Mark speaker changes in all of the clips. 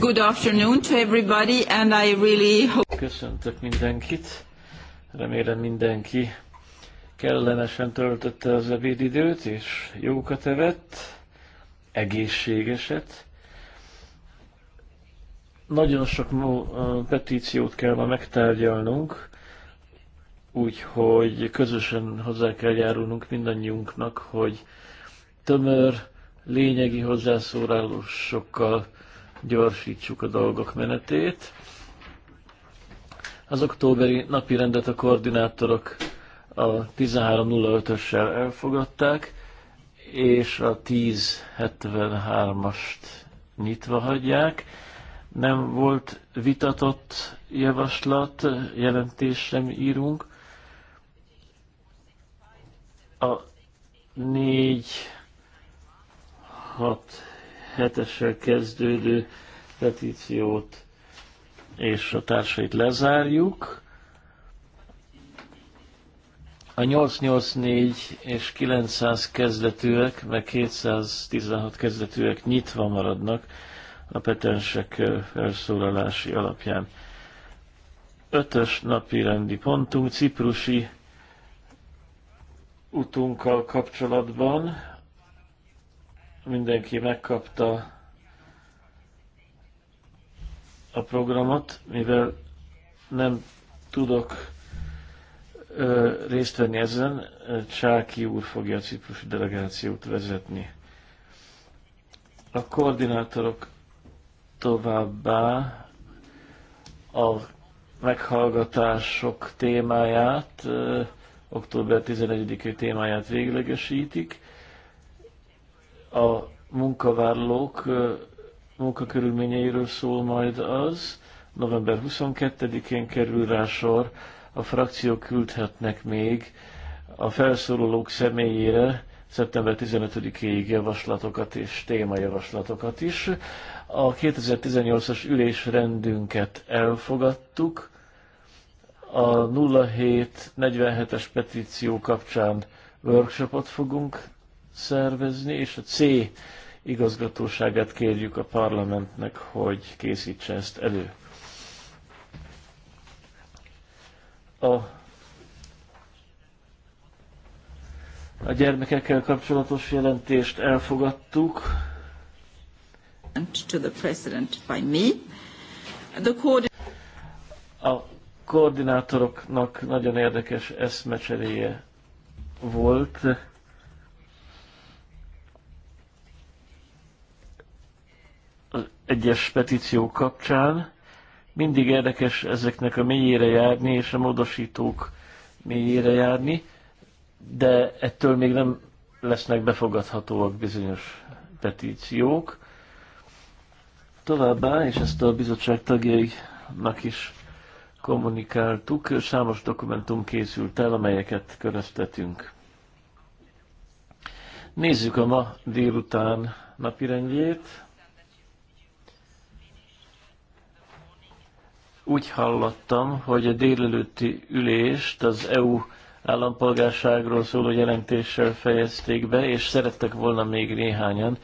Speaker 1: Good afternoon to everybody, and I
Speaker 2: really hope... Köszöntök mindenkit. Remélem mindenki kellemesen töltötte az ebédidőt, és jókat evett, egészségeset. Nagyon sok petíciót kell ma megtárgyalnunk, úgyhogy közösen hozzá kell járulnunk mindannyiunknak, hogy tömör, lényegi hozzászólásokkal gyorsítsuk a dolgok menetét. Az októberi napi rendet a koordinátorok a 13.05-össel elfogadták, és a 10.73-ast nyitva hagyják. Nem volt vitatott javaslat, jelentés sem írunk. A 4 6 7 kezdődő petíciót és a társait lezárjuk. A 884 és 900 kezdetűek, meg 216 kezdetűek nyitva maradnak a petensek felszólalási alapján. Ötös napi rendi pontunk, ciprusi utunkkal kapcsolatban, mindenki megkapta a programot, mivel nem tudok ö, részt venni ezen, Csáki úr fogja a ciprusi delegációt vezetni. A koordinátorok továbbá a meghallgatások témáját, ö, október 11-i témáját véglegesítik a munkavállalók munkakörülményeiről szól majd az. November 22-én kerül rá sor, a frakciók küldhetnek még a felszólalók személyére szeptember 15 ig javaslatokat és témajavaslatokat is. A 2018-as ülésrendünket elfogadtuk. A 0747-es petíció kapcsán workshopot fogunk szervezni, és a C igazgatóságát kérjük a parlamentnek, hogy készítse ezt elő. A, a gyermekekkel kapcsolatos jelentést elfogadtuk. To the president by me. The a koordinátoroknak nagyon érdekes eszmecseréje volt az egyes petíciók kapcsán. Mindig érdekes ezeknek a mélyére járni, és a módosítók mélyére járni, de ettől még nem lesznek befogadhatóak bizonyos petíciók. Továbbá, és ezt a bizottság tagjainak is kommunikáltuk, számos dokumentum készült el, amelyeket köröztetünk. Nézzük a ma délután napirendjét. Úgy hallottam, hogy a délelőtti ülést az EU állampolgárságról szóló jelentéssel fejezték be, és szerettek volna még néhányan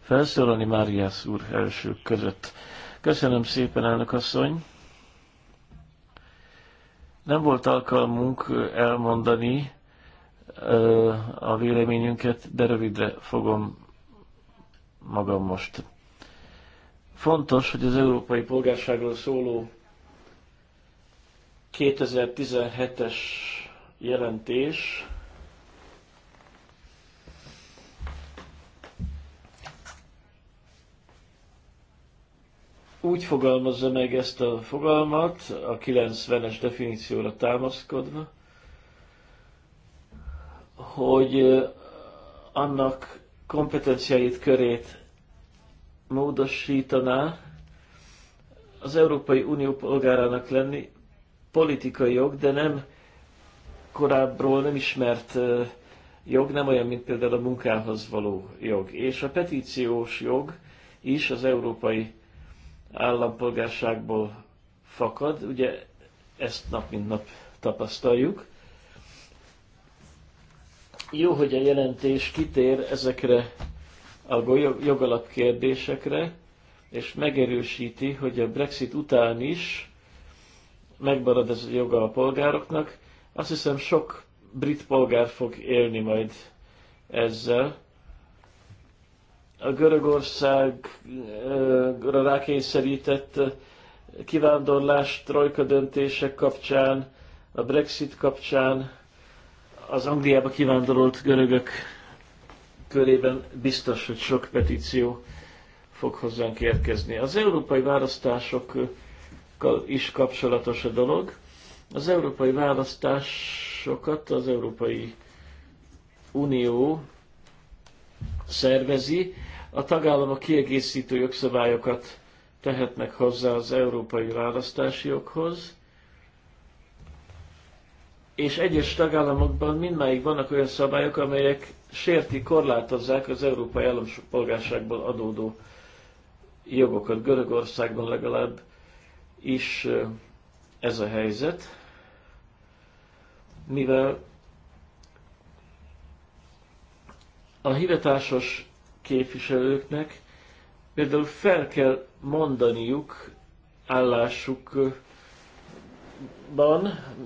Speaker 2: felszólalni Máriász úr első között. Köszönöm szépen, elnök asszony! Nem volt alkalmunk elmondani a véleményünket, de rövidre fogom magam most. Fontos, hogy az európai polgárságról szóló 2017-es jelentés úgy fogalmazza meg ezt a fogalmat, a 90-es definícióra támaszkodva, hogy annak kompetenciáit, körét módosítaná, az Európai Unió polgárának lenni politikai jog, de nem korábbról nem ismert jog, nem olyan, mint például a munkához való jog. És a petíciós jog is az európai állampolgárságból fakad, ugye ezt nap mint nap tapasztaljuk. Jó, hogy a jelentés kitér ezekre a jogalap kérdésekre, és megerősíti, hogy a Brexit után is megmarad ez a joga a polgároknak. Azt hiszem sok brit polgár fog élni majd ezzel. A Görögországra rákényszerített kivándorlás trojka döntések kapcsán, a Brexit kapcsán, az Angliába kivándorolt görögök körében biztos, hogy sok petíció fog hozzánk érkezni. Az európai választások is kapcsolatos a dolog. Az európai választásokat az Európai Unió szervezi, a tagállamok kiegészítő jogszabályokat tehetnek hozzá az európai választási joghoz, és egyes tagállamokban mindmáig vannak olyan szabályok, amelyek sérti, korlátozzák az európai állampolgárságból adódó jogokat. Görögországban legalább is ez a helyzet, mivel a hivatásos képviselőknek például fel kell mondaniuk állásukban,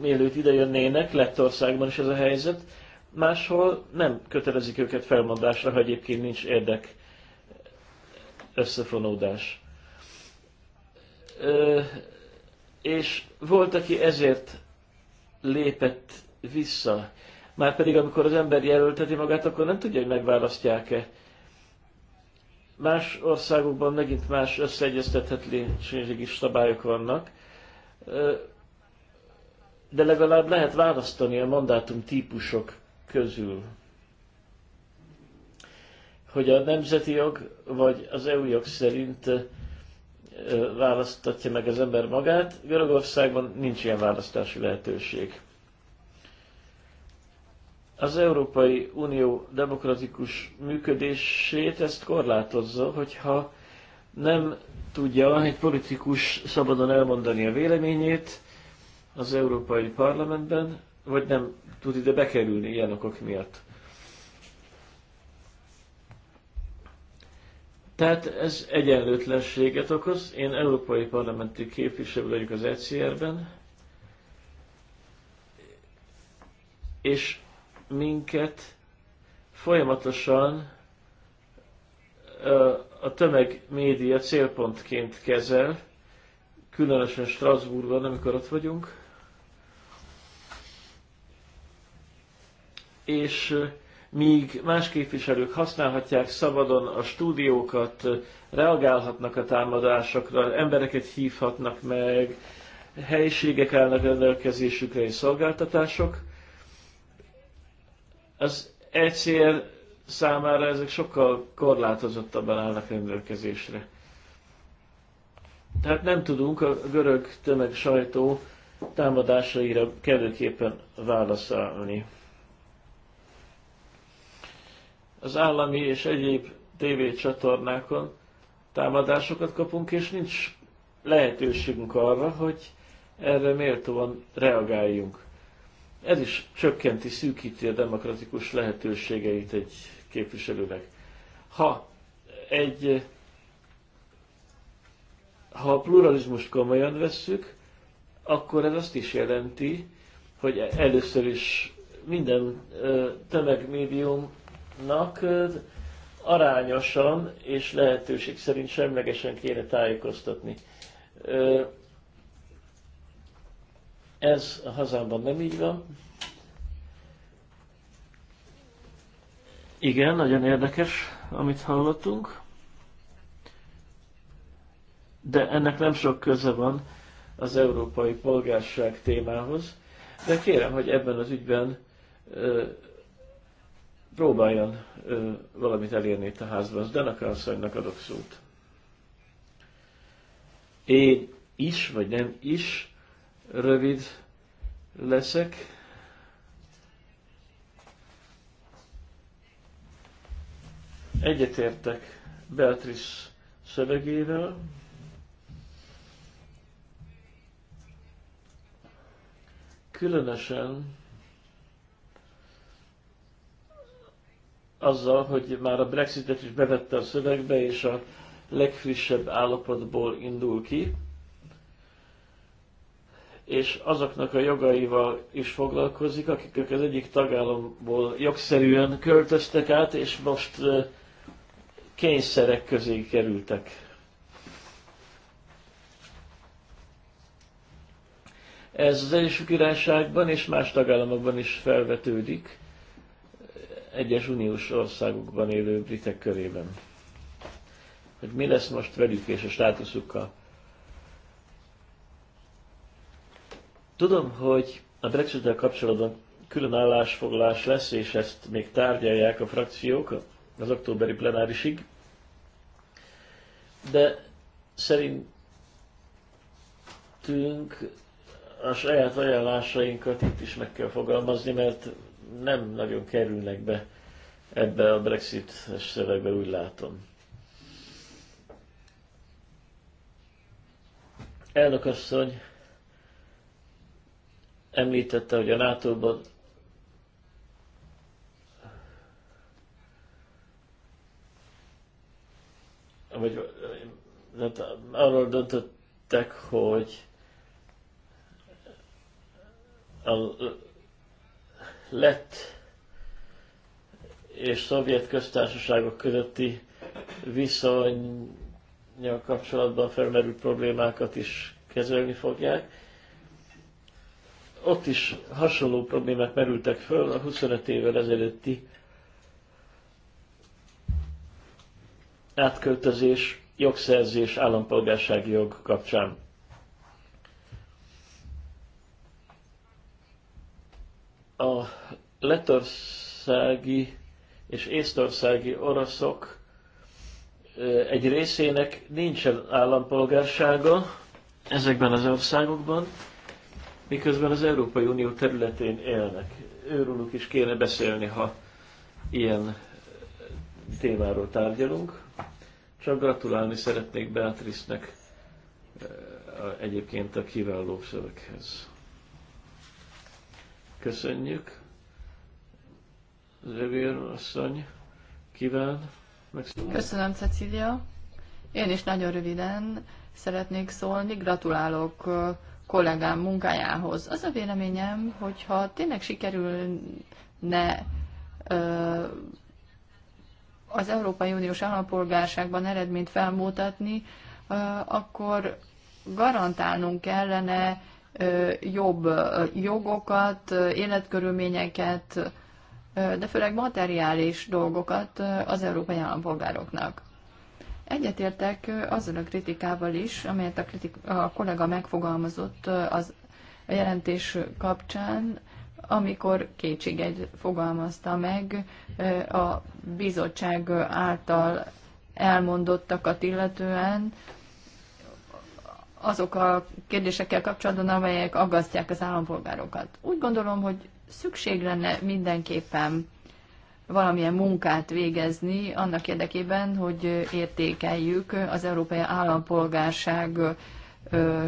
Speaker 2: mielőtt jönnének Lettországban is ez a helyzet, máshol nem kötelezik őket felmondásra, ha egyébként nincs érdek összefonódás és volt, aki ezért lépett vissza. Már pedig, amikor az ember jelölteti magát, akkor nem tudja, hogy megválasztják-e. Más országokban megint más összeegyeztethetőségi szabályok vannak, de legalább lehet választani a mandátum típusok közül hogy a nemzeti jog vagy az EU jog szerint választatja meg az ember magát. Görögországban nincs ilyen választási lehetőség. Az Európai Unió demokratikus működését ezt korlátozza, hogyha nem tudja egy politikus szabadon elmondani a véleményét az Európai Parlamentben, vagy nem tud ide bekerülni ilyen okok miatt. Tehát ez egyenlőtlenséget okoz. Én európai parlamenti képviselő vagyok az ECR-ben, és minket folyamatosan a tömegmédia célpontként kezel, különösen Strasbourgban, amikor ott vagyunk. És míg más képviselők használhatják szabadon a stúdiókat, reagálhatnak a támadásokra, embereket hívhatnak meg, helyiségek állnak rendelkezésükre és szolgáltatások. Az egyszer számára ezek sokkal korlátozottabban állnak rendelkezésre. Tehát nem tudunk a görög tömeg sajtó támadásaira kellőképpen válaszolni az állami és egyéb tévécsatornákon támadásokat kapunk, és nincs lehetőségünk arra, hogy erre méltóan reagáljunk. Ez is csökkenti, szűkíti a demokratikus lehetőségeit egy képviselőnek. Ha egy ha a pluralizmust komolyan vesszük, akkor ez azt is jelenti, hogy először is minden tömegmédium Nak arányosan és lehetőség szerint semlegesen kéne tájékoztatni. Ez a hazámban nem így van. Igen, nagyon érdekes, amit hallottunk. De ennek nem sok köze van az európai polgárság témához. De kérem, hogy ebben az ügyben próbáljon ö, valamit elérni itt a házban. Az Danaka asszonynak adok szót. Én is, vagy nem is rövid leszek. Egyetértek Beatrice szövegével. Különösen azzal, hogy már a Brexitet is bevette a szövegbe, és a legfrissebb állapotból indul ki, és azoknak a jogaival is foglalkozik, akik az egyik tagállamból jogszerűen költöztek át, és most kényszerek közé kerültek. Ez az Egyesült Királyságban és más tagállamokban is felvetődik egyes uniós országokban élő britek körében. Hogy mi lesz most velük és a státuszukkal. Tudom, hogy a brexit kapcsolatban külön állásfoglalás lesz, és ezt még tárgyalják a frakciók az októberi plenárisig, de szerintünk a saját ajánlásainkat itt is meg kell fogalmazni, mert nem nagyon kerülnek be ebbe a Brexit szövegbe, úgy látom. Elnök asszony említette, hogy a NATO-ban vagy hát arról döntöttek, hogy a lett és szovjet köztársaságok közötti viszonyjal kapcsolatban felmerült problémákat is kezelni fogják. Ott is hasonló problémák merültek föl a 25 évvel ezelőtti átköltözés, jogszerzés, állampolgársági jog kapcsán. a letországi és észtországi oroszok egy részének nincsen állampolgársága ezekben az országokban, miközben az Európai Unió területén élnek. Őrülük is kéne beszélni, ha ilyen témáról tárgyalunk. Csak gratulálni szeretnék Beatrice-nek egyébként a kiváló szöveghez. Köszönjük. Revér asszony kíván. Megszólal. Köszönöm,
Speaker 3: Cecília. Én is nagyon röviden szeretnék szólni. Gratulálok kollégám munkájához. Az a véleményem, hogyha tényleg sikerülne az Európai Uniós állampolgárságban eredményt felmutatni, akkor garantálnunk kellene jobb jogokat, életkörülményeket, de főleg materiális dolgokat az európai állampolgároknak. Egyetértek azzal a kritikával is, amelyet a, kritik, a kollega megfogalmazott az a jelentés kapcsán, amikor kétséget fogalmazta meg a bizottság által elmondottakat illetően, azok a kérdésekkel kapcsolatban, amelyek aggasztják az állampolgárokat. Úgy gondolom, hogy szükség lenne mindenképpen valamilyen munkát végezni annak érdekében, hogy értékeljük az európai állampolgárság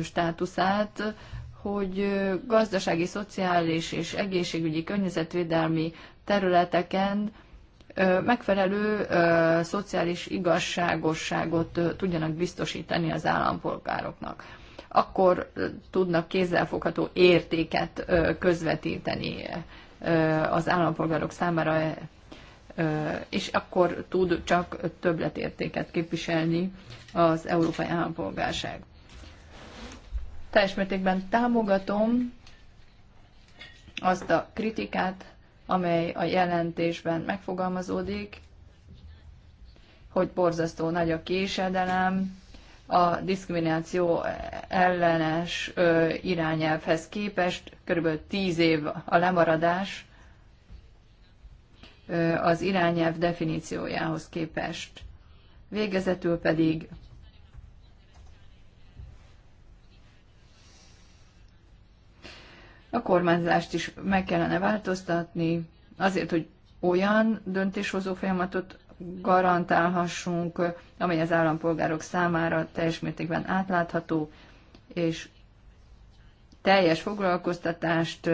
Speaker 3: státuszát, hogy gazdasági, szociális és egészségügyi környezetvédelmi területeken megfelelő szociális igazságosságot tudjanak biztosítani az állampolgároknak. Akkor tudnak kézzelfogható értéket közvetíteni az állampolgárok számára, és akkor tud csak többletértéket képviselni az európai állampolgárság. Teljes mértékben támogatom azt a kritikát, amely a jelentésben megfogalmazódik, hogy borzasztó nagy a késedelem a diszkrimináció ellenes irányelvhez képest, körülbelül 10 év a lemaradás az irányelv definíciójához képest. Végezetül pedig A kormányzást is meg kellene változtatni, azért, hogy olyan döntéshozó folyamatot garantálhassunk, amely az állampolgárok számára teljes mértékben átlátható, és teljes foglalkoztatást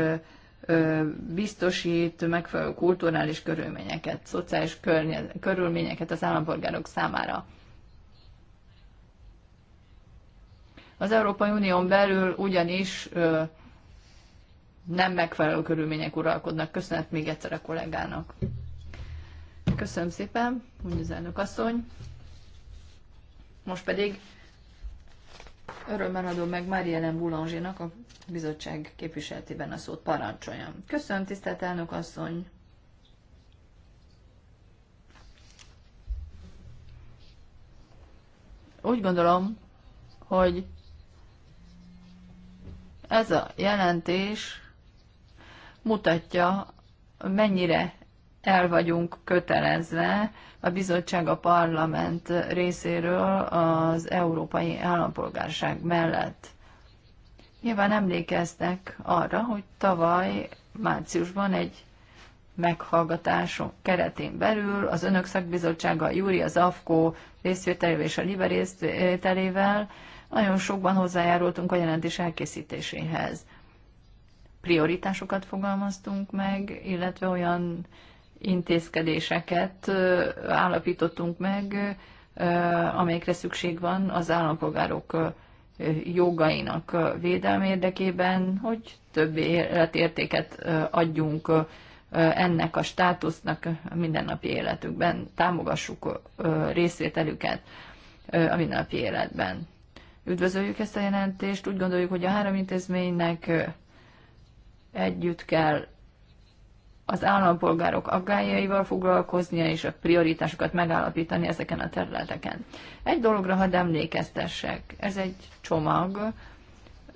Speaker 3: biztosít megfelelő kulturális körülményeket, szociális körülményeket az állampolgárok számára. Az Európai Unión belül ugyanis nem megfelelő körülmények uralkodnak. Köszönet még egyszer a kollégának. Köszönöm szépen, mondja az elnök asszony. Most pedig örömmel adom meg Mariellen Boulanger-nak a bizottság képviseletében a szót. Parancsoljam. Köszönöm, tisztelt elnök asszony. Úgy gondolom, hogy ez a jelentés mutatja, mennyire el vagyunk kötelezve a bizottság a parlament részéről az európai állampolgárság mellett. Nyilván emlékeztek arra, hogy tavaly márciusban egy meghallgatások keretén belül az Önök szakbizottsága, a Júri, az AFKO részvételével és a LIBE részvételével nagyon sokban hozzájárultunk a jelentés elkészítéséhez prioritásokat fogalmaztunk meg, illetve olyan intézkedéseket állapítottunk meg, amelyekre szükség van az állampolgárok jogainak védelme érdekében, hogy több életértéket adjunk ennek a státusznak a mindennapi életükben, támogassuk részvételüket a mindennapi életben. Üdvözöljük ezt a jelentést, úgy gondoljuk, hogy a három intézménynek együtt kell az állampolgárok aggájaival foglalkoznia és a prioritásokat megállapítani ezeken a területeken. Egy dologra hadd emlékeztessek, ez egy csomag,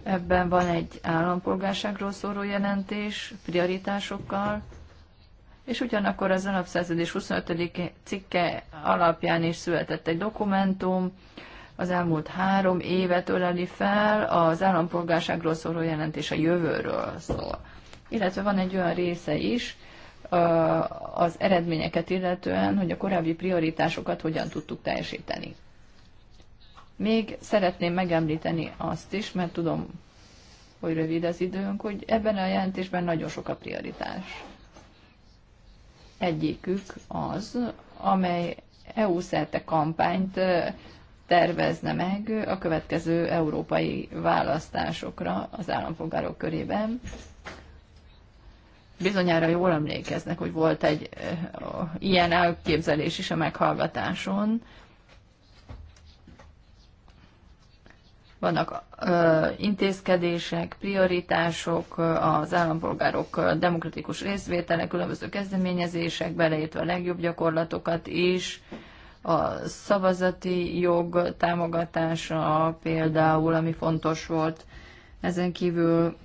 Speaker 3: ebben van egy állampolgárságról szóló jelentés, prioritásokkal, és ugyanakkor az alapszerződés 25. cikke alapján is született egy dokumentum, az elmúlt három évet öleli fel, az állampolgárságról szóló jelentés a jövőről szól illetve van egy olyan része is az eredményeket illetően, hogy a korábbi prioritásokat hogyan tudtuk teljesíteni. Még szeretném megemlíteni azt is, mert tudom, hogy rövid az időnk, hogy ebben a jelentésben nagyon sok a prioritás. Egyikük az, amely EU szerte kampányt tervezne meg a következő európai választásokra az állampolgárok körében, Bizonyára jól emlékeznek, hogy volt egy eh, ilyen elképzelés is a meghallgatáson. Vannak ö, eh, intézkedések, prioritások, eh, az állampolgárok demokratikus részvétele, különböző kezdeményezések, beleértve a legjobb gyakorlatokat is a szavazati jog támogatása például, ami fontos volt, ezen kívül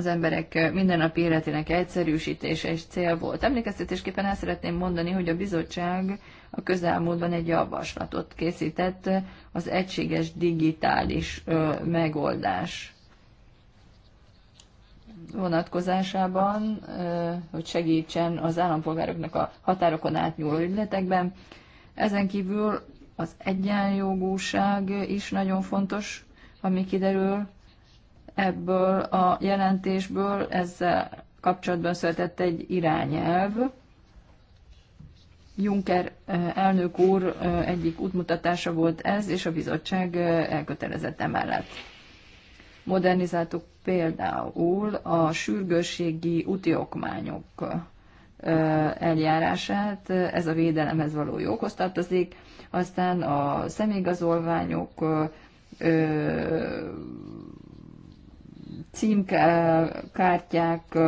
Speaker 3: az emberek mindennapi életének egyszerűsítése és cél volt. Emlékeztetésképpen el szeretném mondani, hogy a bizottság a közelmúltban egy javaslatot készített az egységes digitális megoldás vonatkozásában, hogy segítsen az állampolgároknak a határokon átnyúló ügyletekben. Ezen kívül az egyenjogúság is nagyon fontos, ami kiderül, ebből a jelentésből ezzel kapcsolatban született egy irányelv. Juncker elnök úr egyik útmutatása volt ez, és a bizottság elkötelezett emellett. Modernizáltuk például a sürgősségi úti okmányok eljárását, ez a védelemhez való joghoz tartozik, aztán a személyigazolványok címkártyák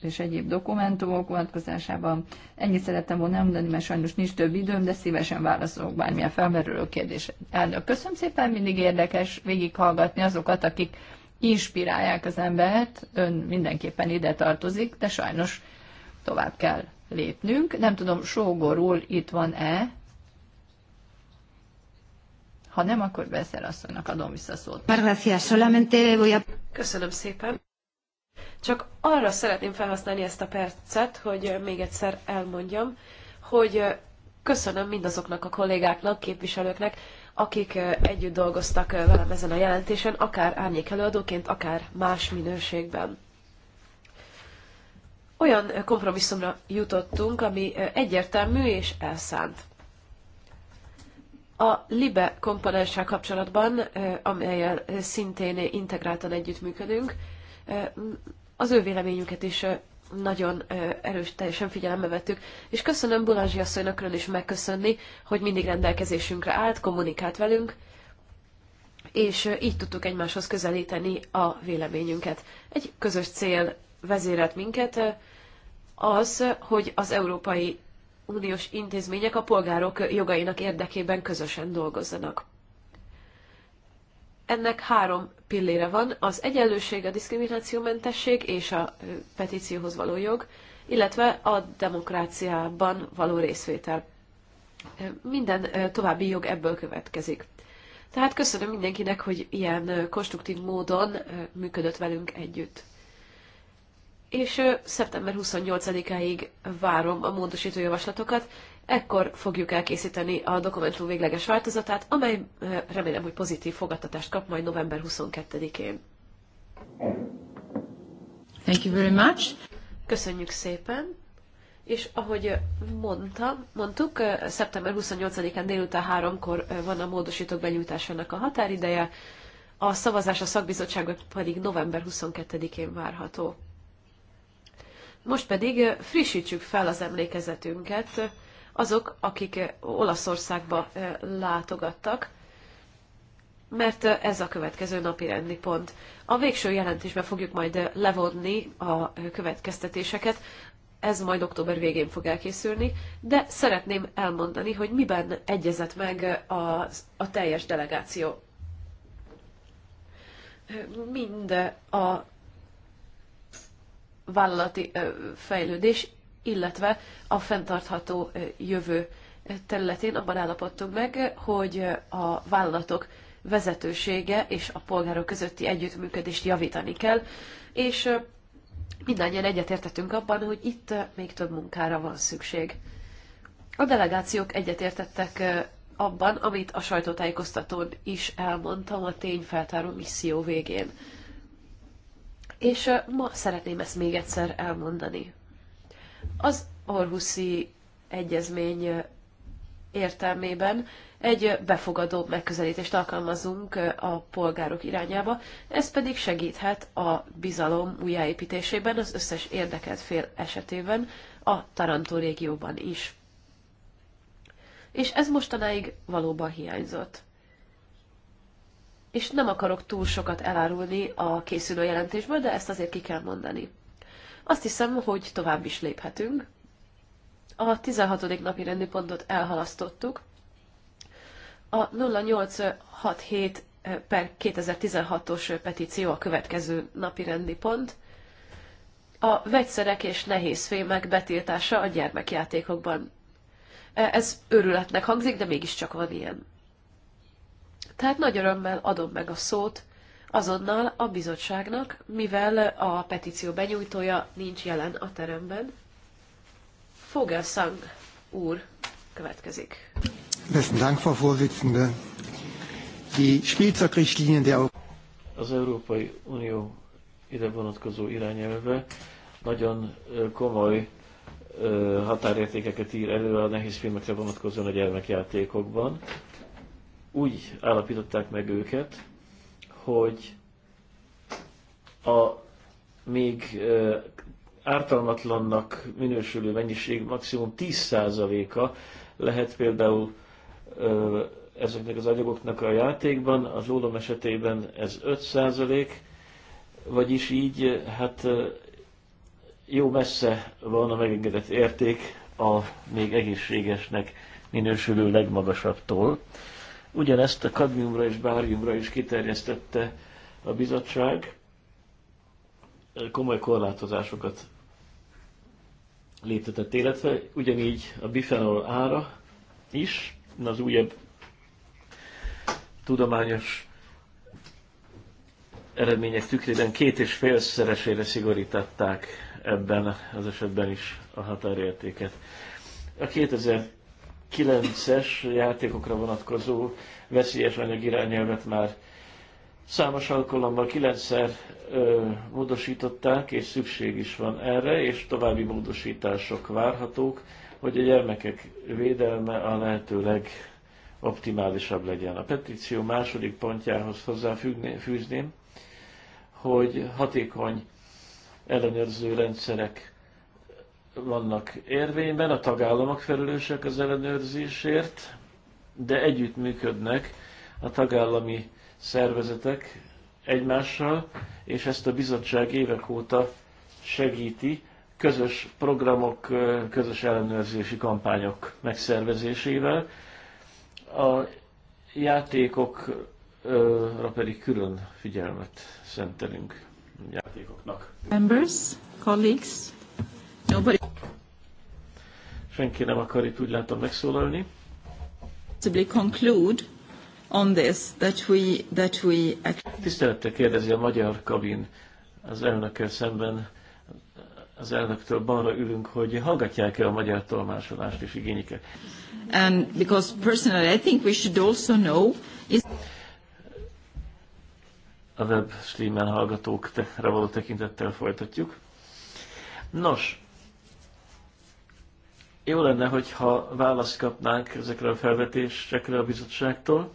Speaker 3: és egyéb dokumentumok vonatkozásában. Ennyit szerettem volna elmondani, mert sajnos nincs több időm, de szívesen válaszolok bármilyen felmerülő kérdésre. Elnök, köszönöm szépen, mindig érdekes végighallgatni azokat, akik inspirálják az embert, ön mindenképpen ide tartozik, de sajnos tovább kell lépnünk. Nem tudom, Sógor úr itt van-e? Ha nem, akkor Beszer asszonynak
Speaker 4: adom vissza szót. Köszönöm szépen. Csak arra szeretném felhasználni ezt a percet, hogy még egyszer elmondjam, hogy köszönöm mindazoknak a kollégáknak, képviselőknek, akik együtt dolgoztak velem ezen a jelentésen, akár árnyékelőadóként, akár más minőségben. Olyan kompromisszumra jutottunk, ami egyértelmű és elszánt. A LIBE komponenssel kapcsolatban, amelyel szintén integráltan együttműködünk, az ő véleményüket is nagyon erős, teljesen figyelembe vettük, és köszönöm Bulázsi asszonynak külön is megköszönni, hogy mindig rendelkezésünkre állt, kommunikált velünk, és így tudtuk egymáshoz közelíteni a véleményünket. Egy közös cél vezérelt minket, az, hogy az európai uniós intézmények a polgárok jogainak érdekében közösen dolgozzanak. Ennek három pillére van, az egyenlőség, a diszkriminációmentesség és a petícióhoz való jog, illetve a demokráciában való részvétel. Minden további jog ebből következik. Tehát köszönöm mindenkinek, hogy ilyen konstruktív módon működött velünk együtt és szeptember 28-áig várom a módosító javaslatokat. Ekkor fogjuk elkészíteni a dokumentum végleges változatát, amely remélem, hogy pozitív fogadtatást kap majd november 22-én. Thank you very much. Köszönjük szépen. És ahogy mondtam, mondtuk, szeptember 28-án délután háromkor van a módosítók benyújtásának a határideje, a szavazás a szakbizottságok pedig november 22-én várható. Most pedig frissítsük fel az emlékezetünket azok, akik Olaszországba látogattak, mert ez a következő napi rendi pont. A végső jelentésben fogjuk majd levonni a következtetéseket, ez majd október végén fog elkészülni, de szeretném elmondani, hogy miben egyezett meg a, a teljes delegáció. Mind a vállalati fejlődés, illetve a fenntartható jövő területén abban állapodtunk meg, hogy a vállalatok vezetősége és a polgárok közötti együttműködést javítani kell, és mindannyian egyetértettünk abban, hogy itt még több munkára van szükség. A delegációk egyetértettek abban, amit a sajtótájékoztatón is elmondtam a tényfeltáró misszió végén és ma szeretném ezt még egyszer elmondani. Az Orhuszi egyezmény értelmében egy befogadó megközelítést alkalmazunk a polgárok irányába, ez pedig segíthet a bizalom újjáépítésében az összes érdekelt fél esetében a Tarantó régióban is. És ez mostanáig valóban hiányzott és nem akarok túl sokat elárulni a készülő jelentésből, de ezt azért ki kell mondani. Azt hiszem, hogy tovább is léphetünk. A 16. napi rendi pontot elhalasztottuk. A 0867 eh, per 2016-os eh, petíció a következő napi rendi pont. A vegyszerek és nehézfémek betiltása a gyermekjátékokban. Eh, ez őrületnek hangzik, de mégiscsak van ilyen. Tehát nagy örömmel adom meg a szót azonnal a bizottságnak, mivel a petíció benyújtója nincs jelen a teremben. Fogelszang úr
Speaker 2: következik. Besten Dank, Frau Vorsitzende. Die Spielzeugrichtlinien der az Európai Unió ide vonatkozó irányelve nagyon komoly határértékeket ír elő a nehéz filmekre vonatkozóan a gyermekjátékokban úgy állapították meg őket, hogy a még ártalmatlannak minősülő mennyiség maximum 10%-a lehet például ezeknek az anyagoknak a játékban, az ólom esetében ez 5%, vagyis így hát jó messze van a megengedett érték a még egészségesnek minősülő legmagasabbtól. Ugyanezt a kadmiumra és báriumra is kiterjesztette a bizottság. Komoly korlátozásokat léptetett életre, ugyanígy a bifenol ára is, az újabb tudományos eredmények tükrében két és félszeresére szigorították ebben az esetben is a határértéket. A 9-es játékokra vonatkozó veszélyes anyag irányelvet már számos alkalommal kilencszer ö, módosították, és szükség is van erre, és további módosítások várhatók, hogy a gyermekek védelme a lehető legoptimálisabb legyen. A petíció második pontjához hozzáfűzném, hogy hatékony ellenőrző rendszerek vannak érvényben, a tagállamok felelősek az ellenőrzésért, de együttműködnek a tagállami szervezetek egymással, és ezt a bizottság évek óta segíti közös programok, közös ellenőrzési kampányok megszervezésével. A játékokra pedig külön figyelmet szentelünk. Játékoknak.
Speaker 1: Members, colleagues, Nobody.
Speaker 2: Senki nem akar itt úgy látom megszólalni.
Speaker 1: conclude on this, that we, that
Speaker 2: we... Tisztelettel kérdezi a magyar kabin az elnökkel szemben, az elnöktől balra ülünk, hogy hallgatják-e a magyar tolmásolást és igényik-e. And because personally I think we should also know is a web streamen hallgatókra való tekintettel folytatjuk. Nos, jó lenne, hogyha választ kapnánk ezekre a felvetésekre a bizottságtól.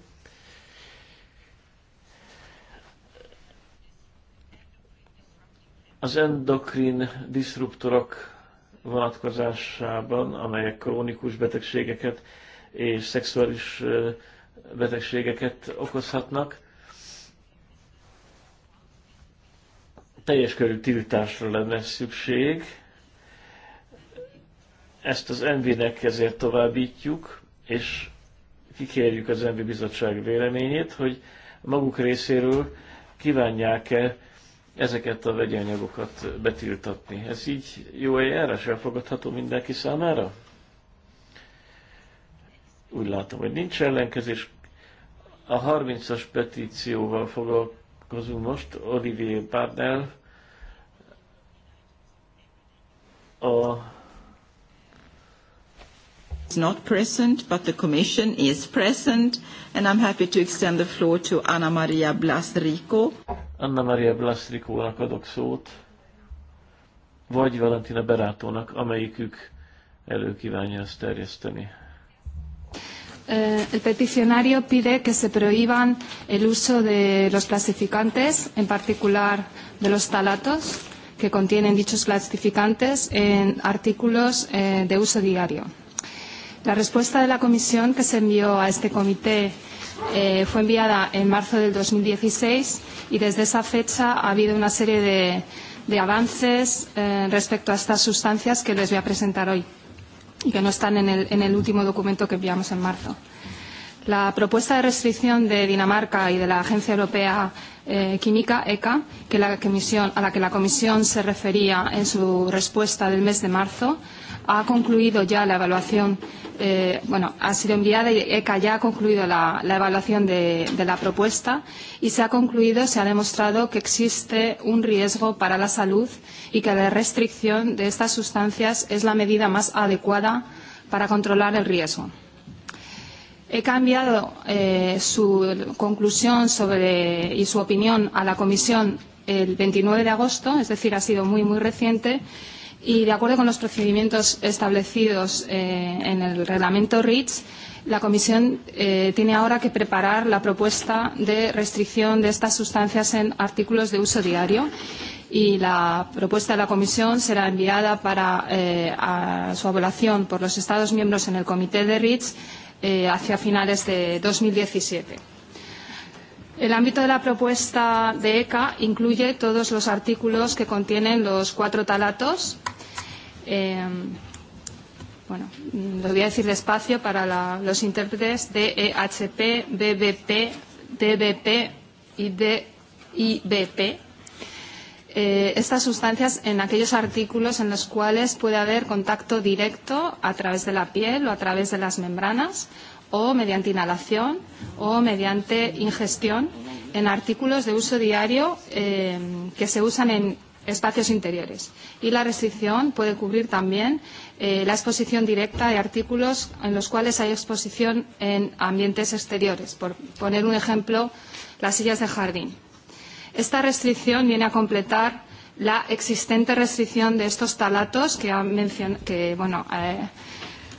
Speaker 2: Az endokrin diszruptorok vonatkozásában, amelyek krónikus betegségeket és szexuális betegségeket okozhatnak, teljes körű tiltásra lenne szükség, ezt az MV-nek ezért továbbítjuk, és kikérjük az MV bizottság véleményét, hogy maguk részéről kívánják-e ezeket a vegyi anyagokat betiltatni. Ez így jó eljárás, elfogadható mindenki számára? Úgy látom, hogy nincs ellenkezés. A 30-as petícióval foglalkozunk most, Olivier Barnell, a is not
Speaker 1: present, but the Commission is present, and I'm happy to extend the floor to Anna Maria
Speaker 2: Blasrico. Anna Maria Blasrico-nak adok szót, vagy Valentina Berátónak, amelyikük elő kívánja ezt terjeszteni.
Speaker 5: Eh, el peticionario pide que se prohíban el uso de los clasificantes, en particular de los talatos que contienen dichos clasificantes en artículos eh, de uso diario. La respuesta de la Comisión que se envió a este comité eh, fue enviada en marzo del 2016 y desde esa fecha ha habido una serie de, de avances eh, respecto a estas sustancias que les voy a presentar hoy y que no están en el, en el último documento que enviamos en marzo. La propuesta de restricción de Dinamarca y de la Agencia Europea eh, Química, ECA, que la comisión, a la que la Comisión se refería en su respuesta del mes de marzo, ha concluido ya la evaluación, eh, bueno, ha sido enviada y ECA ya ha concluido la, la evaluación de, de la propuesta y se ha concluido, se ha demostrado que existe un riesgo para la salud y que la restricción de estas sustancias es la medida más adecuada para controlar el riesgo. He cambiado eh, su conclusión sobre, y su opinión a la Comisión el 29 de agosto, es decir, ha sido muy, muy reciente, Y de acuerdo con los procedimientos establecidos eh, en el reglamento REACH, la Comisión eh, tiene ahora que preparar la propuesta de restricción de estas sustancias en artículos de uso diario y la propuesta de la Comisión será enviada para eh, a su evaluación por los Estados miembros en el Comité de REACH eh, hacia finales de 2017. El ámbito de la propuesta de ECA incluye todos los artículos que contienen los cuatro talatos eh, bueno, lo voy a decir despacio para la, los intérpretes, DEHP, BBP, DBP y DIBP. Eh, estas sustancias en aquellos artículos en los cuales puede haber contacto directo a través de la piel o a través de las membranas o mediante inhalación o mediante ingestión en artículos de uso diario eh, que se usan en espacios interiores. Y la restricción puede cubrir también eh, la exposición directa de artículos en los cuales hay exposición en ambientes exteriores. Por poner un ejemplo, las sillas de jardín. Esta restricción viene a completar la existente restricción de estos talatos que, han que bueno, eh,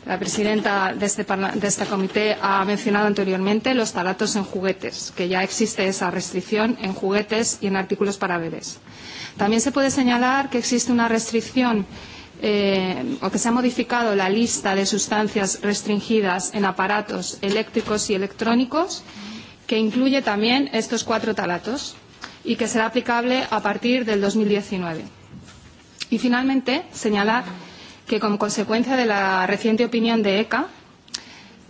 Speaker 5: la presidenta de este, de este comité ha mencionado anteriormente los talatos en juguetes, que ya existe esa restricción en juguetes y en artículos para bebés. También se puede señalar que existe una restricción eh, o que se ha modificado la lista de sustancias restringidas en aparatos eléctricos y electrónicos, que incluye también estos cuatro talatos y que será aplicable a partir del 2019. Y finalmente, señalar que como consecuencia de la reciente opinión de ECA,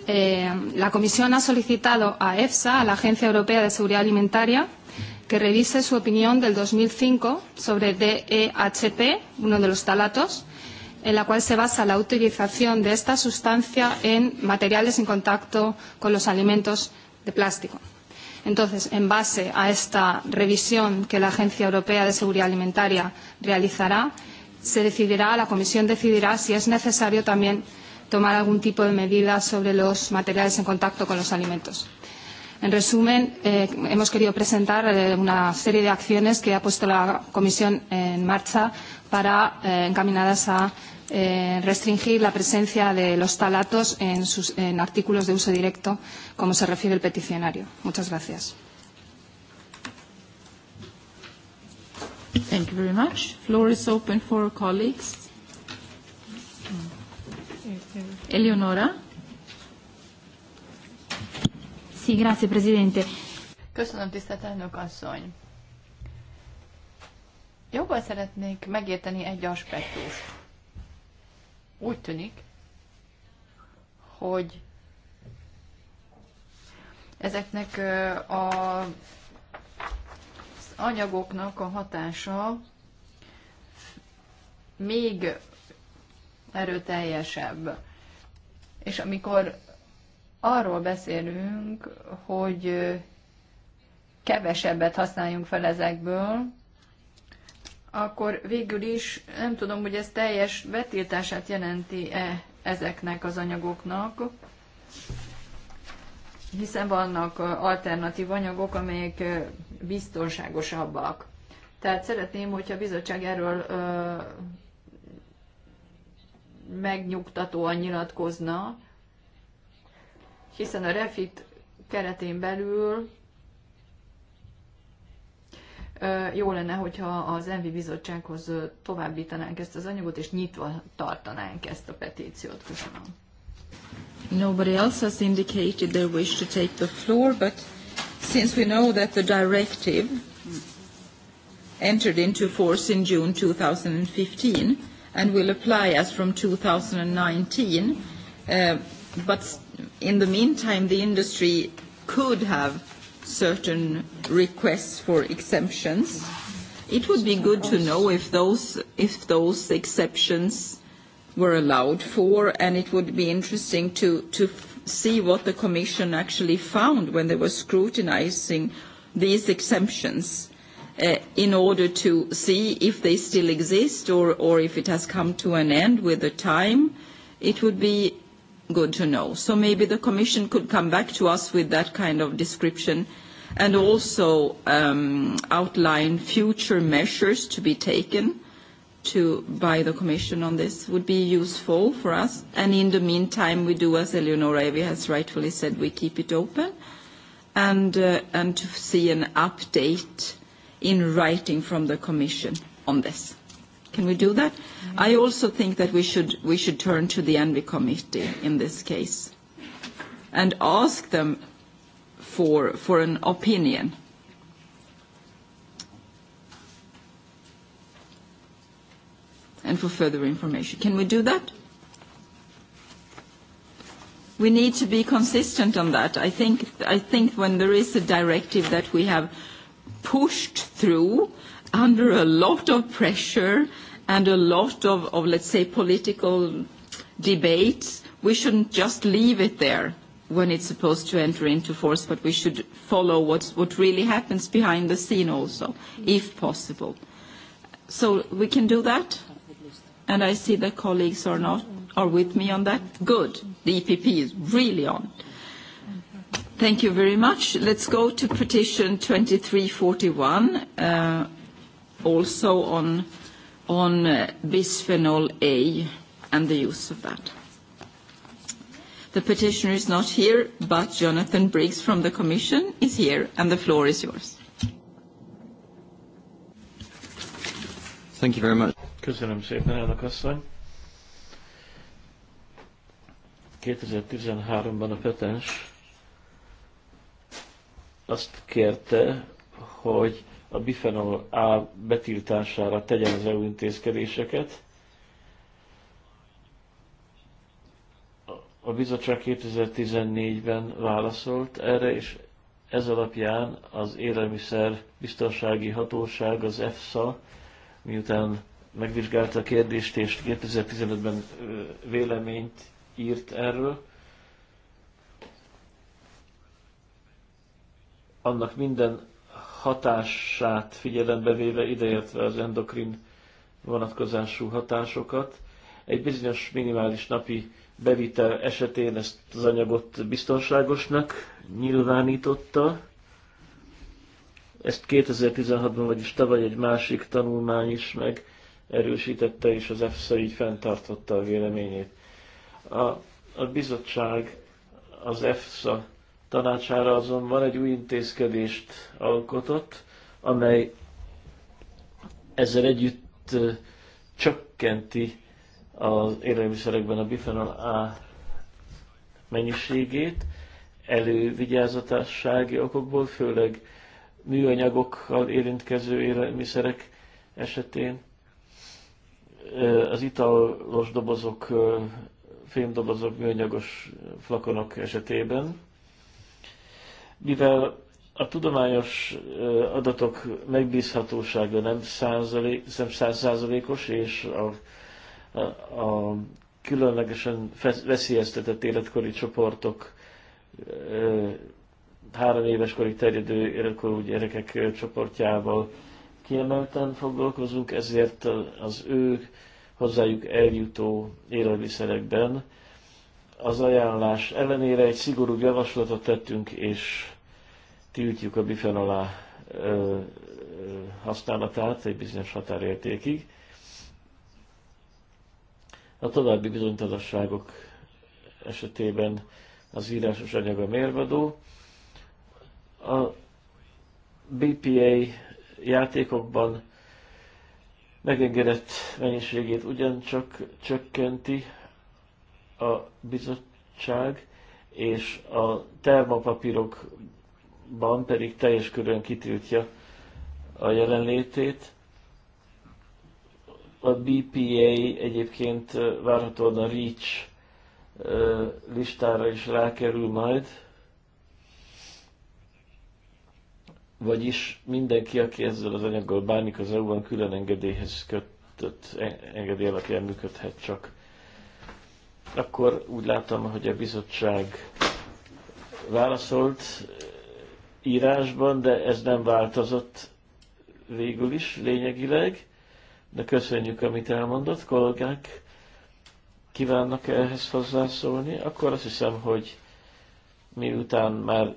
Speaker 5: eh, la Comisión ha solicitado a EFSA, a la Agencia Europea de Seguridad Alimentaria, que revise su opinión del 2005 sobre DEHP, uno de los talatos, en la cual se basa la utilización de esta sustancia en materiales en contacto con los alimentos de plástico. Entonces, en base a esta revisión que la Agencia Europea de Seguridad Alimentaria realizará, se decidirá, la Comisión decidirá si es necesario también tomar algún tipo de medidas sobre los materiales en contacto con los alimentos. En resumen, eh, hemos querido presentar eh, una serie de acciones que ha puesto la Comisión en marcha para eh, encaminadas a eh, restringir la presencia de los talatos en, sus, en artículos de uso directo, como se refiere el peticionario. Muchas gracias. Thank you very much. Floor is open for colleagues.
Speaker 3: Eleonora.
Speaker 5: Sì, grazie Presidente.
Speaker 3: Köszönöm, tisztelt elnök asszony. Jobban szeretnék megérteni egy aspektust. Úgy tűnik, hogy ezeknek a anyagoknak a hatása még erőteljesebb. És amikor arról beszélünk, hogy kevesebbet használjunk fel ezekből, akkor végül is nem tudom, hogy ez teljes betiltását jelenti-e ezeknek az anyagoknak, hiszen vannak alternatív anyagok, amelyek biztonságosabbak. Tehát szeretném, hogyha a bizottság erről ö, megnyugtatóan nyilatkozna, hiszen a refit keretén belül ö, jó lenne, hogyha az Envi Bizottsághoz továbbítanánk ezt az anyagot, és nyitva tartanánk ezt a petíciót. Köszönöm.
Speaker 1: Nobody else has indicated their wish to take the floor, but since we know that the directive entered into force in June 2015 and will apply as from 2019, uh, but in the meantime, the industry could have certain requests for exemptions. It would be good to know if those, if those exceptions were allowed for, and it would be interesting to, to see what the Commission actually found when they were scrutinising these exemptions uh, in order to see if they still exist or, or if it has come to an end with the time. It would be good to know. So maybe the Commission could come back to us with that kind of description and also um, outline future measures to be taken to by the Commission on this would be useful for us. And in the meantime, we do, as Eleonora Evi has rightfully said, we keep it open and, uh, and to see an update in writing from the Commission on this. Can we do that? Mm-hmm. I also think that we should, we should turn to the ENVI committee in this case and ask them for, for an opinion and for further information. Can we do that? We need to be consistent on that. I think, I think when there is a directive that we have pushed through under a lot of pressure and a lot of, of let's say, political debates, we shouldn't just leave it there when it's supposed to enter into force, but we should follow what's, what really happens behind the scene also, if possible. So we can do that? and I see the colleagues are not are with me on that. Good. The EPP is really on. Thank you very much. Let's go to petition 2341, uh, also on, on uh, bisphenol A and the use of that. The petitioner is not here, but Jonathan Briggs from the Commission is here, and the floor is yours.
Speaker 2: Thank you very much. Köszönöm szépen, elnök asszony. 2013-ban a petens azt kérte, hogy a bifenol A betiltására tegyen az EU intézkedéseket. A bizottság 2014-ben válaszolt erre, és ez alapján az Élelmiszer Biztonsági Hatóság, az EFSA, miután megvizsgálta a kérdést, és 2015-ben véleményt írt erről. Annak minden hatását figyelembe véve, ideértve az endokrin vonatkozású hatásokat, egy bizonyos minimális napi bevitel esetén ezt az anyagot biztonságosnak nyilvánította. Ezt 2016-ban, vagyis tavaly egy másik tanulmány is meg erősítette, és az EFSA így fenntartotta a véleményét. A, a bizottság az EFSA tanácsára azonban egy új intézkedést alkotott, amely ezzel együtt csökkenti az élelmiszerekben a bifenol A mennyiségét, elővigyázatossági okokból, főleg műanyagokkal érintkező élelmiszerek esetén az italos dobozok, fémdobozok, műanyagos flakonok esetében. Mivel a tudományos adatok megbízhatósága nem, százalék, nem százszázalékos, és a, a, a különlegesen veszélyeztetett életkori csoportok, három éves korig terjedő életkorú gyerekek csoportjával kiemelten foglalkozunk, ezért az ő hozzájuk eljutó élelmiszerekben az ajánlás ellenére egy szigorú javaslatot tettünk, és tiltjuk a bifenol alá használatát egy bizonyos határértékig. A további bizonytalanságok esetében az írásos anyaga mérvadó. A BPA játékokban megengedett mennyiségét ugyancsak csökkenti a bizottság, és a termopapírokban pedig teljes körön kitiltja a jelenlétét. A BPA egyébként várhatóan a REACH listára is rákerül majd, Vagyis mindenki, aki ezzel az anyaggal bánik, az EU-ban külön engedélyhez kötött e- engedély alapján működhet csak. Akkor úgy láttam, hogy a bizottság válaszolt eh, írásban, de ez nem változott végül is lényegileg. De köszönjük, amit elmondott, kollégák kívánnak ehhez hozzászólni, akkor azt hiszem, hogy miután már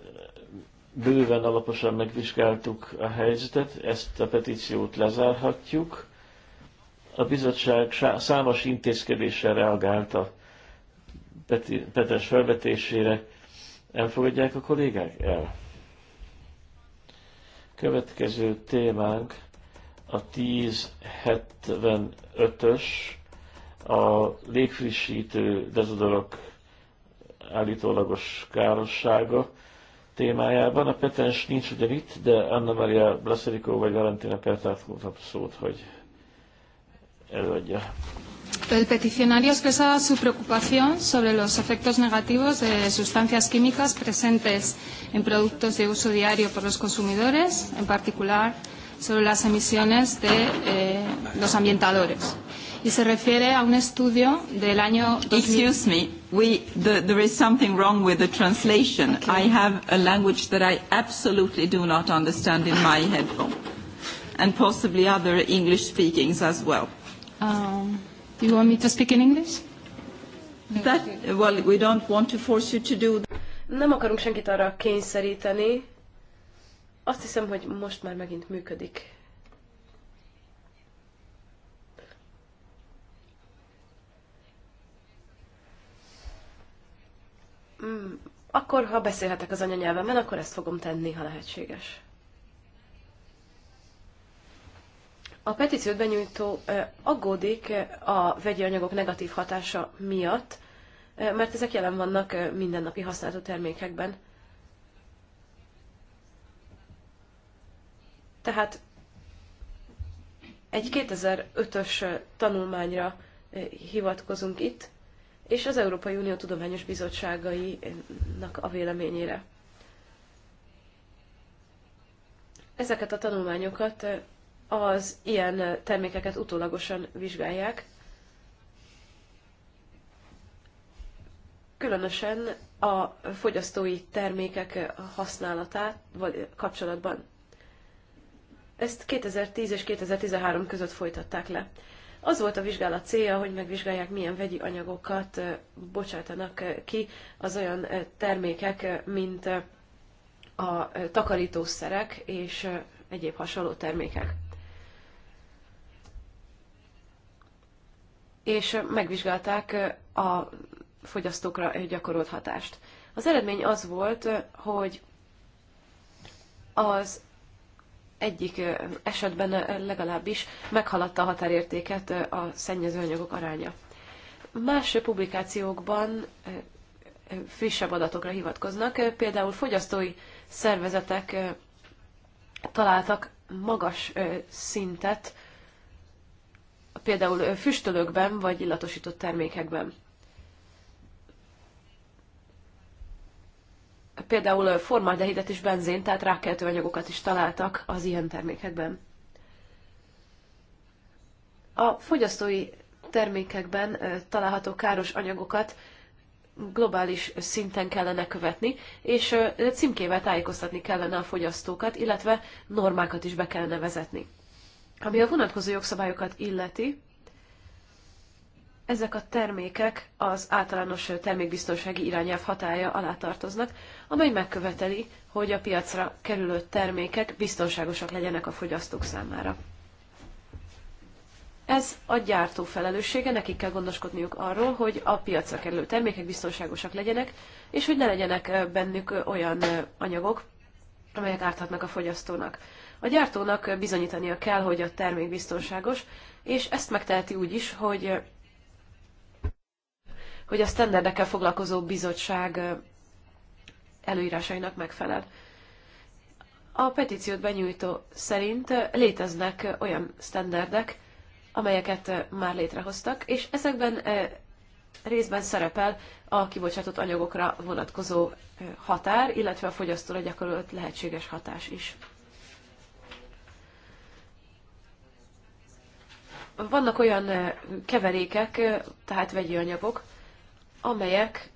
Speaker 2: bőven alaposan megvizsgáltuk a helyzetet, ezt a petíciót lezárhatjuk. A bizottság számos intézkedéssel reagált a Petes felvetésére. Elfogadják a kollégák? El. Következő témánk a 1075-ös, a légfrissítő dezodorok állítólagos károssága témájában. A petens nincs ugye itt, de Anna Maria Blaszerikó vagy Valentina Pertát kap szót, hogy előadja.
Speaker 5: El peticionario expresaba su preocupación sobre los efectos negativos de sustancias químicas presentes en productos de uso diario por los consumidores, en particular sobre las emisiones de eh, los ambientadores. Y se refiere a un estudio del año... 2000...
Speaker 1: Excuse me, we, the, there is something wrong with the translation. Okay. I have a language that I absolutely do not understand in my headphone, and possibly other English speakings as well.
Speaker 5: Um,
Speaker 4: do you want me to speak in English?
Speaker 5: That,
Speaker 4: well, we don't want to force you to do that. Nem akarunk senkit arra kényszeríteni. Azt hiszem, hogy most már megint működik. Mm, akkor, ha beszélhetek az anyanyelvemben, akkor ezt fogom tenni, ha lehetséges. A petíciót benyújtó aggódik a vegyi anyagok negatív hatása miatt, mert ezek jelen vannak mindennapi használatú termékekben. Tehát egy 2005-ös tanulmányra hivatkozunk itt, és az Európai Unió tudományos bizottságainak a véleményére. Ezeket a tanulmányokat az ilyen termékeket utólagosan vizsgálják, különösen a fogyasztói termékek használatát vagy kapcsolatban. Ezt 2010 és 2013 között folytatták le. Az volt a vizsgálat célja, hogy megvizsgálják, milyen vegyi anyagokat bocsátanak ki az olyan termékek, mint a takarítószerek és egyéb hasonló termékek. És megvizsgálták a fogyasztókra gyakorolt hatást. Az eredmény az volt, hogy az egyik esetben legalábbis meghaladta a határértéket a szennyezőanyagok aránya. Más publikációkban frissebb adatokra hivatkoznak, például fogyasztói szervezetek találtak magas szintet például füstölőkben vagy illatosított termékekben. például formaldehidet és benzint, tehát rákkeltő anyagokat is találtak az ilyen termékekben. A fogyasztói termékekben található káros anyagokat globális szinten kellene követni, és címkével tájékoztatni kellene a fogyasztókat, illetve normákat is be kellene vezetni. Ami a vonatkozó jogszabályokat illeti, ezek a termékek az általános termékbiztonsági irányelv hatája alá tartoznak, amely megköveteli, hogy a piacra kerülő termékek biztonságosak legyenek a fogyasztók számára. Ez a gyártó felelőssége, nekik kell gondoskodniuk arról, hogy a piacra kerülő termékek biztonságosak legyenek, és hogy ne legyenek bennük olyan anyagok, amelyek árthatnak a fogyasztónak. A gyártónak bizonyítania kell, hogy a termék biztonságos, és ezt megteheti úgy is, hogy hogy a sztenderdekkel foglalkozó bizottság előírásainak megfelel. A petíciót benyújtó szerint léteznek olyan sztenderdek, amelyeket már létrehoztak, és ezekben részben szerepel a kibocsátott anyagokra vonatkozó határ, illetve a fogyasztóra gyakorolt lehetséges hatás is. Vannak olyan keverékek, tehát vegyi anyagok, amelyek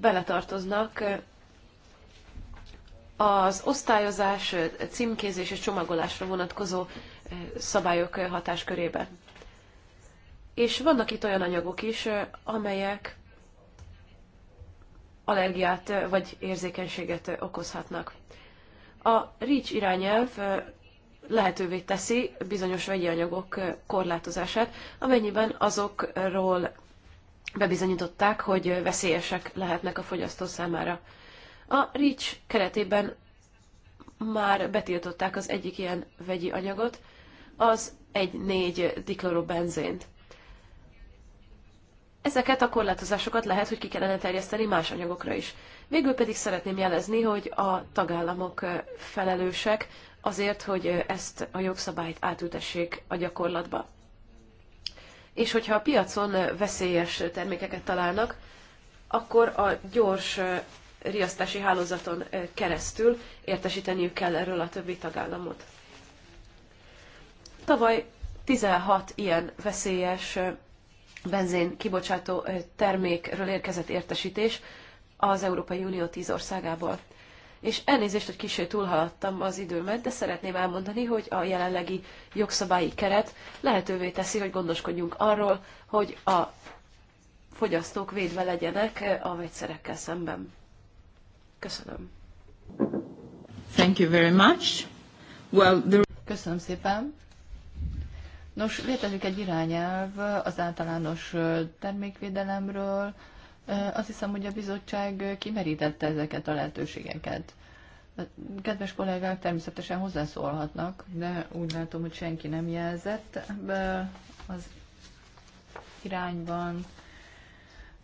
Speaker 4: beletartoznak eh, az osztályozás, eh, címkézés és csomagolásra vonatkozó eh, szabályok hatáskörébe. És vannak itt olyan anyagok is, amelyek allergiát vagy érzékenységet okozhatnak. A REACH irányelv lehetővé teszi bizonyos vegyi anyagok korlátozását, amennyiben azokról bebizonyították, hogy veszélyesek lehetnek a fogyasztó számára. A REACH keretében már betiltották az egyik ilyen vegyi anyagot, az egy-négy diklorobenzént. Ezeket a korlátozásokat lehet, hogy ki kellene terjeszteni más anyagokra is. Végül pedig szeretném jelezni, hogy a tagállamok felelősek azért, hogy ezt a jogszabályt átültessék a gyakorlatba és hogyha a piacon veszélyes termékeket találnak, akkor a gyors riasztási hálózaton keresztül értesíteniük kell erről a többi tagállamot. Tavaly 16 ilyen veszélyes benzén kibocsátó termékről érkezett értesítés az Európai Unió 10 országából és elnézést, hogy kicsit túlhaladtam az időmet, de szeretném elmondani, hogy a jelenlegi jogszabályi keret lehetővé teszi, hogy gondoskodjunk arról, hogy a fogyasztók védve legyenek eh, a vegyszerekkel szemben. Köszönöm.
Speaker 1: Thank you very much.
Speaker 3: Well, the... Köszönöm szépen. Nos, létezik egy irányelv az általános eh, termékvédelemről, azt hiszem, hogy a bizottság kimerítette ezeket a lehetőségeket. Kedves kollégák természetesen hozzászólhatnak, de úgy látom, hogy senki nem jelzett be az irányban.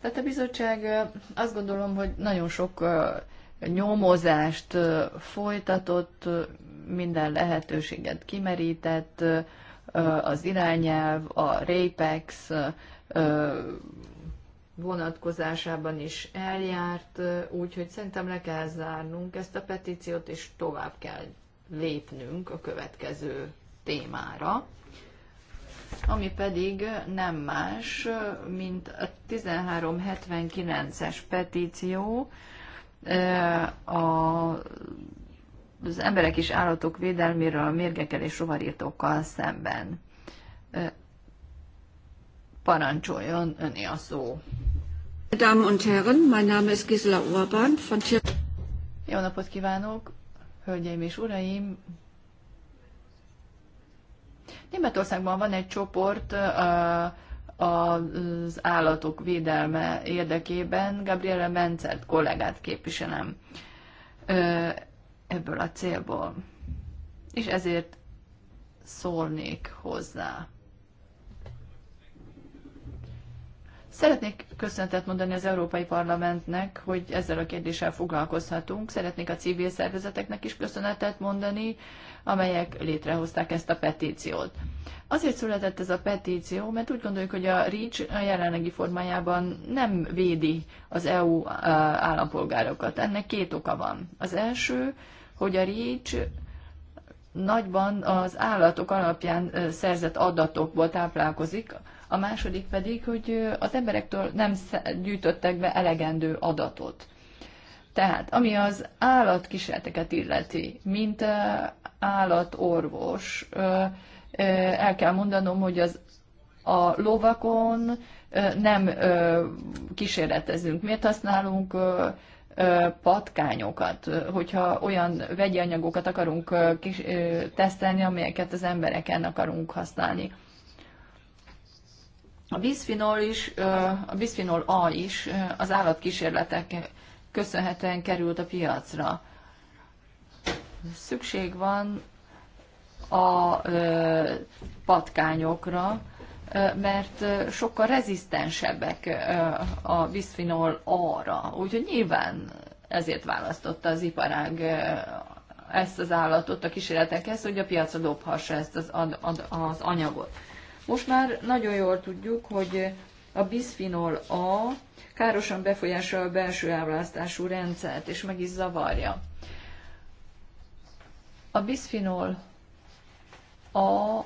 Speaker 3: Tehát a bizottság azt gondolom, hogy nagyon sok nyomozást folytatott, minden lehetőséget kimerített, az irányelv, a RAPEX, vonatkozásában is eljárt, úgyhogy szerintem le kell zárnunk ezt a petíciót, és tovább kell lépnünk a következő témára, ami pedig nem más, mint a 1379-es petíció a az emberek és állatok védelméről a mérgekkel és rovarítókkal szemben. Parancsoljon, öné a szó. Damen und Herren, mein Name ist Gisela Urban von Tier... Jó napot kívánok, hölgyeim és uraim! Németországban van egy csoport az állatok védelme érdekében. Gabriele Menzert kollégát képviselem ebből a célból. És ezért szólnék hozzá. Szeretnék köszöntet mondani az Európai Parlamentnek, hogy ezzel a kérdéssel foglalkozhatunk. Szeretnék a civil szervezeteknek is köszönetet mondani, amelyek létrehozták ezt a petíciót. Azért született ez a petíció, mert úgy gondoljuk, hogy a REACH a jelenlegi formájában nem védi az EU állampolgárokat. Ennek két oka van. Az első, hogy a REACH nagyban az állatok alapján szerzett adatokból táplálkozik, a második pedig, hogy az emberektől nem gyűjtöttek be elegendő adatot. Tehát, ami az állatkísérleteket illeti, mint állatorvos, el kell mondanom, hogy az a lovakon nem kísérletezünk. Miért használunk patkányokat, hogyha olyan vegyi anyagokat akarunk tesztelni, amelyeket az embereken akarunk használni? A bisphenol, is, a bisphenol A is az állatkísérletek köszönhetően került a piacra. Szükség van a patkányokra, mert sokkal rezisztensebbek a bisphenol A-ra. Úgyhogy nyilván ezért választotta az iparág ezt az állatot a kísérletekhez, hogy a piacra dobhassa ezt az, az anyagot. Most már nagyon jól tudjuk, hogy a bisphenol A károsan befolyásolja a belső ábrásztású rendszert, és meg is zavarja. A bisphenol A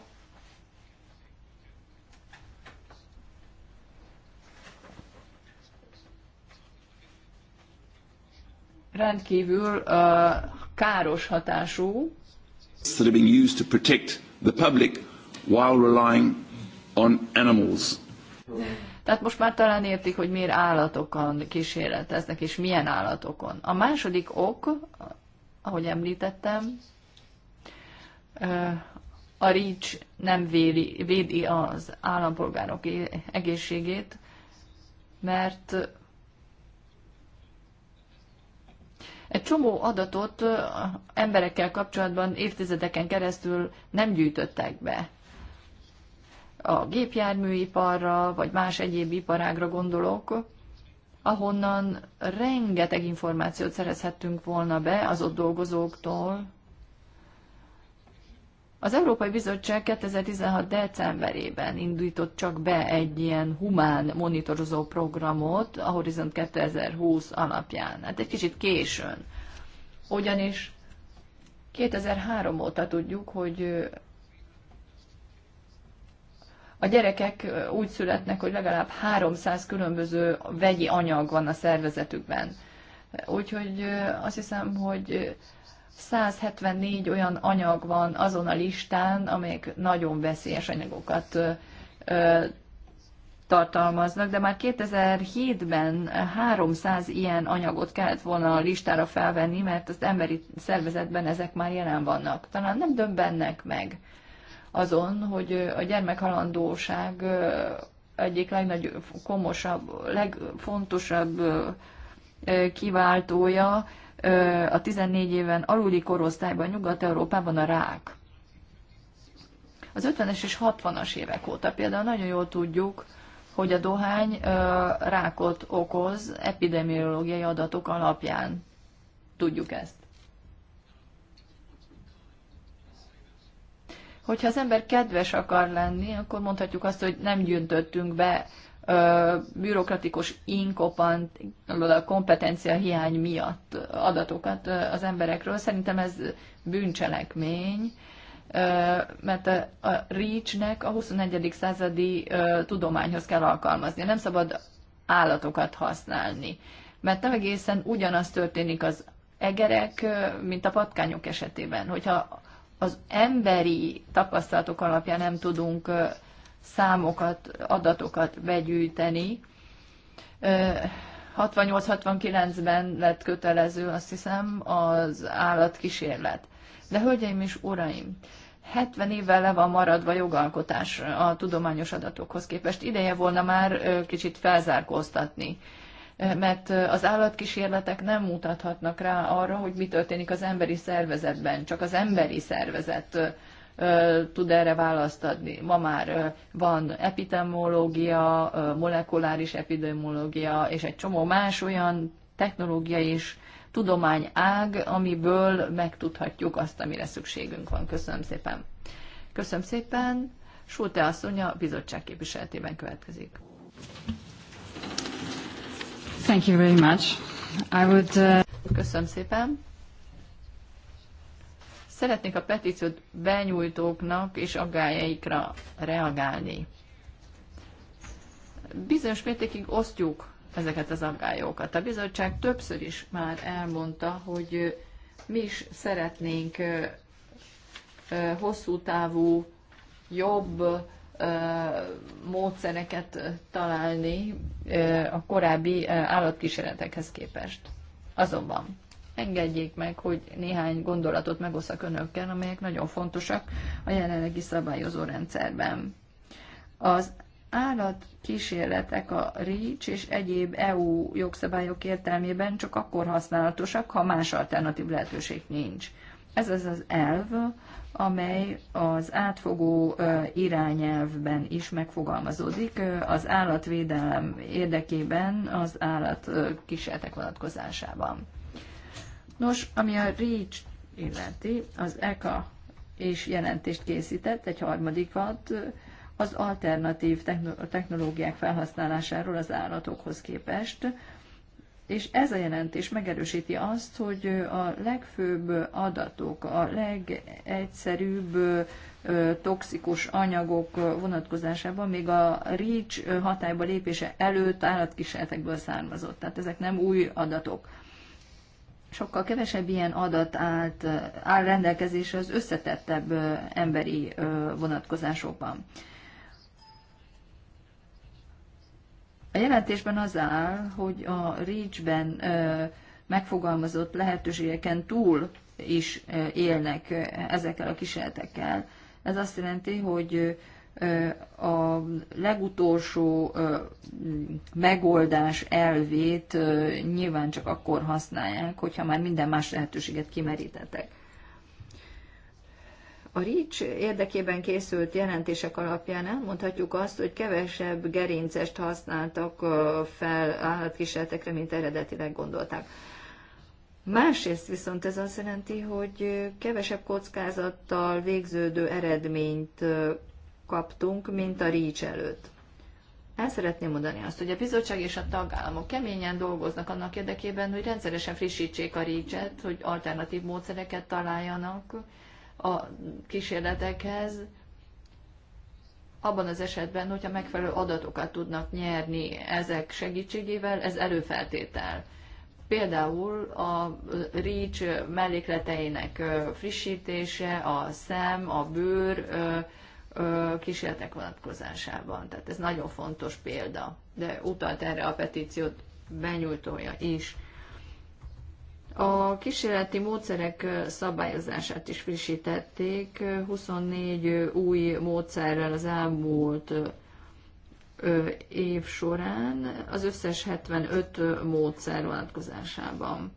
Speaker 3: rendkívül uh, káros hatású.
Speaker 1: That have been used to protect the public while relying on animals.
Speaker 3: Tehát most már talán értik, hogy miért állatokon kísérleteznek, és milyen állatokon. A második ok, ahogy említettem, a REACH nem védi, védi az állampolgárok egészségét, mert egy csomó adatot emberekkel kapcsolatban évtizedeken keresztül nem gyűjtöttek be a gépjárműiparra, vagy más egyéb iparágra gondolok, ahonnan rengeteg információt szerezhettünk volna be az ott dolgozóktól. Az Európai Bizottság 2016. decemberében indított csak be egy ilyen humán monitorozó programot a Horizont 2020 alapján. Hát egy kicsit későn. Ugyanis 2003 óta tudjuk, hogy a gyerekek úgy születnek, hogy legalább 300 különböző vegyi anyag van a szervezetükben. Úgyhogy azt hiszem, hogy 174 olyan anyag van azon a listán, amelyek nagyon veszélyes anyagokat tartalmaznak, de már 2007-ben 300 ilyen anyagot kellett volna a listára felvenni, mert az emberi szervezetben ezek már jelen vannak. Talán nem döbbennek meg azon, hogy a gyermekhalandóság egyik legnagyobb komosabb, legfontosabb kiváltója a 14 éven aluli korosztályban, Nyugat-Európában a rák. Az 50-es és 60-as évek óta például nagyon jól tudjuk, hogy a dohány rákot okoz epidemiológiai adatok alapján. Tudjuk ezt. Hogyha az ember kedves akar lenni, akkor mondhatjuk azt, hogy nem gyűntöttünk be ö, bürokratikus inkopant kompetencia hiány miatt adatokat az emberekről. Szerintem ez bűncselekmény, mert a, a REACH-nek a 21. századi tudományhoz kell alkalmazni. Nem szabad állatokat használni, mert nem egészen ugyanaz történik az egerek, mint a patkányok esetében. Hogyha az emberi tapasztalatok alapján nem tudunk számokat, adatokat begyűjteni. 68-69-ben lett kötelező, azt hiszem, az állatkísérlet. De hölgyeim és uraim, 70 évvel le van maradva jogalkotás a tudományos adatokhoz képest. Ideje volna már kicsit felzárkóztatni mert az állatkísérletek nem mutathatnak rá arra, hogy mi történik az emberi szervezetben, csak az emberi szervezet tud erre választ adni. Ma már van epidemiológia, molekuláris epidemiológia, és egy csomó más olyan technológia és ág, amiből megtudhatjuk azt, amire szükségünk van. Köszönöm szépen. Köszönöm szépen. Sulte asszony a bizottság képviseletében következik. Thank you very much. I would, uh... Köszönöm szépen. Szeretnék a petíciót benyújtóknak és aggájaikra reagálni. Bizonyos mértékig osztjuk ezeket az aggályokat. A bizottság többször is már elmondta, hogy mi is szeretnénk hosszú távú, jobb módszereket találni a korábbi állatkísérletekhez képest. Azonban engedjék meg, hogy néhány gondolatot megosszak önökkel, amelyek nagyon fontosak a jelenlegi szabályozó rendszerben. Az állatkísérletek a REACH és egyéb EU jogszabályok értelmében csak akkor használatosak, ha más alternatív lehetőség nincs. Ez az az elv, amely az átfogó irányelvben is megfogalmazódik az állatvédelem érdekében az állat kísérletek vonatkozásában. Nos, ami a REACH illeti, az ECA és jelentést készített, egy harmadikat az alternatív technológiák felhasználásáról az állatokhoz képest, és ez a jelentés megerősíti azt, hogy a legfőbb adatok, a legegyszerűbb toxikus anyagok vonatkozásában még a REACH hatályba lépése előtt állatkísérletekből származott. Tehát ezek nem új adatok. Sokkal kevesebb ilyen adat állt, áll rendelkezésre az összetettebb emberi vonatkozásokban. A jelentésben az áll, hogy a REACH-ben megfogalmazott lehetőségeken túl is élnek ezekkel a kísérletekkel. Ez azt jelenti, hogy a legutolsó megoldás elvét nyilván csak akkor használják, hogyha már minden más lehetőséget kimerítettek. A RICS érdekében készült jelentések alapján elmondhatjuk azt, hogy kevesebb gerincest használtak fel állatkísérletekre, mint eredetileg gondolták. Másrészt viszont ez azt jelenti, hogy kevesebb kockázattal végződő eredményt kaptunk, mint a RICS előtt. El szeretném mondani azt, hogy a bizottság és a tagállamok keményen dolgoznak annak érdekében, hogy rendszeresen frissítsék a reach hogy alternatív módszereket találjanak, a kísérletekhez, abban az esetben, hogyha megfelelő adatokat tudnak nyerni ezek segítségével, ez előfeltétel. Például a REACH mellékleteinek frissítése, a szem, a bőr kísérletek vonatkozásában. Tehát ez nagyon fontos példa, de utalt erre a petíciót benyújtója is. A kísérleti módszerek szabályozását is frissítették 24 új módszerrel az elmúlt év során, az összes 75 módszer vonatkozásában.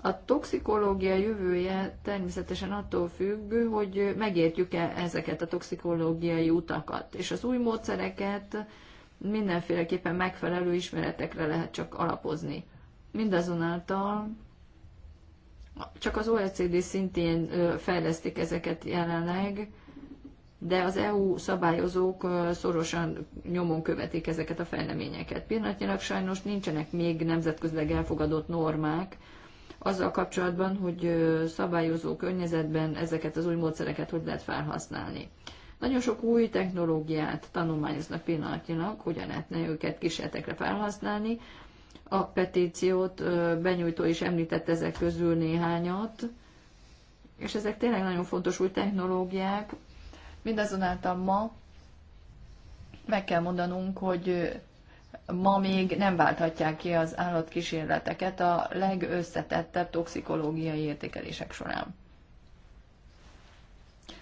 Speaker 3: A toxikológia jövője természetesen attól függ, hogy megértjük-e ezeket a toxikológiai utakat, és az új módszereket mindenféleképpen megfelelő ismeretekre lehet csak alapozni. Mindazonáltal csak az OECD szintén fejlesztik ezeket jelenleg, de az EU szabályozók szorosan nyomon követik ezeket a fejleményeket. Pillanatnyilag sajnos nincsenek még nemzetközileg elfogadott normák azzal kapcsolatban, hogy szabályozó környezetben ezeket az új módszereket hogy lehet felhasználni. Nagyon sok új technológiát tanulmányoznak pillanatnyilag, hogyan lehetne őket kísérletekre felhasználni, a petíciót benyújtó is említett ezek közül néhányat, és ezek tényleg nagyon fontos új technológiák. Mindazonáltal ma meg kell mondanunk, hogy ma még nem válthatják ki az állatkísérleteket a legösszetettebb toxikológiai értékelések során.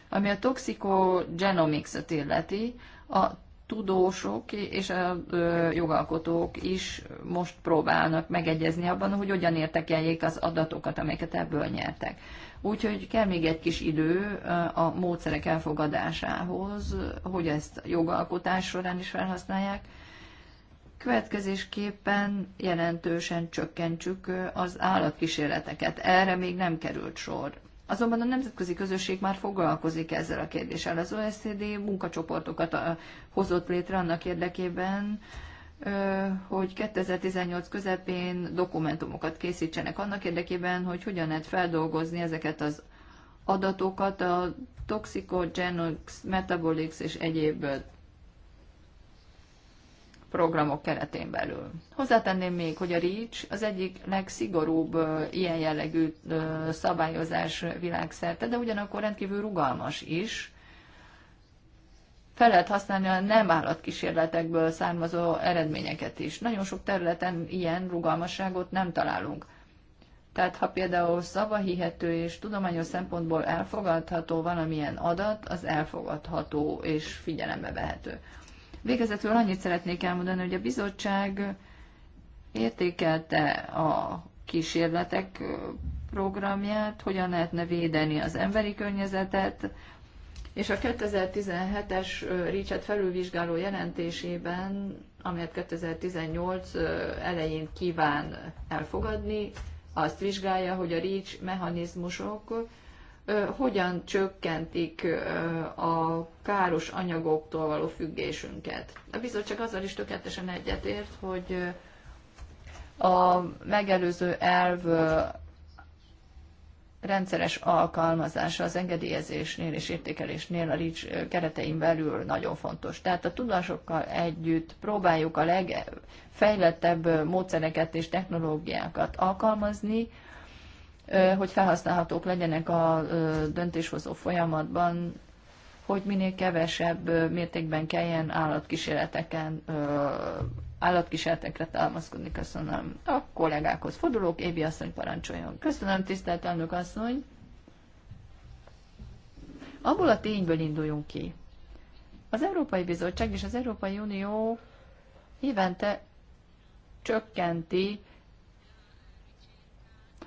Speaker 3: Ami a toxikogenomics-et illeti, a tudósok és a jogalkotók is most próbálnak megegyezni abban, hogy hogyan értekeljék az adatokat, amelyeket ebből nyertek. Úgyhogy kell még egy kis idő a módszerek elfogadásához, hogy ezt jogalkotás során is felhasználják. Következésképpen jelentősen csökkentsük az állatkísérleteket. Erre még nem került sor. Azonban a nemzetközi közösség már foglalkozik ezzel a kérdéssel. Az OECD munkacsoportokat hozott létre annak érdekében, hogy 2018 közepén dokumentumokat készítsenek annak érdekében, hogy hogyan lehet feldolgozni ezeket az adatokat a toxicogenics, metabolics és egyéb programok keretén belül. Hozzátenném még, hogy a REACH az egyik legszigorúbb ilyen jellegű szabályozás világszerte, de ugyanakkor rendkívül rugalmas is. Fel lehet használni a nem állatkísérletekből származó eredményeket is. Nagyon sok területen ilyen rugalmasságot nem találunk. Tehát ha például szavahihető és tudományos szempontból elfogadható valamilyen adat, az elfogadható és figyelembe vehető. Végezetül annyit szeretnék elmondani, hogy a bizottság értékelte a kísérletek programját, hogyan lehetne védeni az emberi környezetet, és a 2017-es Ricset felülvizsgáló jelentésében, amelyet 2018 elején kíván elfogadni, azt vizsgálja, hogy a REACH mechanizmusok hogyan csökkentik a káros anyagoktól való függésünket. A bizottság azzal is tökéletesen egyetért, hogy a megelőző elv rendszeres alkalmazása az engedélyezésnél és értékelésnél a RICS keretein belül nagyon fontos. Tehát a tudásokkal együtt próbáljuk a legfejlettebb módszereket és technológiákat alkalmazni, hogy felhasználhatók legyenek a döntéshozó folyamatban, hogy minél kevesebb mértékben kelljen állatkísérleteken, állatkísérletekre támaszkodni. Köszönöm a kollégákhoz fordulók, Évi asszony parancsoljon. Köszönöm, tisztelt elnök asszony. Abból a tényből induljunk ki. Az Európai Bizottság és az Európai Unió évente csökkenti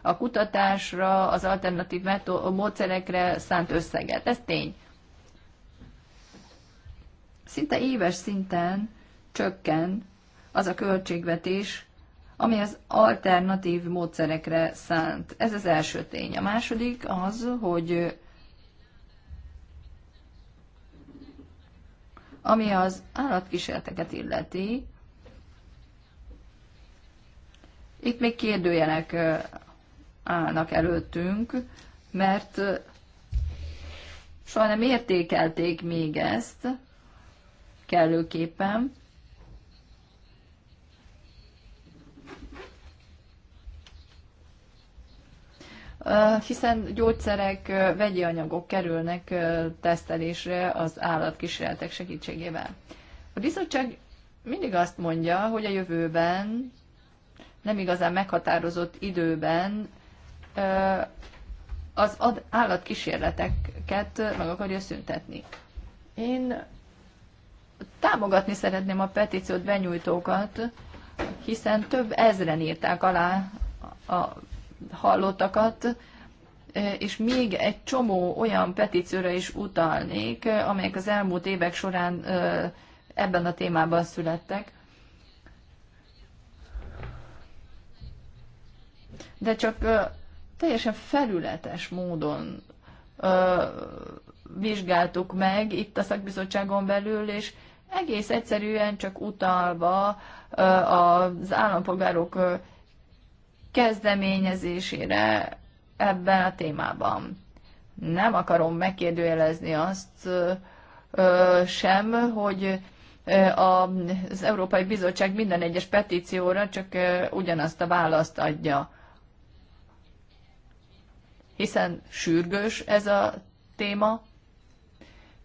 Speaker 3: a kutatásra, az alternatív módszerekre szánt összeget. Ez tény. Szinte éves szinten csökken az a költségvetés, ami az alternatív módszerekre szánt. Ez az első tény. A második az, hogy ami az állatkísérleteket illeti, itt még kérdőjelek állnak előttünk, mert soha nem értékelték még ezt kellőképpen. hiszen gyógyszerek, vegyi anyagok kerülnek tesztelésre az állatkísérletek segítségével. A bizottság mindig azt mondja, hogy a jövőben nem igazán meghatározott időben az állatkísérleteket meg akarja szüntetni. Én támogatni szeretném a petíciót benyújtókat, hiszen több ezren írták alá a hallottakat, és még egy csomó olyan petícióra is utalnék, amelyek az elmúlt évek során ebben a témában születtek. De csak teljesen felületes módon ö, vizsgáltuk meg itt a szakbizottságon belül, és egész egyszerűen csak utalva ö, az állampolgárok ö, kezdeményezésére ebben a témában. Nem akarom megkérdőjelezni azt ö, sem, hogy az Európai Bizottság minden egyes petícióra csak ugyanazt a választ adja hiszen sürgős ez a téma,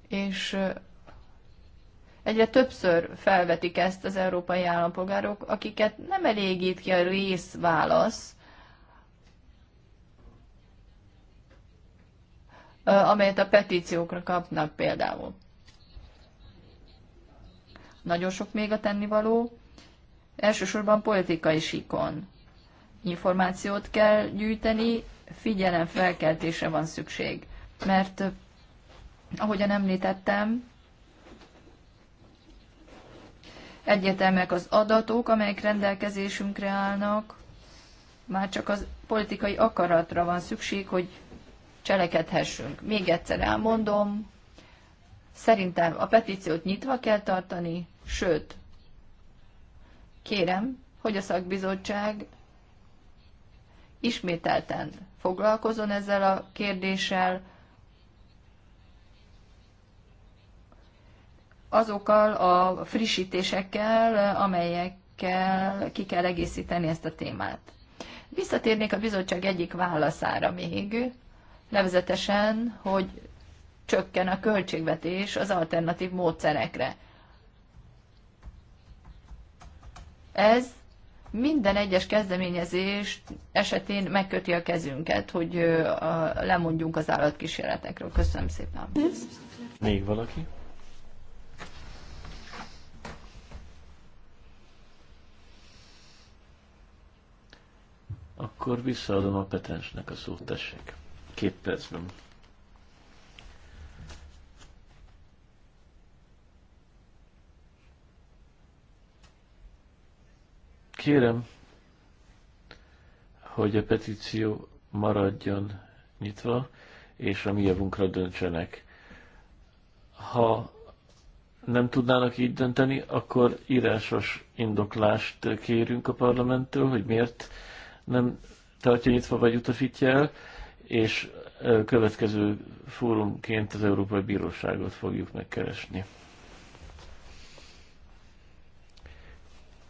Speaker 3: és egyre többször felvetik ezt az európai állampolgárok, akiket nem elégít ki a részválasz, amelyet a petíciókra kapnak például. Nagyon sok még a tennivaló, elsősorban politikai sikon. Információt kell gyűjteni, felkeltésre van szükség. Mert, eh, ahogyan említettem, egyértelműek az adatok, amelyek rendelkezésünkre állnak, már csak az politikai akaratra van szükség, hogy cselekedhessünk. Még egyszer elmondom, szerintem a petíciót nyitva kell tartani, sőt, kérem, hogy a szakbizottság ismételten foglalkozzon ezzel a kérdéssel, azokkal a frissítésekkel, amelyekkel ki kell egészíteni ezt a témát. Visszatérnék a bizottság egyik válaszára még, nevezetesen, hogy csökken a költségvetés az alternatív módszerekre. Ez minden egyes kezdeményezés esetén megköti a kezünket, hogy lemondjunk az állatkísérletekről. Köszönöm szépen.
Speaker 2: Még valaki? Akkor visszaadom a petensnek a szót, tessék. Két percben. Kérem, hogy a petíció maradjon nyitva, és a mi javunkra döntsenek. Ha nem tudnának így dönteni, akkor írásos indoklást kérünk a parlamenttől, hogy miért nem tartja nyitva vagy utasítja el, és következő fórumként az Európai Bíróságot fogjuk megkeresni.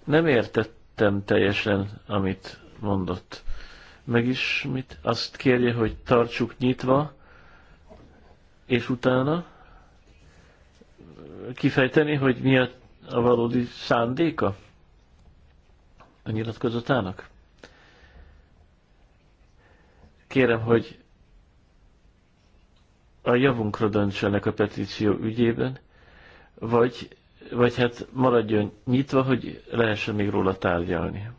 Speaker 2: Nem értett értettem teljesen, amit mondott. Meg is mit? Azt kérje, hogy tartsuk nyitva, és utána kifejteni, hogy mi a, a valódi szándéka a nyilatkozatának? Kérem, hogy a javunkra döntsenek a petíció ügyében, vagy vagy hát maradjon nyitva, hogy lehessen még róla tárgyalni.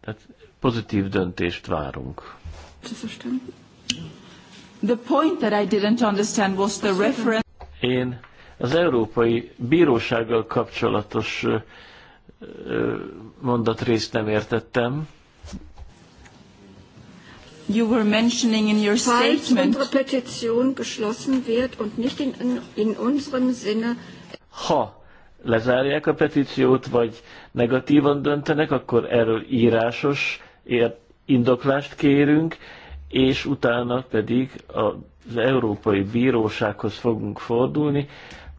Speaker 2: Tehát pozitív döntést várunk.
Speaker 1: The point that I didn't understand was the reference.
Speaker 2: Én az Európai Bírósággal kapcsolatos mondatrészt nem értettem
Speaker 1: you were mentioning in your statement. unsere Petition geschlossen wird und nicht in, in unserem Sinne.
Speaker 2: Ha lezárják a petíciót, vagy negatívan döntenek, akkor erről írásos indoklást kérünk, és utána pedig az Európai Bírósághoz fogunk fordulni,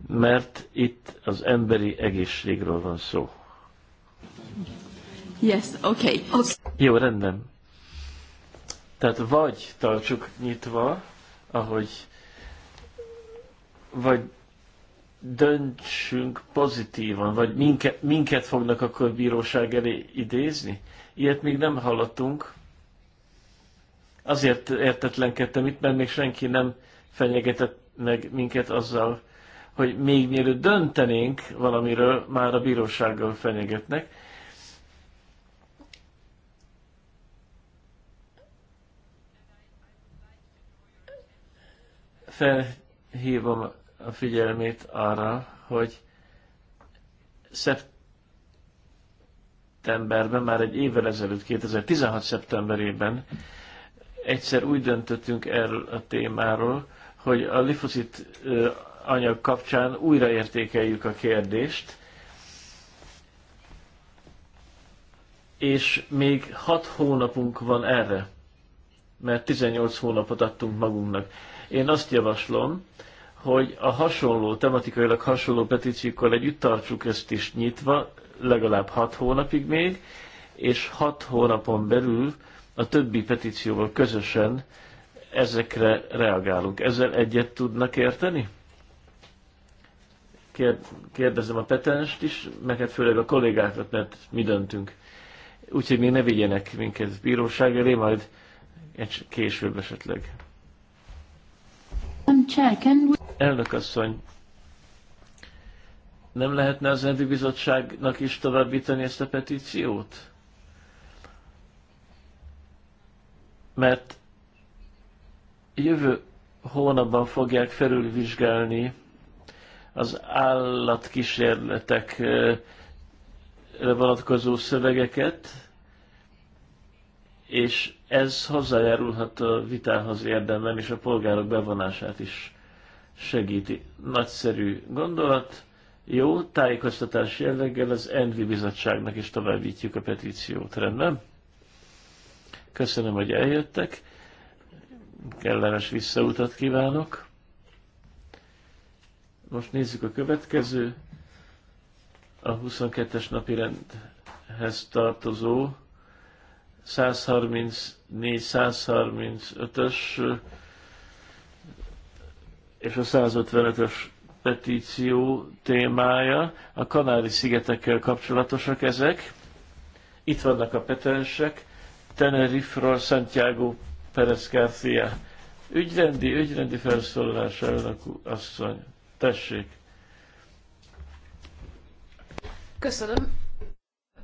Speaker 2: mert itt az emberi egészségről van szó.
Speaker 1: Yes, okay. okay.
Speaker 2: Jó, rendben. Tehát vagy tartsuk nyitva, ahogy vagy döntsünk pozitívan, vagy minket, minket fognak akkor bíróság elé idézni? Ilyet még nem hallottunk. Azért értetlenkedtem itt, mert még senki nem fenyegetett meg minket azzal, hogy még mielőtt döntenénk valamiről, már a bírósággal fenyegetnek. Felhívom a figyelmét arra, hogy szeptemberben, már egy évvel ezelőtt, 2016. szeptemberében egyszer úgy döntöttünk erről a témáról, hogy a lifocit anyag kapcsán újraértékeljük a kérdést, és még 6 hónapunk van erre, mert 18 hónapot adtunk magunknak. Én azt javaslom, hogy a hasonló, tematikailag hasonló petíciókkal együtt tartsuk ezt is nyitva, legalább hat hónapig még, és hat hónapon belül a többi petícióval közösen ezekre reagálunk. Ezzel egyet tudnak érteni? Kérdezem a petenst is, meg hát főleg a kollégákat, mert mi döntünk. Úgyhogy még ne vigyenek minket bíróság elé, majd később esetleg. Elnök asszony, nem lehetne az Endi Bizottságnak is továbbítani ezt a petíciót? Mert jövő hónapban fogják felülvizsgálni az állatkísérletekre eh, vonatkozó szövegeket, és ez hozzájárulhat a vitához érdemben, és a polgárok bevonását is segíti. Nagyszerű gondolat. Jó, tájékoztatás jelleggel az Envi Bizottságnak is továbbítjuk a petíciót, rendben? Köszönöm, hogy eljöttek. Kellemes visszautat kívánok. Most nézzük a következő, a 22-es napirendhez tartozó 134-135-ös és a 155-ös petíció témája. A Kanári-szigetekkel kapcsolatosak ezek. Itt vannak a petensek. Tenerife-ról Santiago Pérez García. Ügyrendi, ügyrendi felszólalás elnök asszony. Tessék.
Speaker 4: Köszönöm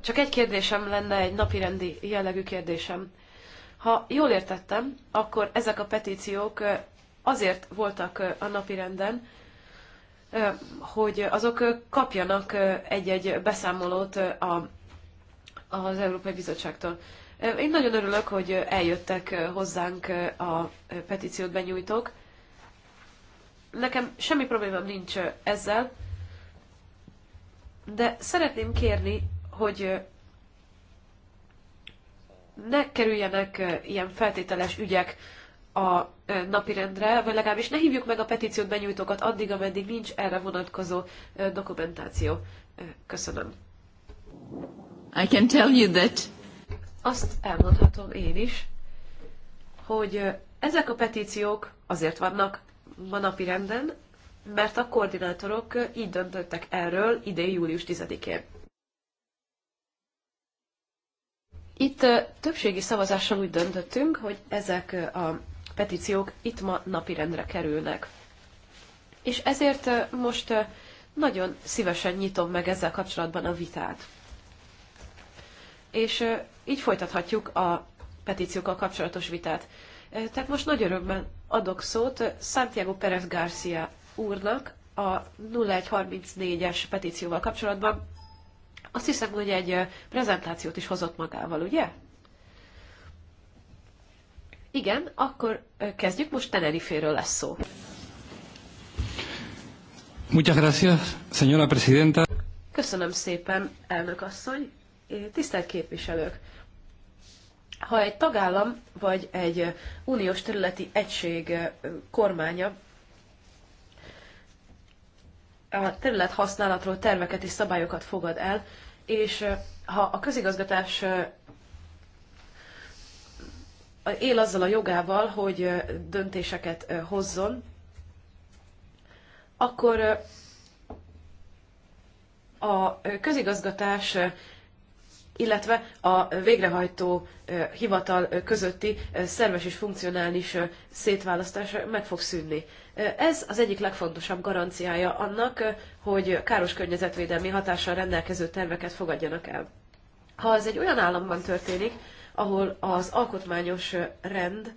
Speaker 4: csak egy kérdésem lenne, egy napirendi jellegű kérdésem. Ha jól értettem, akkor ezek a petíciók azért voltak a napirenden, hogy azok kapjanak egy-egy beszámolót a, az Európai Bizottságtól. Én nagyon örülök, hogy eljöttek hozzánk a petíciót benyújtók. Nekem semmi problémám nincs ezzel, de szeretném kérni hogy ne kerüljenek ilyen feltételes ügyek a napirendre, vagy legalábbis ne hívjuk meg a petíciót benyújtókat addig, ameddig nincs erre vonatkozó dokumentáció. Köszönöm. I can tell you that. Azt elmondhatom én is, hogy ezek a petíciók azért vannak ma napirenden, mert a koordinátorok így döntöttek erről idén július 10-én. Itt többségi szavazással úgy döntöttünk, hogy ezek a petíciók itt ma napirendre kerülnek. És ezért most nagyon szívesen nyitom meg ezzel kapcsolatban a vitát. És így folytathatjuk a petíciókkal kapcsolatos vitát. Tehát most nagy örömmel adok szót Santiago Perez Garcia úrnak a 0134-es petícióval kapcsolatban, azt hiszem, hogy egy prezentációt is hozott magával, ugye? Igen, akkor kezdjük, most Tenerife-ről lesz szó.
Speaker 5: Muchas gracias, señora presidenta.
Speaker 4: Köszönöm szépen, elnök asszony. Tisztelt képviselők! Ha egy tagállam vagy egy uniós területi egység kormánya a terület használatról terveket és szabályokat fogad el, és ha a közigazgatás él azzal a jogával, hogy döntéseket hozzon, akkor a közigazgatás illetve a végrehajtó hivatal közötti szerves és funkcionális szétválasztás meg fog szűnni. Ez az egyik legfontosabb garanciája annak, hogy káros környezetvédelmi hatással rendelkező terveket fogadjanak el. Ha ez egy olyan államban történik, ahol az alkotmányos rend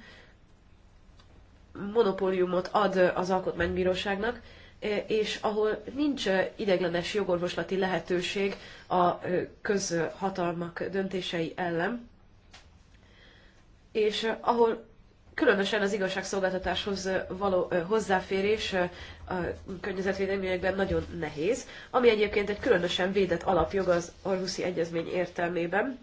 Speaker 4: monopóliumot ad az alkotmánybíróságnak, E, és ahol nincs e, ideglenes jogorvoslati lehetőség a e, közhatalmak döntései ellen, és ahol különösen az igazságszolgáltatáshoz való hozzáférés a környezetvédelmi nagyon nehéz, ami egyébként egy különösen védett alapjog az Orhuszi Egyezmény értelmében,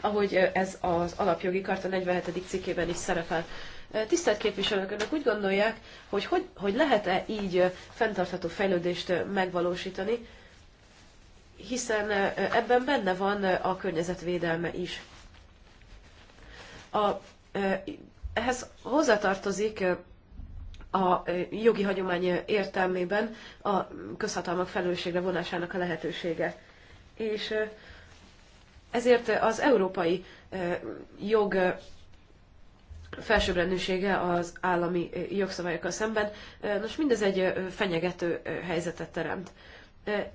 Speaker 4: ahogy ez az alapjogi karta 47. cikkében is szerepel. Tisztelt képviselők, önök úgy gondolják, hogy hogy, hogy lehet-e így fenntartható fejlődést megvalósítani, hiszen ebben benne van a környezetvédelme is. A, ehhez hozzátartozik a jogi hagyomány értelmében a közhatalmak felelősségre vonásának a lehetősége. És ezért az európai jog felsőbbrendűsége az állami eh, jogszabályokkal szemben. Eh, nos, mindez egy eh, fenyegető helyzetet teremt.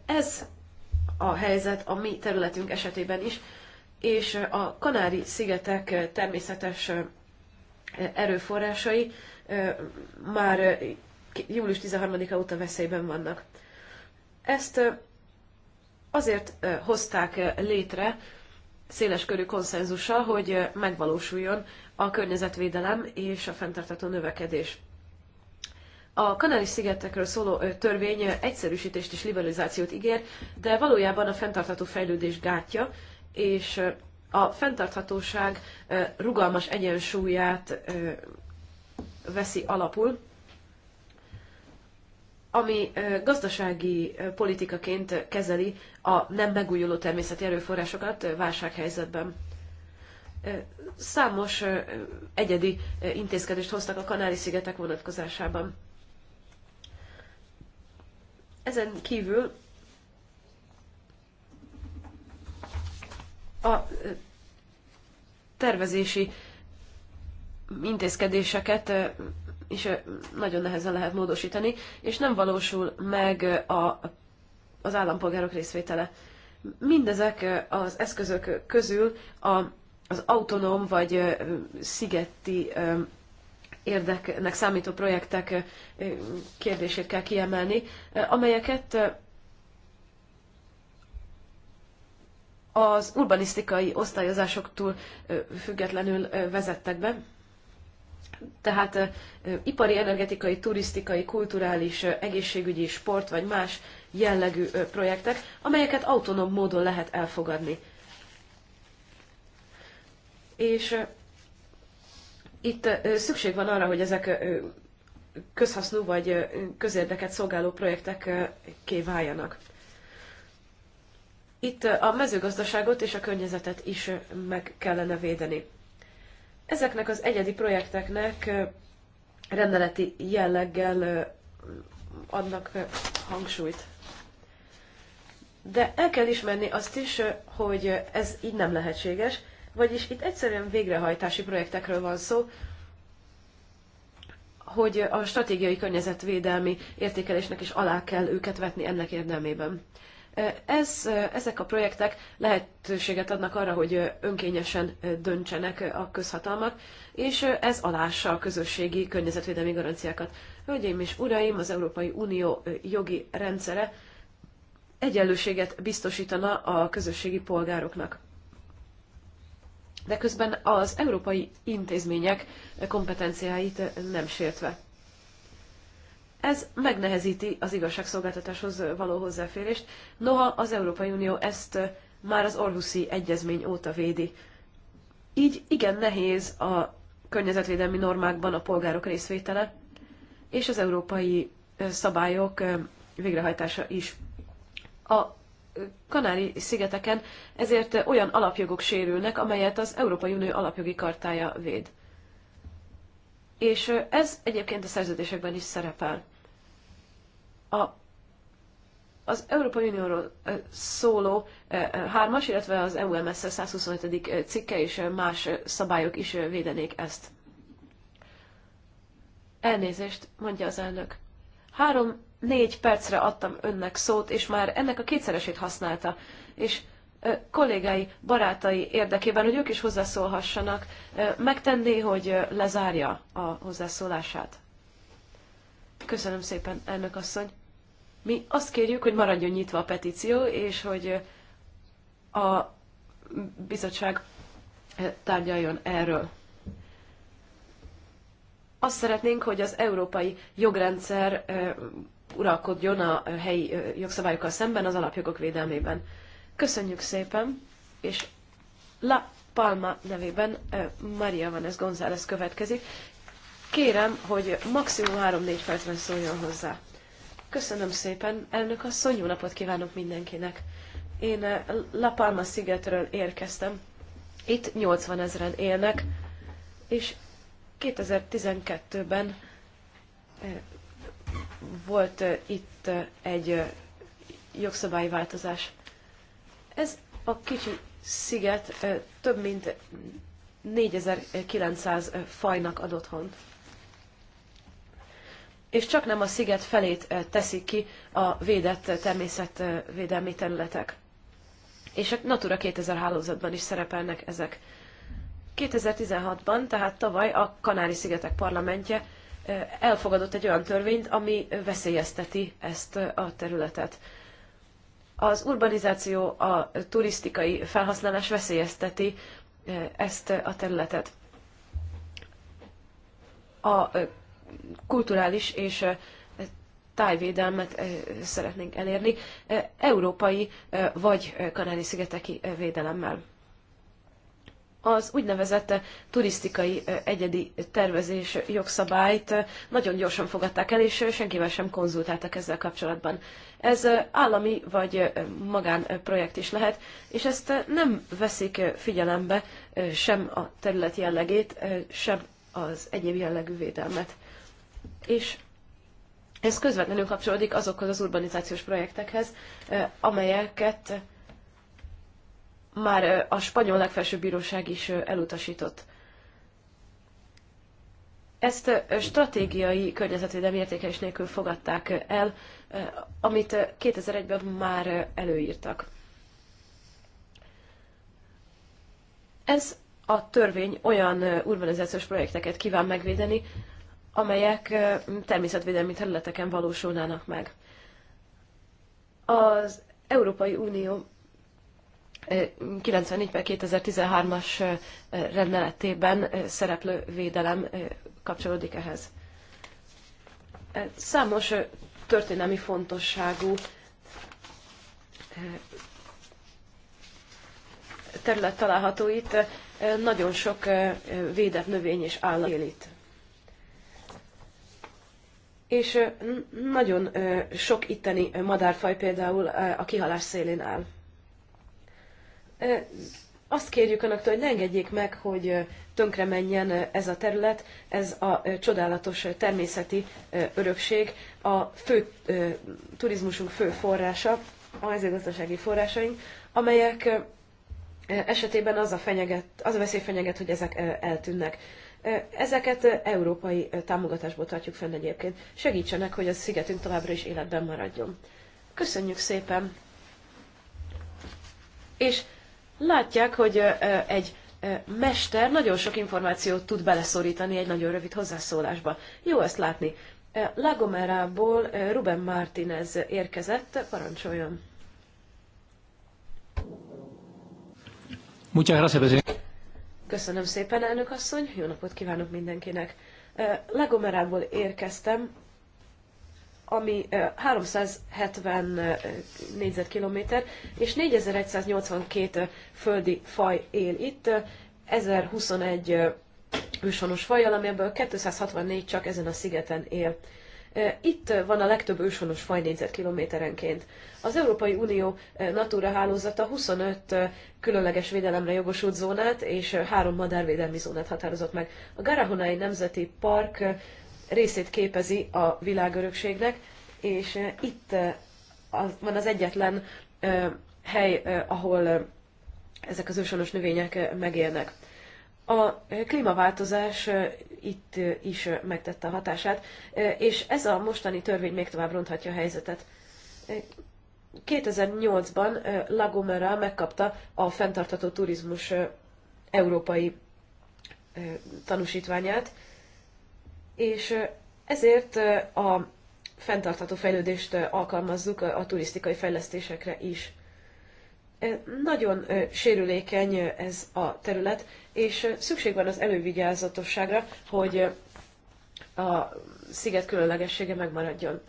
Speaker 4: Ez a helyzet a mi területünk esetében is, és a Kanári-szigetek természetes erőforrásai már július 13-a óta veszélyben vannak. Ezt azért hozták létre széles körű konszenzussal, hogy megvalósuljon a környezetvédelem és a fenntartató növekedés. A kanális szigetekről szóló törvény egyszerűsítést és liberalizációt ígér, de valójában a fenntartható fejlődés gátja, és a fenntarthatóság rugalmas egyensúlyát veszi alapul, ami gazdasági politikaként kezeli a nem megújuló természeti erőforrásokat válsághelyzetben számos egyedi intézkedést hoztak a Kanári-szigetek vonatkozásában. Ezen kívül a tervezési intézkedéseket is nagyon nehezen lehet módosítani, és nem valósul meg a, az állampolgárok részvétele. Mindezek az eszközök közül a az autonóm vagy szigeti érdeknek számító projektek kérdését kell kiemelni, amelyeket az urbanisztikai osztályozásoktól függetlenül vezettek be. Tehát ipari, energetikai, turisztikai, kulturális, egészségügyi, sport vagy más jellegű projektek, amelyeket autonóm módon lehet elfogadni és itt szükség van arra, hogy ezek közhasznú vagy közérdeket szolgáló projektek kéváljanak. Itt a mezőgazdaságot és a környezetet is meg kellene védeni. Ezeknek az egyedi projekteknek rendeleti jelleggel adnak hangsúlyt. De el kell ismerni azt is, hogy ez így nem lehetséges, vagyis itt egyszerűen végrehajtási projektekről van szó, hogy a stratégiai környezetvédelmi értékelésnek is alá kell őket vetni ennek érdemében. E, ez, e, ezek a projektek lehetőséget adnak arra, hogy e, önkényesen döntsenek a közhatalmak, és ez alássa a közösségi környezetvédelmi garanciákat. Hölgyeim és uraim, az Európai Unió jogi rendszere egyenlőséget biztosítana a közösségi polgároknak de közben az európai intézmények kompetenciáit nem sértve. Ez megnehezíti az igazságszolgáltatáshoz való hozzáférést, noha az Európai Unió ezt már az Orhuszi Egyezmény óta védi. Így igen nehéz a környezetvédelmi normákban a polgárok részvétele, és az európai szabályok végrehajtása is. A Kanári-szigeteken, ezért olyan alapjogok sérülnek, amelyet az Európai Unió alapjogi kartája véd. És ez egyébként a szerződésekben is szerepel. A, az Európai Unióról szóló hármas, illetve az EUMS 125. cikke és más szabályok is védenék ezt. Elnézést, mondja az elnök. Három négy percre adtam önnek szót, és már ennek a kétszeresét használta. És kollégái, barátai érdekében, hogy ők is hozzászólhassanak, megtenné, hogy lezárja a hozzászólását. Köszönöm szépen, elnök asszony. Mi azt kérjük, hogy maradjon nyitva a petíció, és hogy a bizottság tárgyaljon erről. Azt szeretnénk, hogy az európai jogrendszer uralkodjon a helyi jogszabályokkal szemben az alapjogok védelmében. Köszönjük szépen, és La Palma nevében Maria Vanes González következik. Kérem, hogy maximum 3-4 percben szóljon hozzá. Köszönöm szépen, elnök a jó napot kívánok mindenkinek. Én La Palma szigetről érkeztem. Itt 80 ezeren élnek, és 2012-ben volt itt egy jogszabályi változás. Ez a kicsi sziget több mint 4900 fajnak ad otthont. És csak nem a sziget felét teszik ki a védett természetvédelmi területek. És a Natura 2000 hálózatban is szerepelnek ezek. 2016-ban, tehát tavaly a Kanári-szigetek parlamentje elfogadott egy olyan törvényt, ami veszélyezteti ezt a területet. Az urbanizáció, a turisztikai felhasználás veszélyezteti ezt a területet. A kulturális és tájvédelmet szeretnénk elérni európai vagy kanári-szigeteki védelemmel az úgynevezett turisztikai egyedi tervezés jogszabályt nagyon gyorsan fogadták el, és senkivel sem konzultáltak ezzel kapcsolatban. Ez állami vagy magánprojekt is lehet, és ezt nem veszik figyelembe sem a terület jellegét, sem az egyéb jellegű védelmet. És ez közvetlenül kapcsolódik azokhoz az urbanizációs projektekhez, amelyeket már a spanyol legfelsőbb bíróság is elutasított. Ezt stratégiai környezetvédelmi értékelés nélkül fogadták el, amit 2001-ben már előírtak. Ez a törvény olyan urbanizációs projekteket kíván megvédeni, amelyek természetvédelmi területeken valósulnának meg. Az Európai Unió 94 per 2013-as rendeletében szereplő védelem kapcsolódik ehhez. Számos történelmi fontosságú terület található itt, nagyon sok védett növény és állat él itt. És nagyon sok itteni madárfaj például a kihalás szélén áll azt kérjük önöktől, hogy ne engedjék meg, hogy tönkre menjen ez a terület, ez a csodálatos természeti örökség, a fő turizmusunk fő forrása, a mezőgazdasági forrásaink, amelyek esetében az a, fenyeget, az a veszély fenyeget, hogy ezek eltűnnek. Ezeket európai támogatásból tartjuk fenn egyébként. Segítsenek, hogy a szigetünk továbbra is életben maradjon. Köszönjük szépen! És látják, hogy egy mester nagyon sok információt tud beleszorítani egy nagyon rövid hozzászólásba. Jó ezt látni. Lagomerából Ruben Martinez érkezett, parancsoljon. Köszönöm szépen, elnök asszony, jó napot kívánok mindenkinek. Lagomerából érkeztem, ami 370 négyzetkilométer, és 4182 földi faj él itt, 1021 őshonos fajjal, ami ebből 264 csak ezen a szigeten él. Itt van a legtöbb őshonos faj négyzetkilométerenként. Az Európai Unió Natura hálózata 25 különleges védelemre jogosult zónát és három madárvédelmi zónát határozott meg. A Garahonai Nemzeti Park részét képezi a világörökségnek, és eh, itt eh, van az egyetlen eh, hely, ahol ezek az őshonos növények megélnek. A klímaváltozás itt is megtette a hatását, és ez a mostani törvény még tovább ronthatja a helyzetet. 2008-ban Lagomera megkapta a fenntartató turizmus európai tanúsítványát, és ezért a fenntartható fejlődést alkalmazzuk a turisztikai fejlesztésekre is. Nagyon sérülékeny ez a terület, és szükség van az elővigyázatosságra, hogy a sziget különlegessége megmaradjon.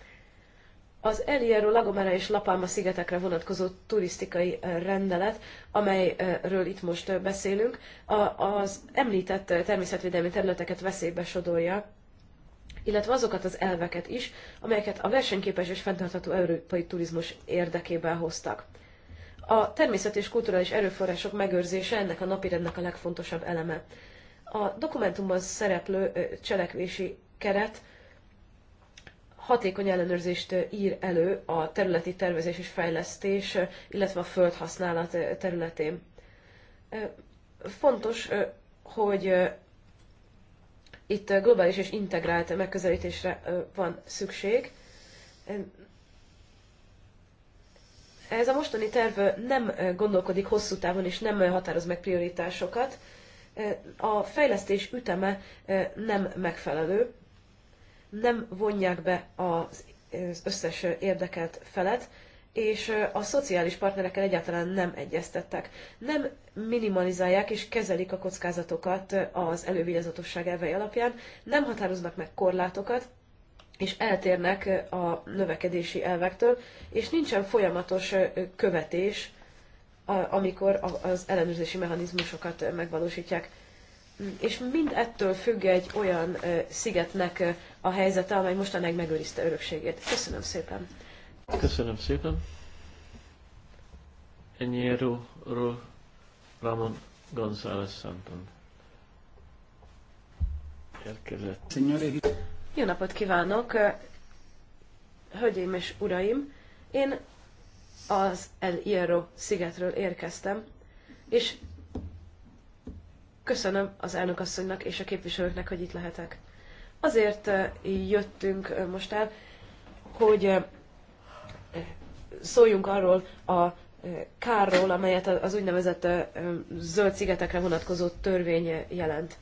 Speaker 4: Az Eliero, Lagomera és Lapalma szigetekre vonatkozó turisztikai rendelet, amelyről itt most beszélünk, az említett természetvédelmi területeket veszélybe sodorja, illetve azokat az elveket is, amelyeket a versenyképes és fenntartható európai turizmus érdekében hoztak. A természet és kulturális erőforrások megőrzése ennek a napirendnek a legfontosabb eleme. A dokumentumban szereplő cselekvési keret hatékony ellenőrzést ír elő a területi tervezés és fejlesztés, illetve a földhasználat területén. Fontos, hogy itt globális és integrált megközelítésre van szükség. Ez a mostani terv nem gondolkodik hosszú távon, és nem határoz meg prioritásokat. A fejlesztés üteme nem megfelelő, nem vonják be az összes érdekelt felet, és a szociális partnerekkel egyáltalán nem egyeztettek. Nem minimalizálják és kezelik a kockázatokat az elővigyázatosság elvei alapján, nem határoznak meg korlátokat, és eltérnek a növekedési elvektől, és nincsen folyamatos követés, amikor az ellenőrzési mechanizmusokat megvalósítják. És mind ettől függ egy olyan szigetnek a helyzete, amely mostanáig megőrizte örökségét. Köszönöm szépen!
Speaker 2: Köszönöm szépen. Enyero Ramon González Santon. Érkezett.
Speaker 4: Jó napot kívánok! Eh, hölgyeim és uraim, én az El Hierro szigetről érkeztem, és köszönöm az elnökasszonynak és a képviselőknek, hogy itt lehetek. Azért eh, jöttünk eh, most el, hogy szóljunk arról a eh, kárról, amelyet az úgynevezett eh, zöld szigetekre vonatkozó törvény jelent.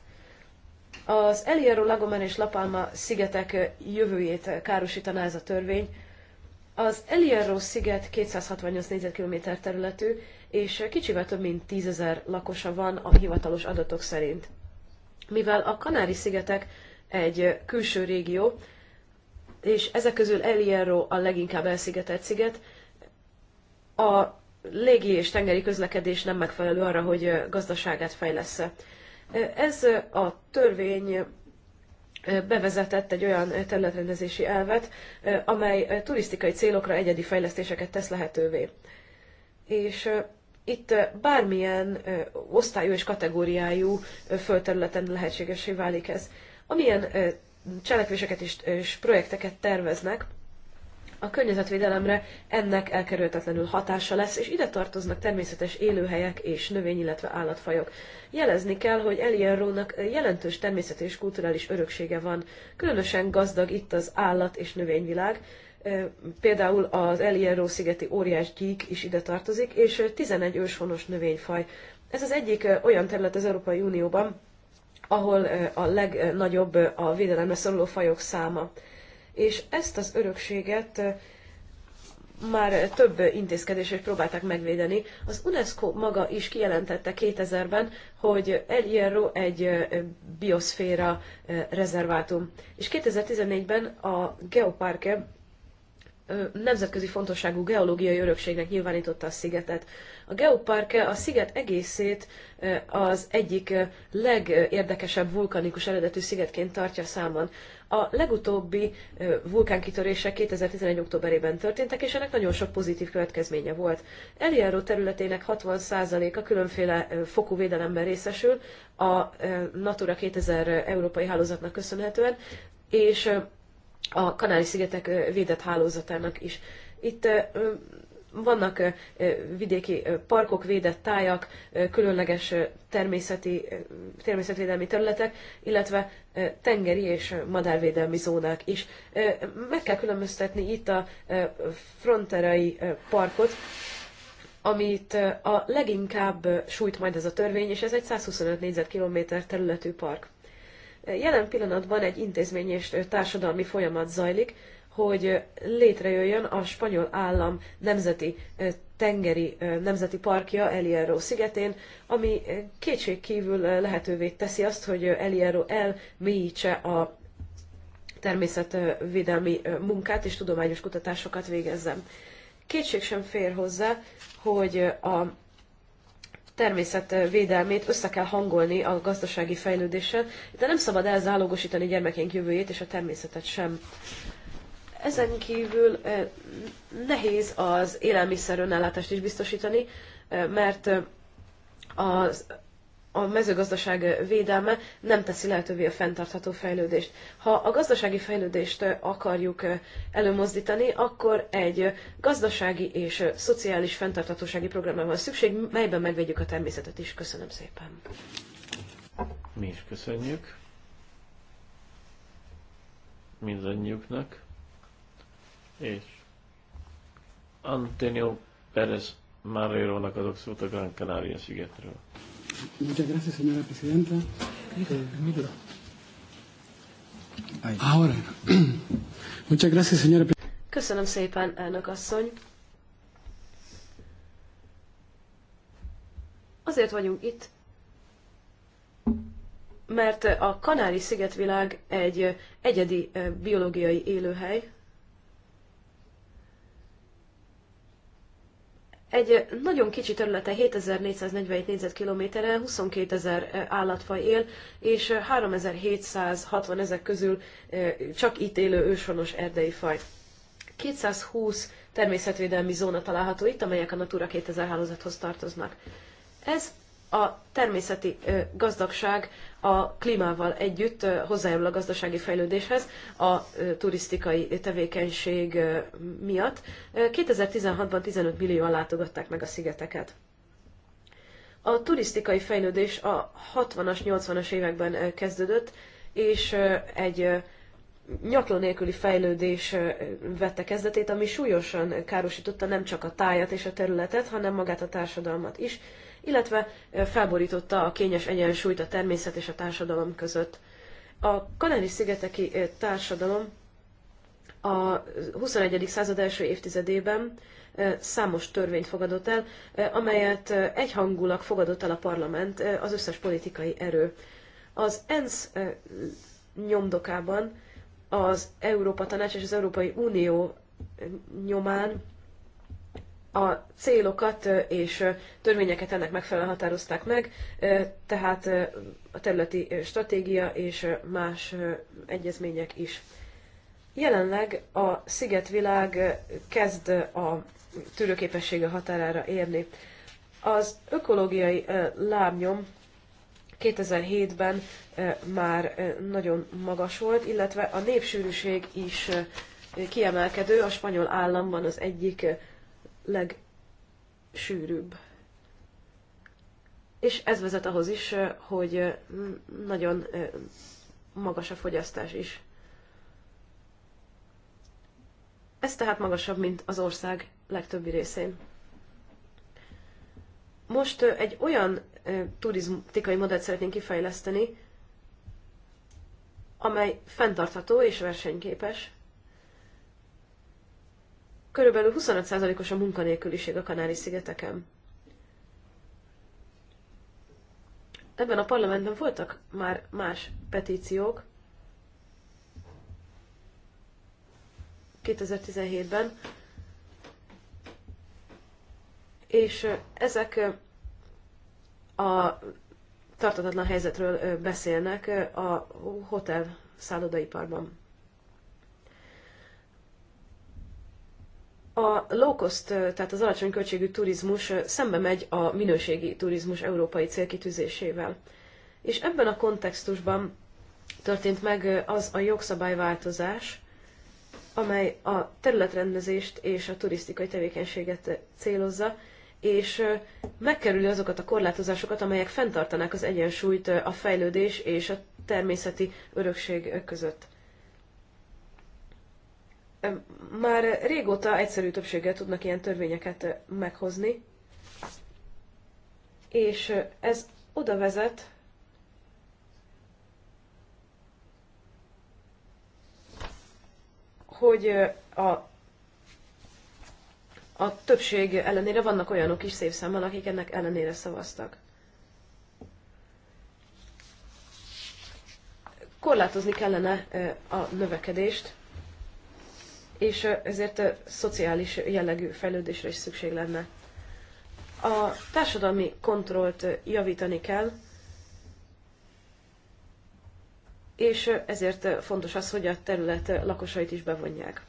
Speaker 4: Az El Hierro, Lagomer és La Palma szigetek eh, jövőjét károsítaná ez a törvény. Az El Hierro sziget 268 négyzetkilométer területű, és kicsivel több mint 10 lakosa van a hivatalos adatok szerint. Mivel a Kanári-szigetek egy külső régió, és ezek közül El Hierro a leginkább elszigetelt sziget. A légi és tengeri közlekedés nem megfelelő arra, hogy gazdaságát fejlessze. Ez a törvény bevezetett egy olyan területrendezési elvet, amely turisztikai célokra egyedi fejlesztéseket tesz lehetővé. És itt bármilyen osztályú és kategóriájú földterületen lehetségesé válik ez. Amilyen cselekvéseket is és projekteket terveznek, a környezetvédelemre ennek elkerülhetetlenül hatása lesz, és ide tartoznak természetes élőhelyek és növény, illetve állatfajok. Jelezni kell, hogy Elienrónak jelentős természeti és kulturális öröksége van, különösen gazdag itt az állat- és növényvilág, Például az Elienró szigeti óriás gyík is ide tartozik, és 11 őshonos növényfaj. Ez az egyik olyan terület az Európai Unióban, ahol a legnagyobb a védelemre szoruló fajok száma. És ezt az örökséget már több intézkedéssel próbálták megvédeni. Az UNESCO maga is kijelentette 2000-ben, hogy El Hierro egy bioszféra rezervátum. És 2014-ben a Geoparke nemzetközi fontosságú geológiai örökségnek nyilvánította a szigetet. A geopark a sziget egészét az egyik legérdekesebb vulkanikus eredetű szigetként tartja számon. A legutóbbi vulkánkitörése 2011. októberében történtek, és ennek nagyon sok pozitív következménye volt. Eliáró területének 60%-a különféle fokú védelemben részesül a Natura 2000 európai hálózatnak köszönhetően, és a Kanári-szigetek védett hálózatának is. Itt vannak vidéki parkok, védett tájak, különleges természeti, természetvédelmi területek, illetve tengeri és madárvédelmi zónák is. Meg kell különböztetni itt a fronterai parkot, amit a leginkább sújt majd ez a törvény, és ez egy 125 négyzetkilométer területű park. Jelen pillanatban egy intézmény és társadalmi folyamat zajlik, hogy létrejöjjön a spanyol állam nemzeti tengeri nemzeti parkja Hierro szigetén, ami kétségkívül lehetővé teszi azt, hogy Hierro elmélyítse a természetvédelmi munkát és tudományos kutatásokat végezzen. Kétség sem fér hozzá, hogy a természetvédelmét össze kell hangolni a gazdasági fejlődéssel, de nem szabad elzálogosítani gyermekeink jövőjét és a természetet sem. Ezen kívül nehéz az élelmiszer önellátást is biztosítani, mert az a mezőgazdaság védelme nem teszi lehetővé a fenntartható fejlődést. Ha a gazdasági fejlődést akarjuk előmozdítani, akkor egy gazdasági és szociális fenntarthatósági programra van szükség, melyben megvédjük a természetet is. Köszönöm szépen.
Speaker 2: Mi is köszönjük mindannyiuknak, és Antonio Perez Márérónak adok szót a Gran Canaria szigetről.
Speaker 4: Muchas gracias, señora presidenta. Eh,
Speaker 3: ahora.
Speaker 5: Muchas gracias, señora
Speaker 4: Köszönöm szépen, elnök asszony. Azért vagyunk itt, mert a Kanári szigetvilág egy egyedi biológiai élőhely, Egy nagyon kicsi területe 7447 négyzetkilométerre 22 ezer eh, állatfaj él, és 3760 eh, ezek közül eh, csak itt élő őshonos erdei faj. 220 természetvédelmi zóna található itt, amelyek a Natura 2000 hálózathoz tartoznak. Ez a természeti gazdagság a klímával együtt hozzájárul a gazdasági fejlődéshez a turisztikai tevékenység miatt. 2016-ban 15 millióan látogatták meg a szigeteket. A turisztikai fejlődés a 60-as, 80-as években kezdődött, és egy nyakló nélküli fejlődés vette kezdetét, ami súlyosan károsította nem csak a tájat és a területet, hanem magát a társadalmat is illetve felborította a kényes egyensúlyt a természet és a társadalom között. A Kanári-szigeteki társadalom a 21. század első évtizedében számos törvényt fogadott el, amelyet egyhangulag fogadott el a parlament, az összes politikai erő. Az ENSZ nyomdokában az Európa Tanács és az Európai Unió nyomán a célokat és törvényeket ennek megfelelően határozták meg, tehát a területi stratégia és más egyezmények is. Jelenleg a szigetvilág kezd a tűrőképessége határára érni. Az ökológiai lábnyom 2007-ben már nagyon magas volt, illetve a népsűrűség is kiemelkedő, a spanyol államban az egyik legsűrűbb. És ez vezet ahhoz is, hogy nagyon magas a fogyasztás is. Ez tehát magasabb, mint az ország legtöbbi részén. Most egy olyan turisztikai modellt szeretnénk kifejleszteni, amely fenntartható és versenyképes körülbelül 25%-os a munkanélküliség a Kanári-szigeteken. Ebben a parlamentben voltak már más petíciók 2017-ben, és ezek a tartatatlan helyzetről beszélnek a hotel szállodaiparban. a low cost, tehát az alacsony költségű turizmus szembe megy a minőségi turizmus európai célkitűzésével. És ebben a kontextusban történt meg az a jogszabályváltozás, amely a területrendezést és a turisztikai tevékenységet célozza, és megkerüli azokat a korlátozásokat, amelyek fenntartanák az egyensúlyt a fejlődés és a természeti örökség között már régóta egyszerű többséggel tudnak ilyen törvényeket meghozni, és ez oda vezet, hogy a, a többség ellenére vannak olyanok is szép számmal, akik ennek ellenére szavaztak. Korlátozni kellene a növekedést, és ezért szociális jellegű fejlődésre is szükség lenne. A társadalmi kontrollt javítani kell, és ezért fontos az, hogy a terület lakosait is bevonják.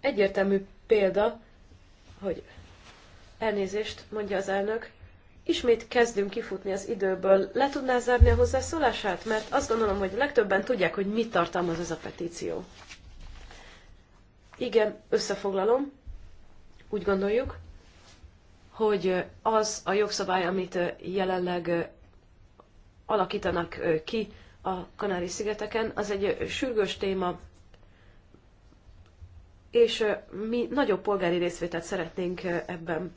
Speaker 4: Egyértelmű példa, hogy elnézést, mondja az elnök, ismét kezdünk kifutni az időből. Le tudná zárni a hozzászólását? Mert azt gondolom, hogy legtöbben tudják, hogy mit tartalmaz ez a petíció. Igen, összefoglalom. Úgy gondoljuk, hogy az a jogszabály, amit jelenleg alakítanak ki a Kanári-szigeteken, az egy sürgős téma, és mi nagyobb polgári részvételt szeretnénk ebben.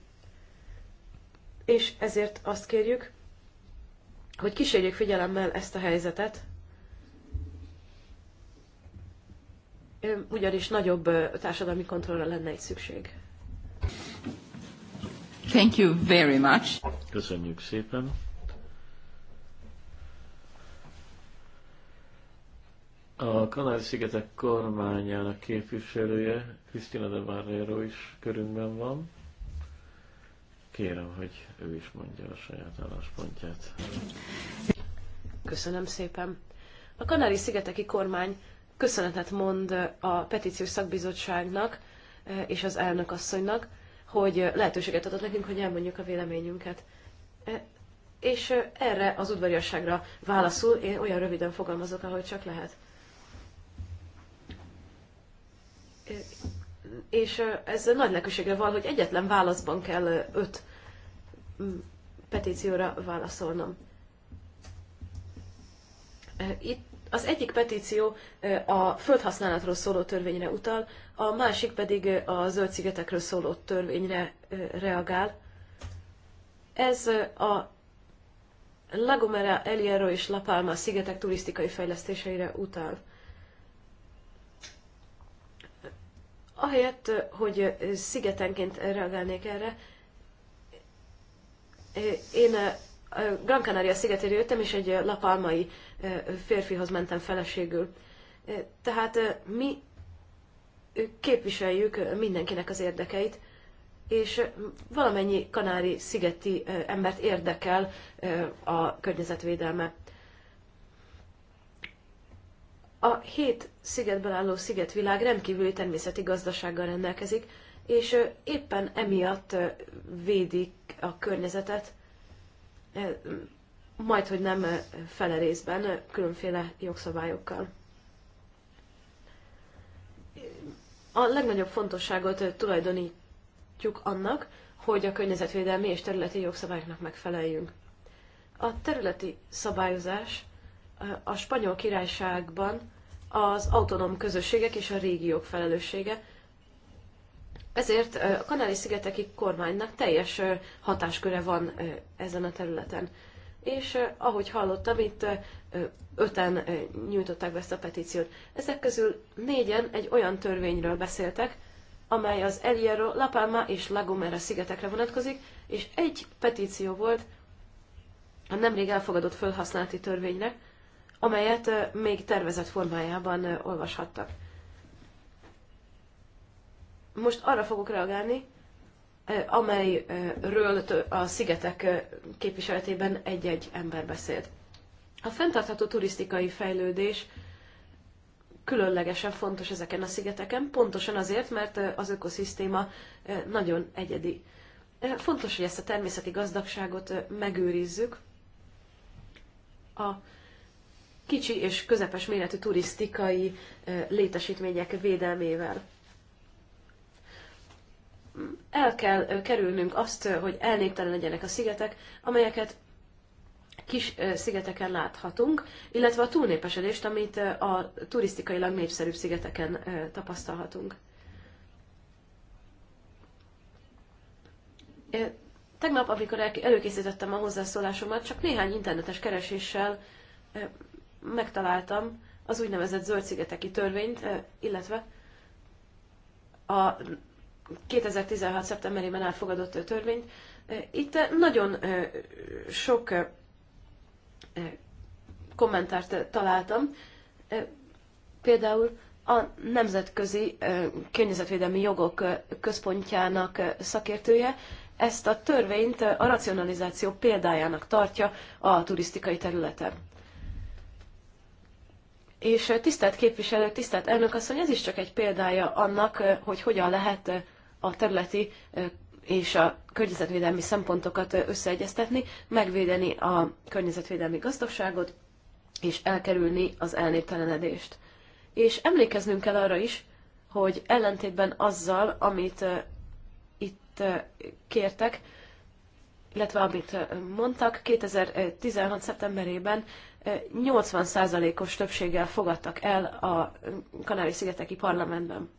Speaker 4: És ezért azt kérjük, hogy kísérjék figyelemmel ezt a helyzetet, ugyanis nagyobb társadalmi kontrollra lenne itt szükség.
Speaker 2: Thank you very much. Köszönjük szépen. A Kanári-szigetek kormányának képviselője, Krisztina de Barrero is körünkben van. Kérem, hogy ő is mondja a saját álláspontját.
Speaker 4: Köszönöm szépen. A Kanári-szigeteki kormány köszönetet mond a petíciós szakbizottságnak eh, és az elnök asszonynak, hogy eh, lehetőséget adott nekünk, hogy elmondjuk a véleményünket. Eh, és erre az udvariasságra válaszul, én olyan röviden fogalmazok, ahogy csak lehet. És ez nagy lehetőségre van, hogy egyetlen válaszban kell öt mm, petícióra válaszolnom. Itt az egyik petíció a földhasználatról szóló törvényre utal, a másik pedig a zöld szigetekről szóló törvényre reagál. Ez a La Gomera, El Hierro és La Palma szigetek turisztikai fejlesztéseire utal. Ahelyett, hogy szigetenként reagálnék erre, én Gran Canaria szigetére jöttem, és egy La Palmai férfihoz mentem feleségül. Tehát mi képviseljük mindenkinek az érdekeit, és valamennyi kanári szigeti embert érdekel a környezetvédelme. A hét szigetben álló szigetvilág rendkívüli természeti gazdasággal rendelkezik, és éppen emiatt védik a környezetet, majd, hogy nem fele részben különféle jogszabályokkal. A legnagyobb fontosságot tulajdonítjuk annak, hogy a környezetvédelmi és területi jogszabályoknak megfeleljünk. A területi szabályozás a spanyol királyságban az autonóm közösségek és a régiók felelőssége, ezért a kanári szigeteki kormánynak teljes hatásköre van ezen a területen és ahogy hallottam, itt öten nyújtották be ezt a petíciót. Ezek közül négyen egy olyan törvényről beszéltek, amely az El Hierro, La Palma és La Gomera szigetekre vonatkozik, és egy petíció volt a nemrég elfogadott fölhasználati törvényre, amelyet még tervezett formájában olvashattak. Most arra fogok reagálni, amelyről a szigetek képviseletében egy-egy ember beszélt. A fenntartható turisztikai fejlődés különlegesen fontos ezeken a szigeteken, pontosan azért, mert az ökoszisztéma nagyon egyedi. Fontos, hogy ezt a természeti gazdagságot megőrizzük. A kicsi és közepes méretű turisztikai létesítmények védelmével el kell kerülnünk azt, hogy elnéptelen legyenek a szigetek, amelyeket kis szigeteken láthatunk, illetve a túlnépesedést, amit a turisztikailag népszerűbb szigeteken tapasztalhatunk. Tegnap, amikor előkészítettem a hozzászólásomat, csak néhány internetes kereséssel megtaláltam az úgynevezett zöld szigeteki törvényt, illetve a 2016. szeptemberében elfogadott törvényt. Itt nagyon sok kommentárt találtam. Például a Nemzetközi Környezetvédelmi Jogok Központjának szakértője ezt a törvényt a racionalizáció példájának tartja a turisztikai területen. És tisztelt képviselő, tisztelt elnök asszony, ez is csak egy példája annak, hogy hogyan lehet a területi és a környezetvédelmi szempontokat összeegyeztetni, megvédeni a környezetvédelmi gazdaságot, és elkerülni az elnéptelenedést. És emlékeznünk kell arra is, hogy ellentétben azzal, amit itt kértek, illetve amit mondtak, 2016. szeptemberében 80%-os többséggel fogadtak el a Kanári-szigeteki parlamentben.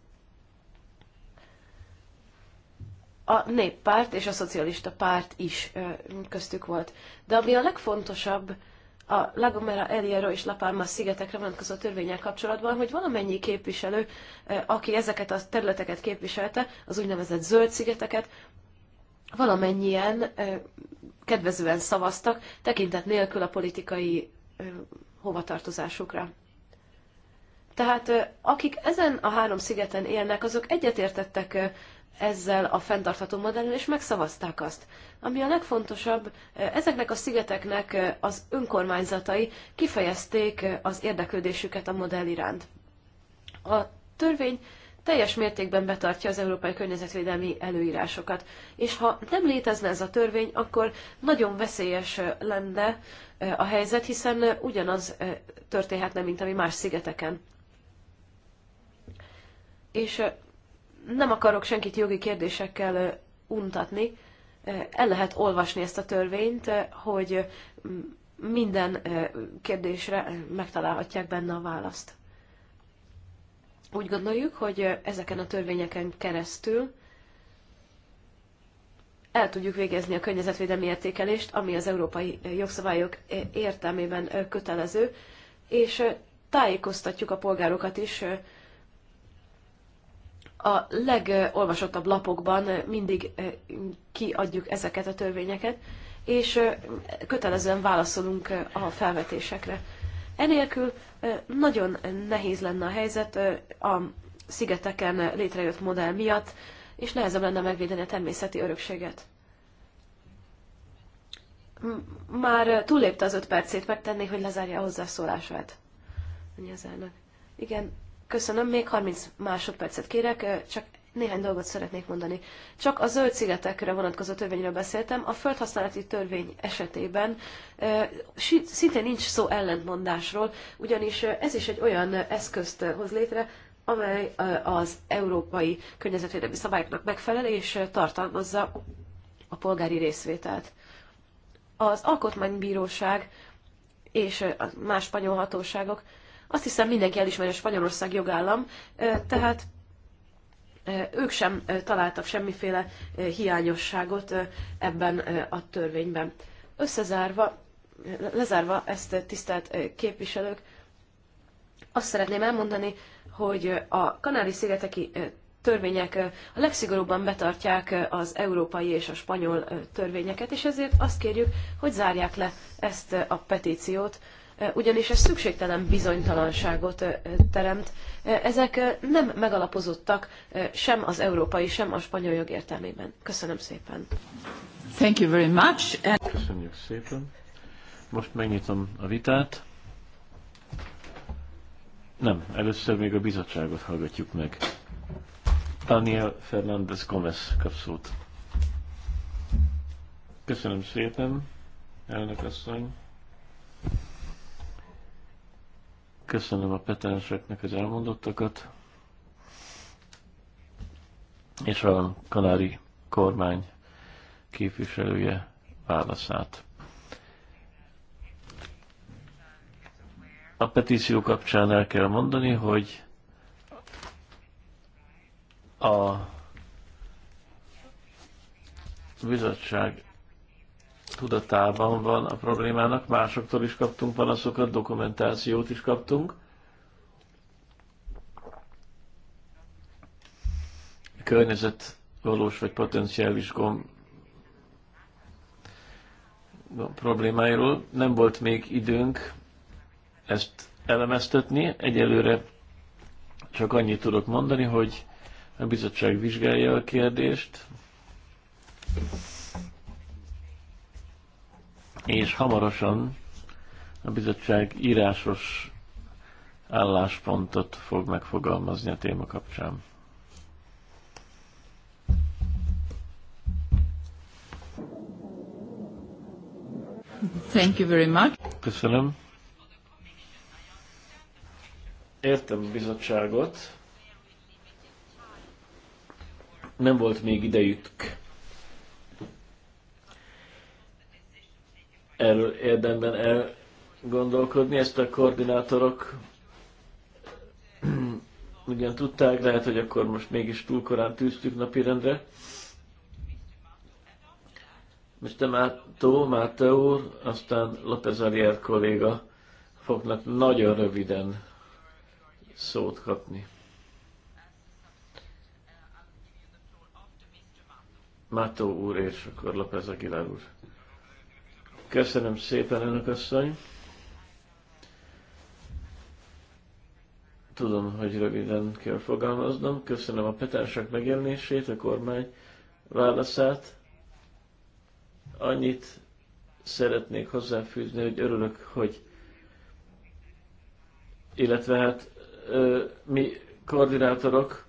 Speaker 4: a néppárt és a szocialista párt is köztük volt. De ami a legfontosabb a Lagomera Eliero és La Palma szigetekre vonatkozó törvényel kapcsolatban, hogy valamennyi képviselő, aki ezeket a területeket képviselte, az úgynevezett zöld szigeteket, valamennyien kedvezően szavaztak, tekintet nélkül a politikai hovatartozásukra. Tehát akik ezen a három szigeten élnek, azok egyetértettek ezzel a fenntartható modellel, és megszavazták azt. Ami a legfontosabb, ezeknek a szigeteknek az önkormányzatai kifejezték az érdeklődésüket a modell iránt. A törvény teljes mértékben betartja az európai környezetvédelmi előírásokat. És ha nem létezne ez a törvény, akkor nagyon veszélyes lenne a helyzet, hiszen ugyanaz történhetne, mint ami más szigeteken. És nem akarok senkit jogi kérdésekkel untatni. El lehet olvasni ezt a törvényt, hogy minden kérdésre megtalálhatják benne a választ. Úgy gondoljuk, hogy ezeken a törvényeken keresztül el tudjuk végezni a környezetvédelmi értékelést, ami az európai jogszabályok értelmében kötelező, és tájékoztatjuk a polgárokat is a legolvasottabb lapokban mindig eh, kiadjuk ezeket a törvényeket, és eh, kötelezően válaszolunk eh, a felvetésekre. Enélkül nagyon nehéz lenne a helyzet a szigeteken létrejött modell miatt, és nehezebb lenne megvédeni a természeti örökséget. Már túllépte az öt percét, megtenni, hogy lezárja a hozzászólását. Igen, Köszönöm, még 30 másodpercet kérek, csak néhány dolgot szeretnék mondani. Csak a zöld szigetekre vonatkozó törvényről beszéltem. A földhasználati törvény esetében szinte nincs szó ellentmondásról, ugyanis ez is egy olyan eszközt hoz létre, amely az európai környezetvédelmi szabályoknak megfelel és tartalmazza a polgári részvételt. Az Alkotmánybíróság és más spanyol hatóságok azt hiszem mindenki elismeri, a Spanyolország jogállam, tehát ők sem találtak semmiféle hiányosságot ebben a törvényben. Összezárva, lezárva ezt tisztelt képviselők, azt szeretném elmondani, hogy a Kanári-szigeteki törvények a legszigorúbban betartják az európai és a spanyol törvényeket, és ezért azt kérjük, hogy zárják le ezt a petíciót, Eh, ugyanis ez szükségtelen bizonytalanságot eh, teremt. Eh, ezek nem megalapozottak sem az európai, sem a spanyol jog értelmében. Köszönöm szépen. Thank
Speaker 1: you very much.
Speaker 2: Köszönjük szépen. Most megnyitom a vitát. Nem, először még a bizottságot hallgatjuk meg. Daniel Fernández Gomez kap szót. Köszönöm szépen, elnök asszony. Köszönöm a petenseknek az elmondottakat, és a kanári kormány képviselője válaszát. A petíció kapcsán el kell mondani, hogy a bizottság tudatában van a problémának, másoktól is kaptunk panaszokat, dokumentációt is kaptunk. A környezet valós vagy potenciális gomb problémáiról. Nem volt még időnk ezt elemeztetni. Egyelőre csak annyit tudok mondani, hogy a bizottság vizsgálja a kérdést és hamarosan a bizottság írásos álláspontot fog megfogalmazni a téma kapcsán.
Speaker 1: Thank you very much.
Speaker 2: Köszönöm. Értem a bizottságot. Nem volt még idejük erről érdemben elgondolkodni. Ezt a koordinátorok ugyan tudták, lehet, hogy akkor most mégis túl korán tűztük napirendre. Mr. Mátó, Máté úr, aztán López Arier kolléga fognak nagyon röviden szót kapni. Mátó úr, és akkor López Aguilar úr. Köszönöm szépen, önök asszony. Tudom, hogy röviden kell fogalmaznom. Köszönöm a petársak megjelenését, a kormány válaszát. Annyit szeretnék hozzáfűzni, hogy örülök, hogy illetve hát mi koordinátorok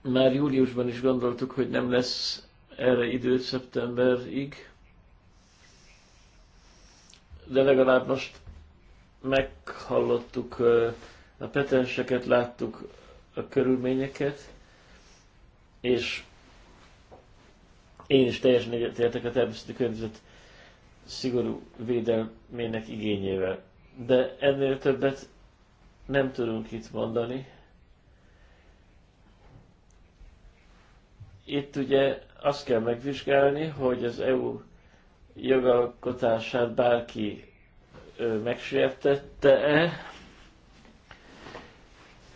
Speaker 2: már júliusban is gondoltuk, hogy nem lesz erre idő szeptemberig, de legalább most meghallottuk a petenseket, láttuk a körülményeket, és én is teljesen egyetértek a természeti környezet szigorú védelmének igényével. De ennél többet nem tudunk itt mondani. Itt ugye azt kell megvizsgálni, hogy az EU jogalkotását bárki megsértette-e,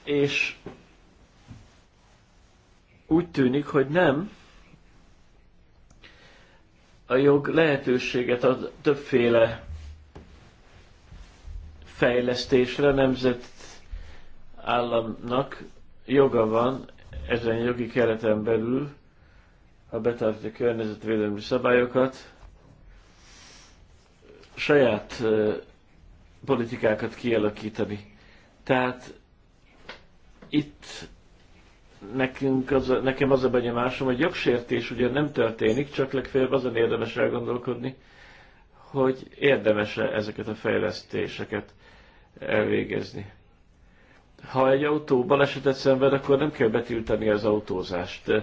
Speaker 2: és úgy tűnik, hogy nem. A jog lehetőséget ad többféle fejlesztésre, nemzet államnak joga van ezen jogi kereten belül, ha betartja a környezetvédelmi szabályokat, saját politikákat kialakítani. Tehát itt nekünk az a, nekem az a benyomásom, hogy jogsértés ugye nem történik, csak legfeljebb azon érdemes elgondolkodni, hogy érdemese ezeket a fejlesztéseket elvégezni. Ha egy autó balesetet szenved, akkor nem kell betiltani az autózást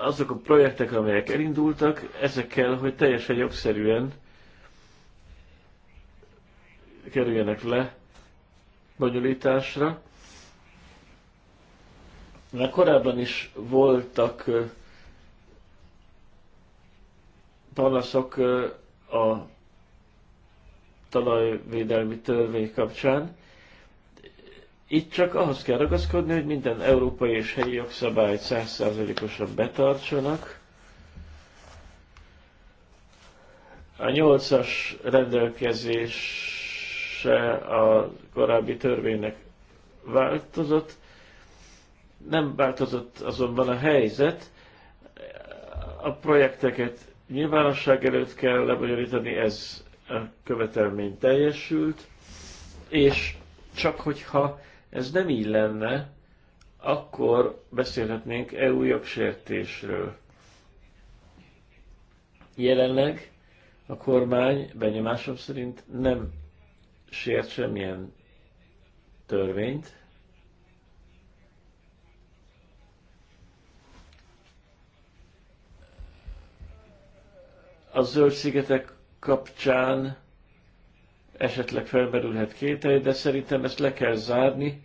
Speaker 2: azok a projektek, amelyek elindultak, ezekkel, hogy teljesen jogszerűen kerüljenek le bonyolításra. Mert korábban is voltak panaszok a talajvédelmi törvény kapcsán, itt csak ahhoz kell ragaszkodni, hogy minden európai és helyi jogszabályt százszázalékosan betartsanak. A nyolcas rendelkezése a korábbi törvénynek változott, nem változott azonban a helyzet, a projekteket nyilvánosság előtt kell lebonyolítani, ez a követelmény teljesült, és csak hogyha ez nem így lenne, akkor beszélhetnénk EU jogsértésről. Jelenleg a kormány benyomásom szerint nem sért semmilyen törvényt, a zöld szigetek kapcsán esetleg felmerülhet kétel, de szerintem ezt le kell zárni,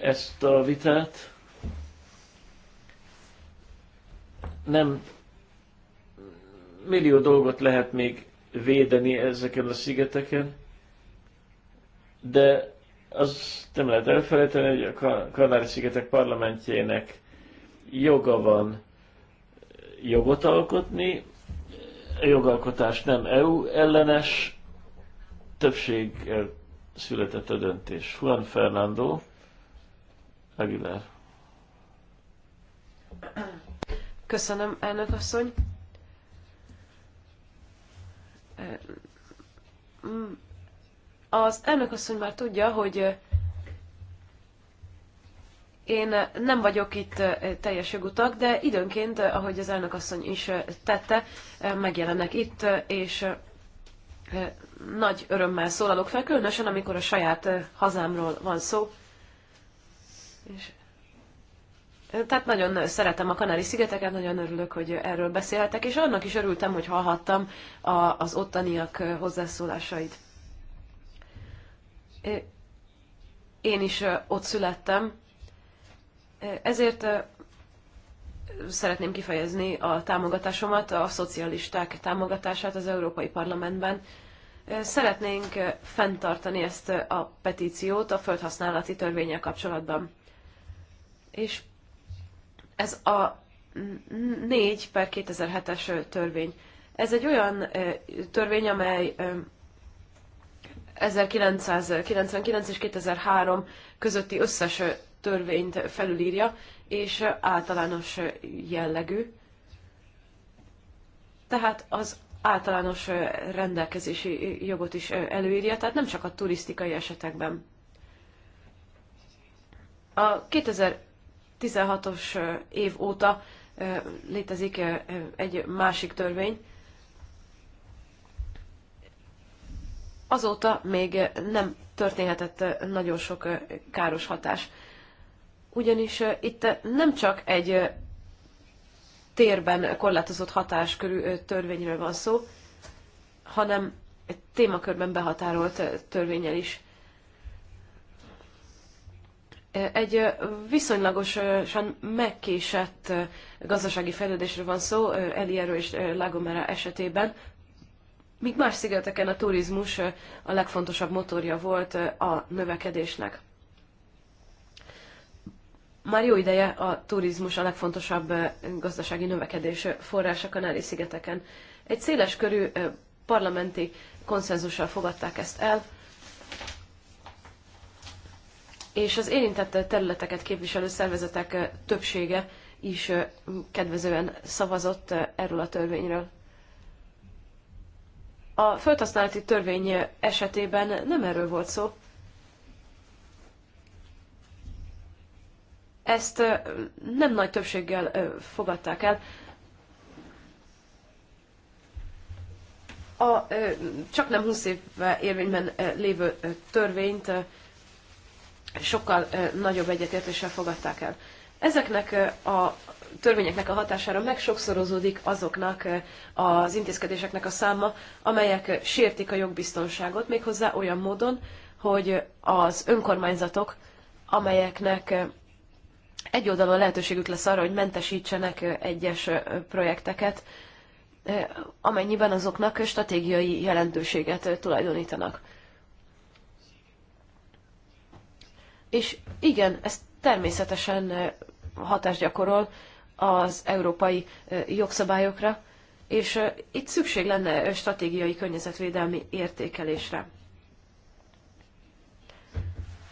Speaker 2: ezt a vitát. Nem millió dolgot lehet még védeni ezeken a szigeteken, de az nem lehet elfelejteni, hogy a Kanári-szigetek parlamentjének joga van jogot alkotni, a jogalkotás nem EU ellenes, Többség született a döntés. Juan Fernando Aguilar.
Speaker 4: Köszönöm, elnök asszony. Az elnök asszony már tudja, hogy én nem vagyok itt teljes jogutak, de időnként, ahogy az elnök asszony is tette, megjelennek itt, és nagy örömmel szólalok fel, különösen amikor a saját hazámról van szó. És tehát nagyon szeretem a Kanári-szigeteket, nagyon örülök, hogy erről beszélhetek, és annak is örültem, hogy hallhattam a, az ottaniak hozzászólásait. Én is ott születtem, ezért szeretném kifejezni a támogatásomat, a szocialisták támogatását az Európai Parlamentben. Szeretnénk fenntartani ezt a petíciót a földhasználati törvényel kapcsolatban. És ez a 4 per 2007-es törvény. Ez egy olyan törvény, amely 1999 és 2003 közötti összes törvényt felülírja, és általános jellegű. Tehát az általános rendelkezési jogot is előírja, tehát nem csak a turisztikai esetekben. A 2016-os év óta létezik egy másik törvény. Azóta még nem történhetett nagyon sok káros hatás ugyanis itt nem csak egy térben korlátozott hatáskörű törvényről van szó, hanem egy témakörben behatárolt törvényel is. Egy viszonylagosan megkésett gazdasági fejlődésről van szó Eliero és Lagomera esetében, míg más szigeteken a turizmus a legfontosabb motorja volt a növekedésnek. Már jó ideje a turizmus a legfontosabb gazdasági növekedés forrása Kanári-szigeteken. Egy széles körű parlamenti konszenzussal fogadták ezt el, és az érintett területeket képviselő szervezetek többsége is kedvezően szavazott erről a törvényről. A földhasználati törvény esetében nem erről volt szó, ezt nem nagy többséggel fogadták el. A csak nem 20 évvel érvényben lévő törvényt sokkal nagyobb egyetértéssel fogadták el. Ezeknek a törvényeknek a hatására megsokszorozódik azoknak az intézkedéseknek a száma, amelyek sértik a jogbiztonságot, méghozzá olyan módon, hogy az önkormányzatok, amelyeknek egy oldalon lehetőségük lesz arra, hogy mentesítsenek egyes projekteket, amennyiben azoknak stratégiai jelentőséget tulajdonítanak. És igen, ez természetesen hatást gyakorol az európai jogszabályokra, és itt szükség lenne stratégiai környezetvédelmi értékelésre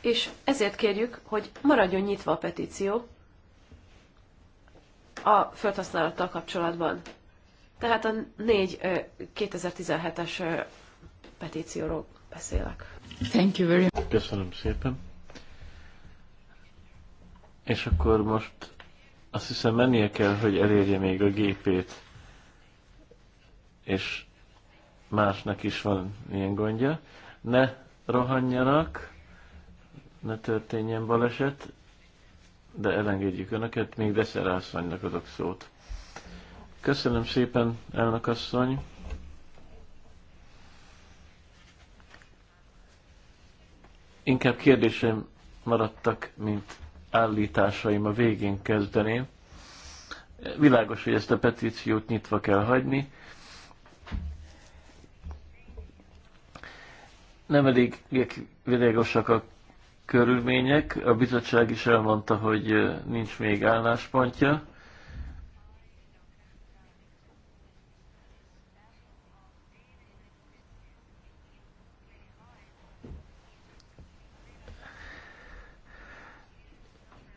Speaker 4: és ezért kérjük, hogy maradjon nyitva a petíció a földhasználattal kapcsolatban. Tehát a négy 2017-es
Speaker 2: petícióról beszélek. Thank you very much. Köszönöm szépen. És akkor most azt hiszem mennie kell, hogy elérje még a gépét, és másnak is van ilyen gondja. Ne rohanjanak! ne történjen baleset, de elengedjük Önöket, még Deszere asszonynak adok szót. Köszönöm szépen, elnök asszony! Inkább kérdéseim maradtak, mint állításaim a végén kezdeném. Világos, hogy ezt a petíciót nyitva kell hagyni. Nem elég világosak a körülmények. A bizottság is elmondta, hogy nincs még álláspontja.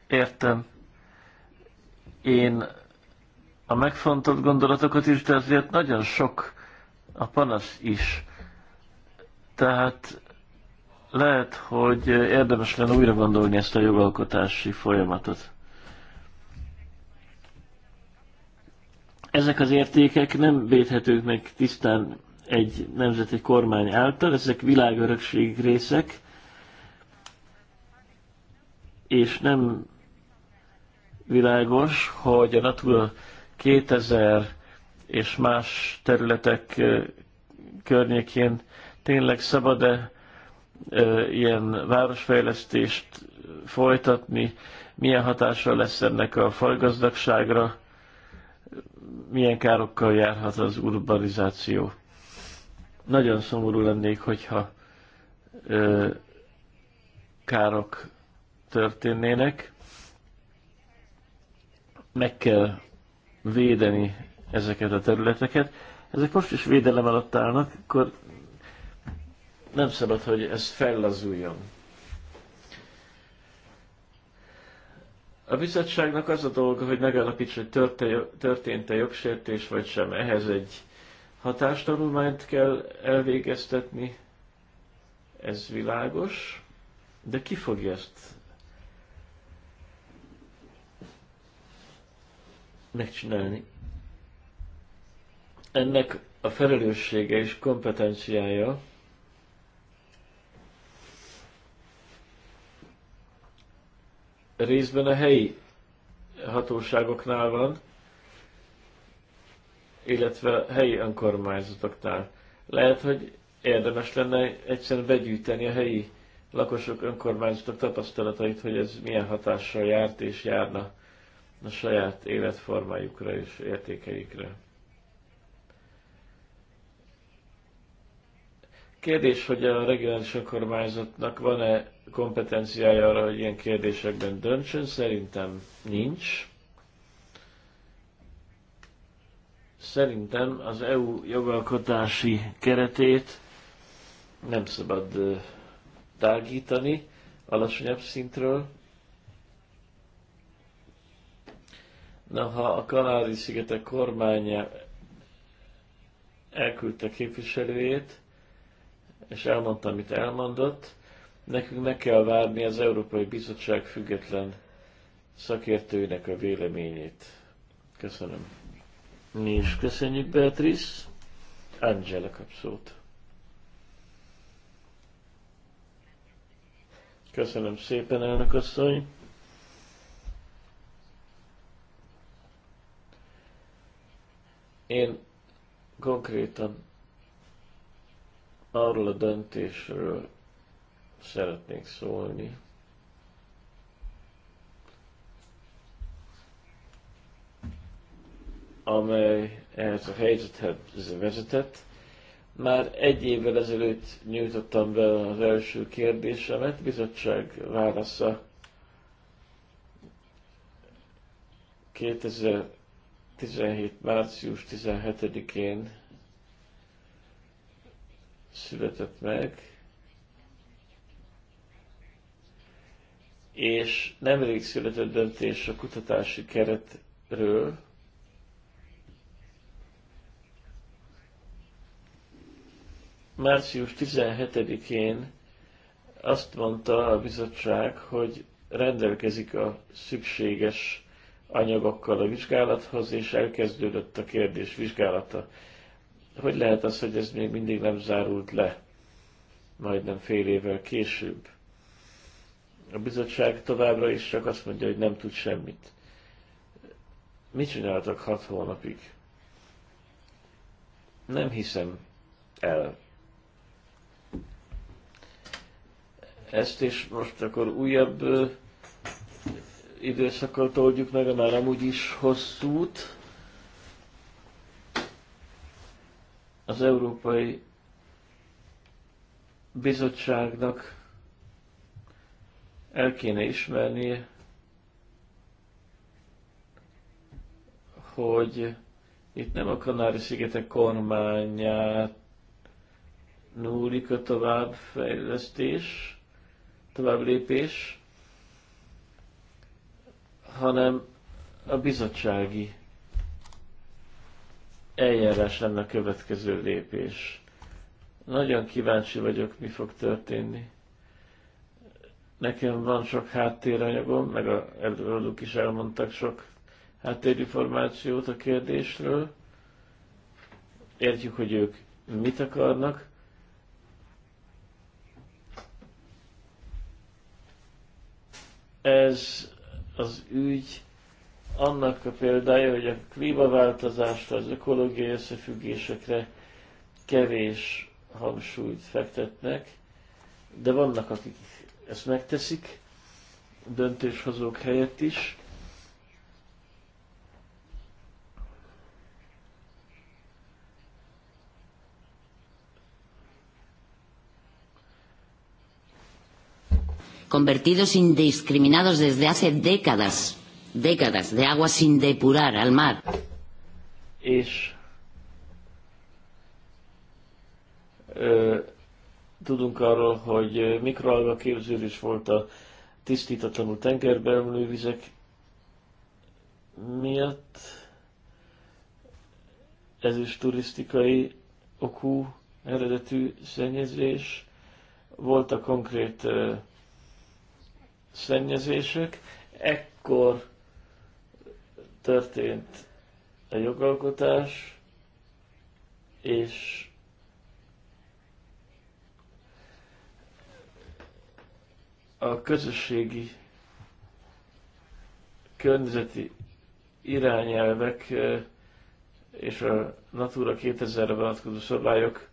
Speaker 2: Értem. Én a megfontolt gondolatokat is, de azért nagyon sok a panasz is. Tehát lehet, hogy érdemes lenne újra gondolni ezt a jogalkotási folyamatot. Ezek az értékek nem védhetők meg tisztán egy nemzeti kormány által, ezek világörökség részek, és nem világos, hogy a Natura 2000 és más területek eh, környékén tényleg szabad-e ilyen városfejlesztést folytatni, milyen hatással lesz ennek a fajgazdagságra, milyen károkkal járhat az urbanizáció. Nagyon szomorú lennék, hogyha ö, károk történnének. Meg kell védeni ezeket a területeket. Ezek most is védelem alatt állnak, akkor nem szabad, hogy ez fellazuljon. A bizottságnak az a dolga, hogy megállapítsa, hogy történt-e jogsértés vagy sem. Ehhez egy hatástanulmányt kell elvégeztetni, ez világos, de ki fogja ezt megcsinálni? Ennek a felelőssége és kompetenciája részben a helyi hatóságoknál van, illetve a helyi önkormányzatoknál. Lehet, hogy érdemes lenne egyszerűen begyűjteni a helyi lakosok, önkormányzatok tapasztalatait, hogy ez milyen hatással járt és járna a saját életformájukra és értékeikre. Kérdés, hogy a regionális önkormányzatnak van-e kompetenciája arra, hogy ilyen kérdésekben döntsön? Szerintem nincs. Szerintem az EU jogalkotási keretét nem szabad tágítani alacsonyabb szintről. Na, ha a Kanári-szigetek kormánya elküldte képviselőjét, és elmondta, amit elmondott, nekünk meg kell várni az Európai Bizottság független szakértőinek a véleményét. Köszönöm. Mi is köszönjük, Beatrice. Angela kap szót. Köszönöm szépen, elnök asszony. Én konkrétan arról a döntésről szeretnék szólni, amely ehhez a helyzethez vezetett. Már egy évvel ezelőtt nyújtottam be az első kérdésemet, bizottság válasza 2017. március 17-én született meg, és nemrég született döntés a kutatási keretről, március 17-én azt mondta a bizottság, hogy rendelkezik a szükséges anyagokkal a vizsgálathoz, és elkezdődött a kérdés vizsgálata hogy lehet az, hogy ez még mindig nem zárult le, majdnem fél évvel később? A bizottság továbbra is csak azt mondja, hogy nem tud semmit. Mit csináltak hat hónapig? Nem hiszem el. Ezt és most akkor újabb időszakkal toldjuk meg a már amúgy is hosszút. az Európai Bizottságnak el kéne ismernie, hogy itt nem a Kanári-szigetek kormányát múlik a továbbfejlesztés, tovább lépés, hanem a bizottsági eljárás lenne a következő lépés. Nagyon kíváncsi vagyok, mi fog történni. Nekem van sok háttéranyagom, meg a előadók is elmondtak sok háttérinformációt a kérdésről. Értjük, hogy ők mit akarnak. Ez az ügy annak a példája, hogy a klímaváltozásra, az ökológiai összefüggésekre kevés hangsúlyt fektetnek, de vannak, akik ezt megteszik, döntéshozók helyett is.
Speaker 5: convertidos indiscriminados desde hace décadas décadas de agua sin depurar al mar.
Speaker 2: És ö, tudunk arról, hogy mikroalga képződés volt a tisztítatlanul tengerbe emlő vizek miatt. Ez is turisztikai okú eredetű szennyezés. Voltak konkrét ö, szennyezések. Ekkor történt a jogalkotás, és a közösségi környezeti irányelvek és a Natura 2000-re vonatkozó szabályok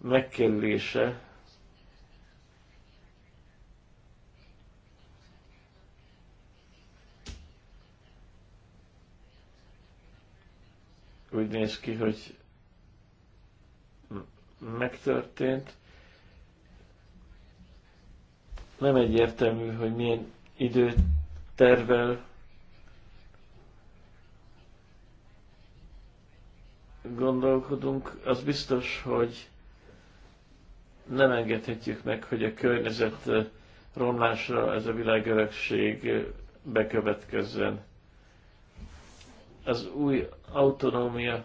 Speaker 2: megkerülése úgy néz ki, hogy megtörtént. Nem egyértelmű, hogy milyen időt tervel gondolkodunk. Az biztos, hogy nem engedhetjük meg, hogy a környezet romlásra ez a világörökség bekövetkezzen az új autonómia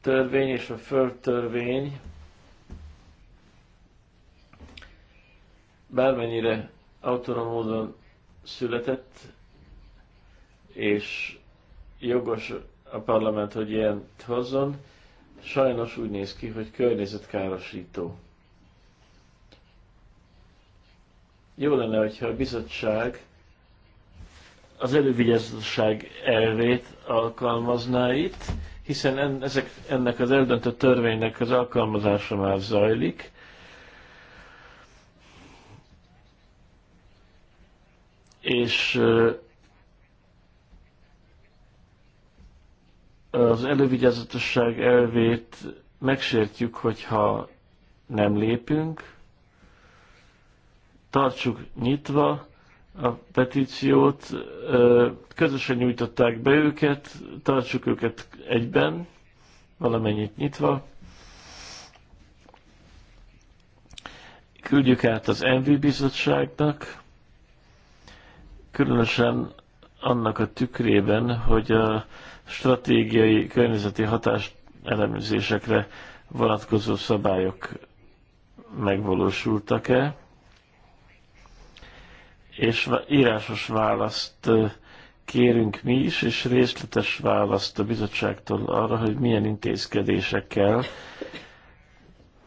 Speaker 2: törvény és a földtörvény bármennyire autonóm módon született, és jogos a parlament, hogy ilyen hozzon, sajnos úgy néz ki, hogy környezetkárosító. Jó lenne, hogyha a bizottság az elővigyázatosság elvét alkalmazná itt, hiszen en, ezek, ennek az eldöntött törvénynek az alkalmazása már zajlik. És az elővigyázatosság elvét megsértjük, hogyha nem lépünk, tartsuk nyitva, a petíciót, közösen nyújtották be őket, tartsuk őket egyben, valamennyit nyitva. Küldjük át az MV bizottságnak, különösen annak a tükrében, hogy a stratégiai környezeti hatás elemzésekre vonatkozó szabályok megvalósultak-e és írásos választ kérünk mi is, és részletes választ a bizottságtól arra, hogy milyen intézkedésekkel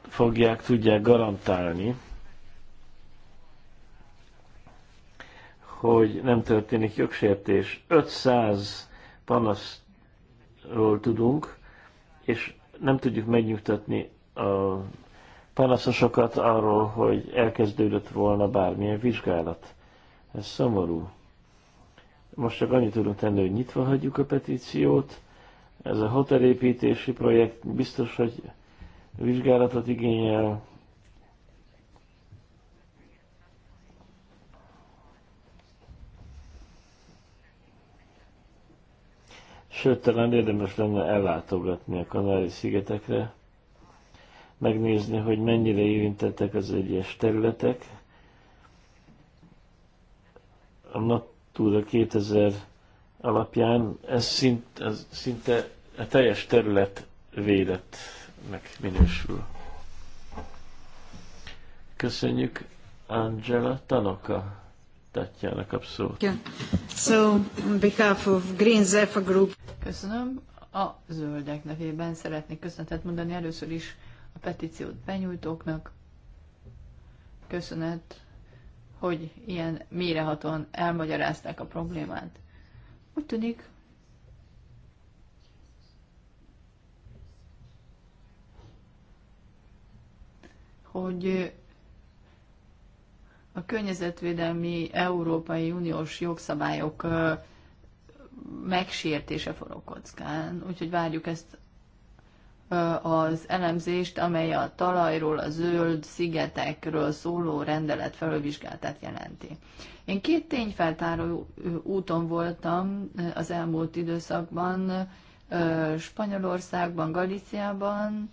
Speaker 2: fogják, tudják garantálni, hogy nem történik jogsértés. 500 panaszról tudunk, és nem tudjuk megnyugtatni a panaszosokat arról, hogy elkezdődött volna bármilyen vizsgálat. Ez szomorú. Most csak annyit tudunk tenni, hogy nyitva hagyjuk a petíciót. Ez a hotelépítési projekt biztos, hogy vizsgálatot igényel. Sőt, talán érdemes lenne ellátogatni a Kanári-szigetekre, megnézni, hogy mennyire érintettek az egyes területek, a Natura 2000 alapján ez, szint, ez szinte a teljes terület védettnek minősül. Köszönjük Angela Tanoka. Tatjana abszolút.
Speaker 3: So, on behalf of Green Zephyr Group. Köszönöm. A zöldek nevében szeretnék köszönetet mondani először is a petíciót benyújtóknak. Köszönet hogy ilyen mélyrehatóan elmagyarázták a problémát. Úgy tűnik, hogy a környezetvédelmi Európai Uniós jogszabályok megsértése forog kockán, úgyhogy várjuk ezt az elemzést, amely a talajról, a zöld szigetekről szóló rendelet felülvizsgálatát jelenti. Én két tényfeltáró úton voltam az elmúlt időszakban, Spanyolországban, Galíciában,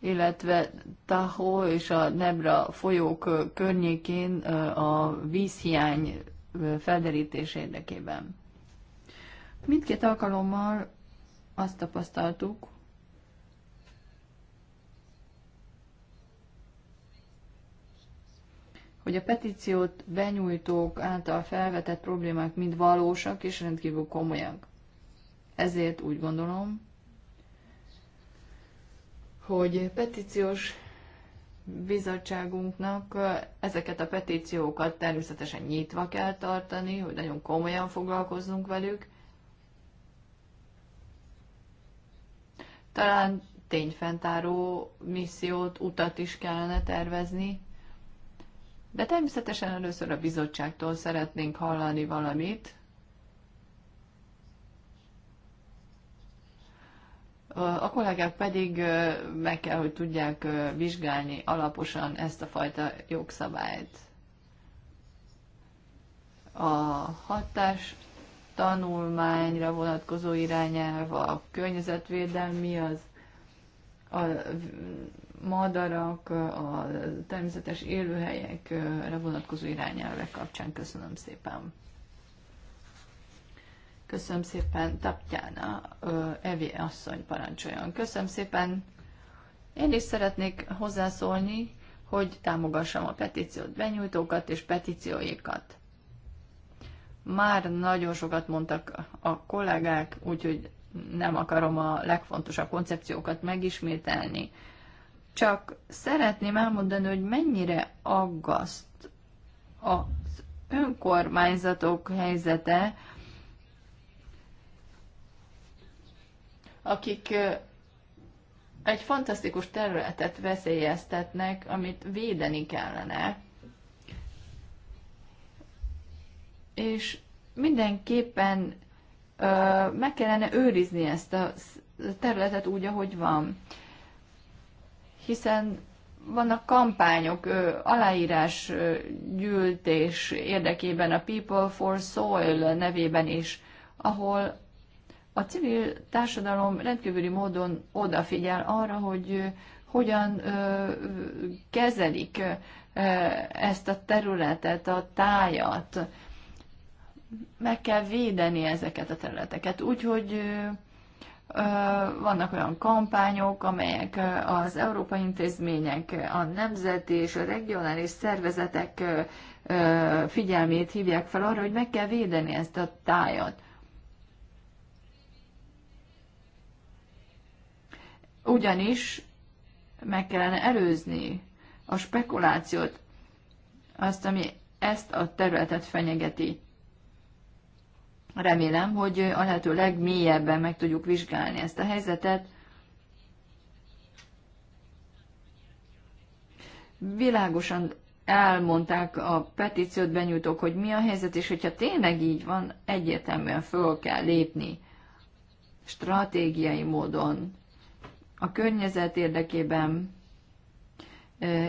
Speaker 3: illetve Tahó és a Nebra folyók környékén a vízhiány felderítés érdekében. Mindkét alkalommal azt tapasztaltuk, hogy a petíciót benyújtók által felvetett problémák mind valósak és rendkívül komolyak. Ezért úgy gondolom, hogy petíciós bizottságunknak ezeket a petíciókat természetesen nyitva kell tartani, hogy nagyon komolyan foglalkozzunk velük, Talán tényfentáró missziót, utat is kellene tervezni, de természetesen először a bizottságtól szeretnénk hallani valamit, A kollégák pedig meg kell, hogy tudják vizsgálni alaposan ezt a fajta jogszabályt. A hatás tanulmányra vonatkozó irányelv, a környezetvédelmi, az a madarak, a természetes élőhelyekre vonatkozó irányelvek kapcsán. Köszönöm szépen. Köszönöm szépen, Taptyána Evi asszony parancsoljon. Köszönöm szépen. Én is szeretnék hozzászólni, hogy támogassam a petíciót benyújtókat és petícióikat. Már nagyon sokat mondtak a kollégák, úgyhogy nem akarom a legfontosabb koncepciókat megismételni. Csak szeretném elmondani, hogy mennyire aggaszt az önkormányzatok helyzete, akik egy fantasztikus területet veszélyeztetnek, amit védeni kellene, és mindenképpen ö, meg kellene őrizni ezt a területet úgy, ahogy van. Hiszen vannak kampányok, ö, aláírás ö, gyűltés érdekében a People for Soil nevében is, ahol a civil társadalom rendkívüli módon odafigyel arra, hogy hogyan kezelik ezt a területet, a tájat meg kell védeni ezeket a területeket. Úgyhogy vannak olyan kampányok, amelyek az európai intézmények, a nemzeti és a regionális szervezetek figyelmét hívják fel arra, hogy meg kell védeni ezt a tájat. Ugyanis meg kellene előzni a spekulációt, azt, ami ezt a területet fenyegeti. Remélem, hogy a lehető legmélyebben meg tudjuk vizsgálni ezt a helyzetet. Világosan elmondták a petíciót benyújtók, hogy mi a helyzet, és hogyha tényleg így van, egyértelműen föl kell lépni stratégiai módon a környezet érdekében,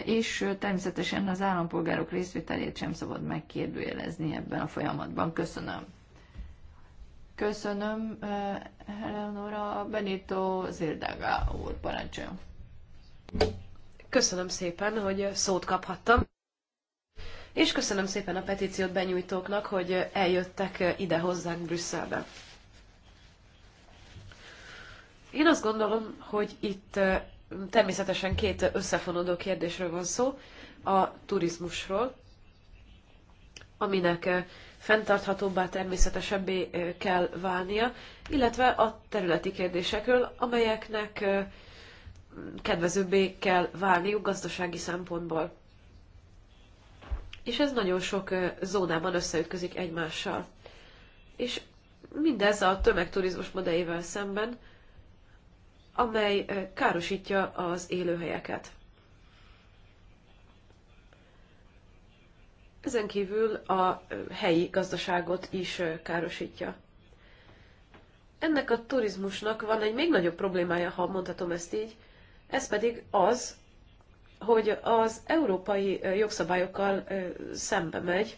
Speaker 3: és természetesen az állampolgárok részvételét sem szabad megkérdőjelezni ebben a folyamatban. Köszönöm. Köszönöm,
Speaker 4: Eleonora Benito Zildaga úr, parancsoljon. Köszönöm szépen, hogy szót kaphattam. És köszönöm szépen a petíciót benyújtóknak, hogy eljöttek ide hozzánk Brüsszelbe. Én azt gondolom, hogy itt természetesen két összefonódó kérdésről van szó. A turizmusról, aminek fenntarthatóbbá, természetesebbé kell válnia, illetve a területi kérdésekről, amelyeknek kedvezőbbé kell válniuk gazdasági szempontból. És ez nagyon sok zónában összeütközik egymással. És mindez a tömegturizmus modellével szemben, amely károsítja az élőhelyeket. Ezen kívül a helyi gazdaságot is károsítja. Ennek a turizmusnak van egy még nagyobb problémája, ha mondhatom ezt így, ez pedig az, hogy az európai jogszabályokkal szembe megy,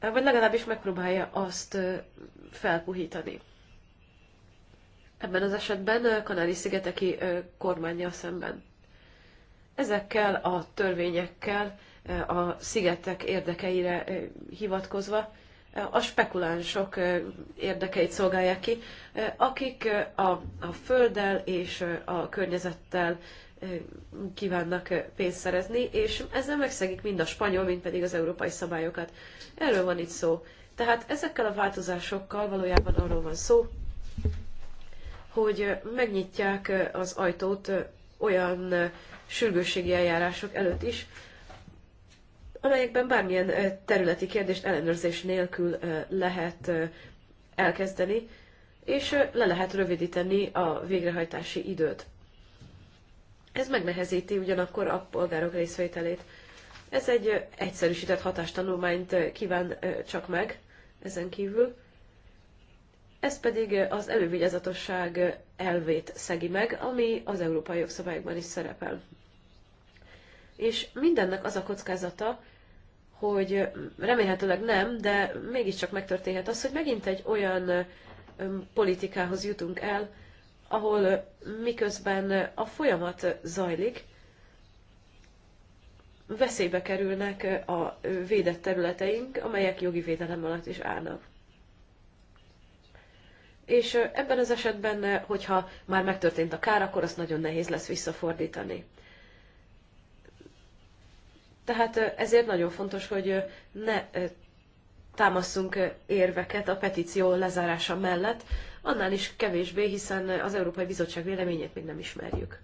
Speaker 4: vagy legalábbis megpróbálja azt felpuhítani. Ebben az esetben Kanári-szigeteki kormánya szemben. Ezekkel a törvényekkel a szigetek érdekeire hivatkozva a spekulánsok érdekeit szolgálják ki, akik a, a földdel és a környezettel kívánnak pénzt szerezni, és ezzel megszegik mind a spanyol, mind pedig az európai szabályokat. Erről van itt szó. Tehát ezekkel a változásokkal valójában arról van szó, hogy megnyitják az ajtót olyan sürgősségi eljárások előtt is, amelyekben bármilyen területi kérdést ellenőrzés nélkül lehet elkezdeni, és le lehet rövidíteni a végrehajtási időt. Ez megnehezíti ugyanakkor a polgárok részvételét. Ez egy egyszerűsített hatástanulmányt kíván csak meg ezen kívül. Ez pedig az elővigyázatosság elvét szegi meg, ami az európai jogszabályokban is szerepel és mindennek az a kockázata, hogy remélhetőleg nem, de mégiscsak megtörténhet az, hogy megint egy olyan politikához jutunk el, ahol miközben a folyamat zajlik, veszélybe kerülnek a védett területeink, amelyek jogi védelem alatt is állnak. És ebben az esetben, hogyha már megtörtént a kár, akkor azt nagyon nehéz lesz visszafordítani. Tehát ezért nagyon fontos, hogy ne támaszunk érveket a petíció lezárása mellett, annál is kevésbé, hiszen az Európai Bizottság véleményét még nem ismerjük.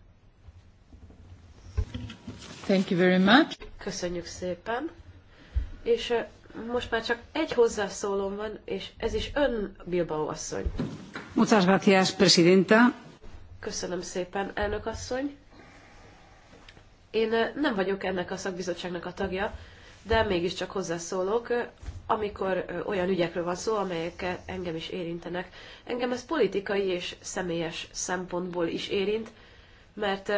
Speaker 1: Thank you very much.
Speaker 4: Köszönjük szépen. És most már csak egy hozzászólom van, és ez is ön, Bilbao asszony.
Speaker 5: Muchas gracias, presidenta.
Speaker 4: Köszönöm szépen, elnök asszony. Én nem vagyok ennek a szakbizottságnak a tagja, de mégiscsak hozzászólok, amikor olyan ügyekről van szó, amelyek engem is érintenek. Engem ez politikai és személyes szempontból is érint, mert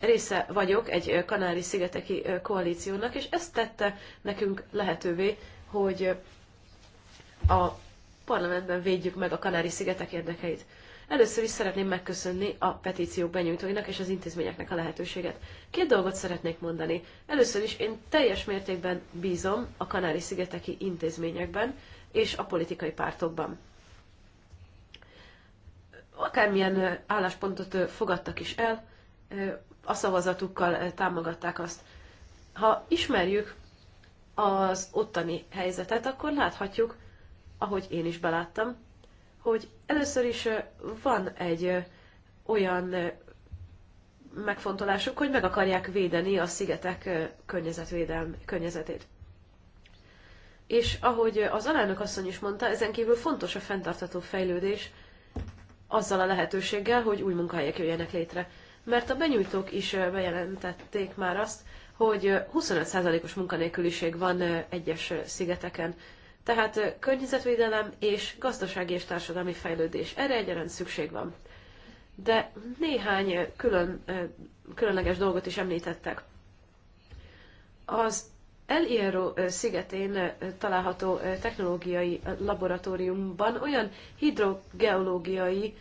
Speaker 4: része vagyok egy Kanári-szigeteki koalíciónak, és ez tette nekünk lehetővé, hogy a parlamentben védjük meg a Kanári-szigetek érdekeit. Először is szeretném megköszönni a petíciók benyújtóinak és az intézményeknek a lehetőséget. Két dolgot szeretnék mondani. Először is én teljes mértékben bízom a Kanári-szigeteki intézményekben és a politikai pártokban. Akármilyen álláspontot fogadtak is el, a szavazatukkal támogatták azt. Ha ismerjük az ottani helyzetet, akkor láthatjuk, ahogy én is beláttam, hogy először is van egy olyan megfontolásuk, hogy meg akarják védeni a szigetek környezetvédelm, környezetét. És ahogy az alelnök asszony is mondta, ezen kívül fontos a fenntartható fejlődés azzal a lehetőséggel, hogy új munkahelyek jöjjenek létre. Mert a benyújtók is bejelentették már azt, hogy 25%-os munkanélküliség van egyes szigeteken. Tehát környezetvédelem és gazdasági és társadalmi fejlődés. Erre egyaránt szükség van. De néhány külön, különleges dolgot is említettek. Az El Hierro szigetén található technológiai laboratóriumban olyan hidrogeológiai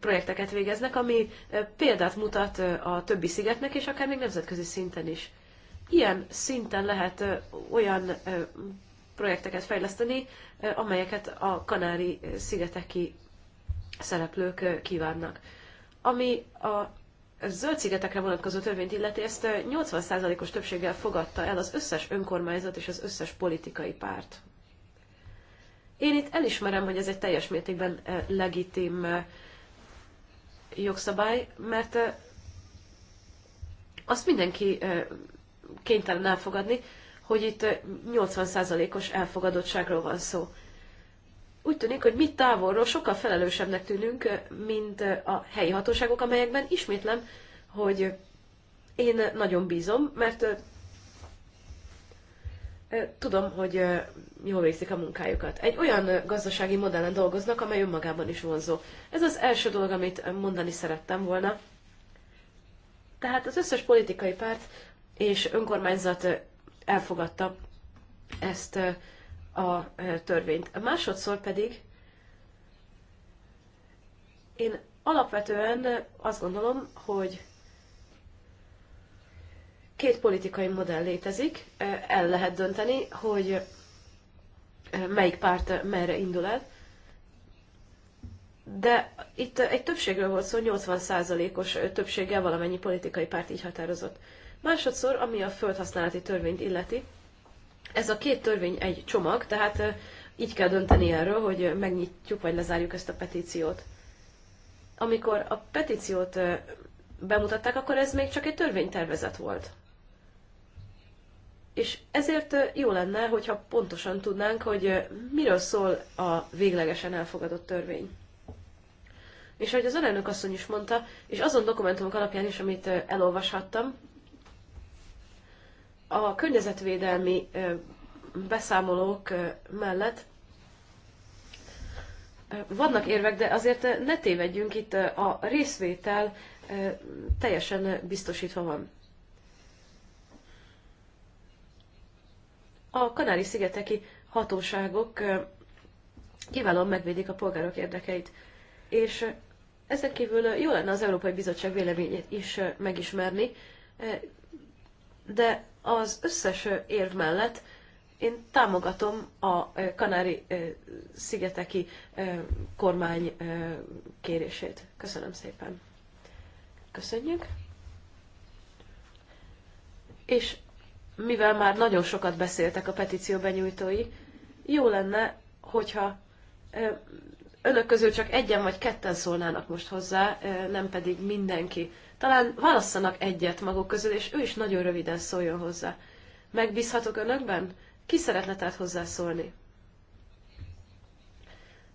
Speaker 4: projekteket végeznek, ami példát mutat a többi szigetnek, és akár még nemzetközi szinten is. Ilyen szinten lehet olyan projekteket fejleszteni, amelyeket a Kanári-szigeteki szereplők kívánnak. Ami a zöld szigetekre vonatkozó törvényt illeti, ezt 80%-os többséggel fogadta el az összes önkormányzat és az összes politikai párt. Én itt elismerem, hogy ez egy teljes mértékben legitim jogszabály, mert azt mindenki kénytelen elfogadni, hogy itt 80%-os elfogadottságról van szó. Úgy tűnik, hogy mi távolról sokkal felelősebbnek tűnünk, mint a helyi hatóságok, amelyekben ismétlem, hogy én nagyon bízom, mert tudom, hogy jól végzik a munkájukat. Egy olyan gazdasági modellen dolgoznak, amely önmagában is vonzó. Ez az első dolog, amit mondani szerettem volna. Tehát az összes politikai párt és önkormányzat elfogadta ezt a törvényt. A Másodszor pedig én alapvetően azt gondolom, hogy két politikai modell létezik, el lehet dönteni, hogy melyik párt merre indul el. De itt egy többségről volt szó, 80%-os többséggel valamennyi politikai párt így határozott. Másodszor, ami a földhasználati törvényt illeti, ez a két törvény egy csomag, tehát így kell dönteni erről, hogy megnyitjuk vagy lezárjuk ezt a petíciót. Amikor a petíciót bemutatták, akkor ez még csak egy törvénytervezet volt. És ezért jó lenne, hogyha pontosan tudnánk, hogy miről szól a véglegesen elfogadott törvény. És ahogy az alelnök asszony is mondta, és azon dokumentumok alapján is, amit elolvashattam, a környezetvédelmi beszámolók mellett vannak érvek, de azért ne tévedjünk, itt a részvétel teljesen biztosítva van. A Kanári-szigeteki hatóságok kiválóan megvédik a polgárok érdekeit, és ezen kívül jó lenne az Európai Bizottság véleményét is megismerni, de az összes érv mellett én támogatom a Kanári szigeteki kormány kérését. Köszönöm szépen. Köszönjük. És mivel már nagyon sokat beszéltek a petíció benyújtói, jó lenne, hogyha önök közül csak egyen vagy ketten szólnának most hozzá, nem pedig mindenki. Talán válasszanak egyet maguk közül, és ő is nagyon röviden szóljon hozzá. Megbízhatok önökben? Ki szeretne tehát hozzászólni?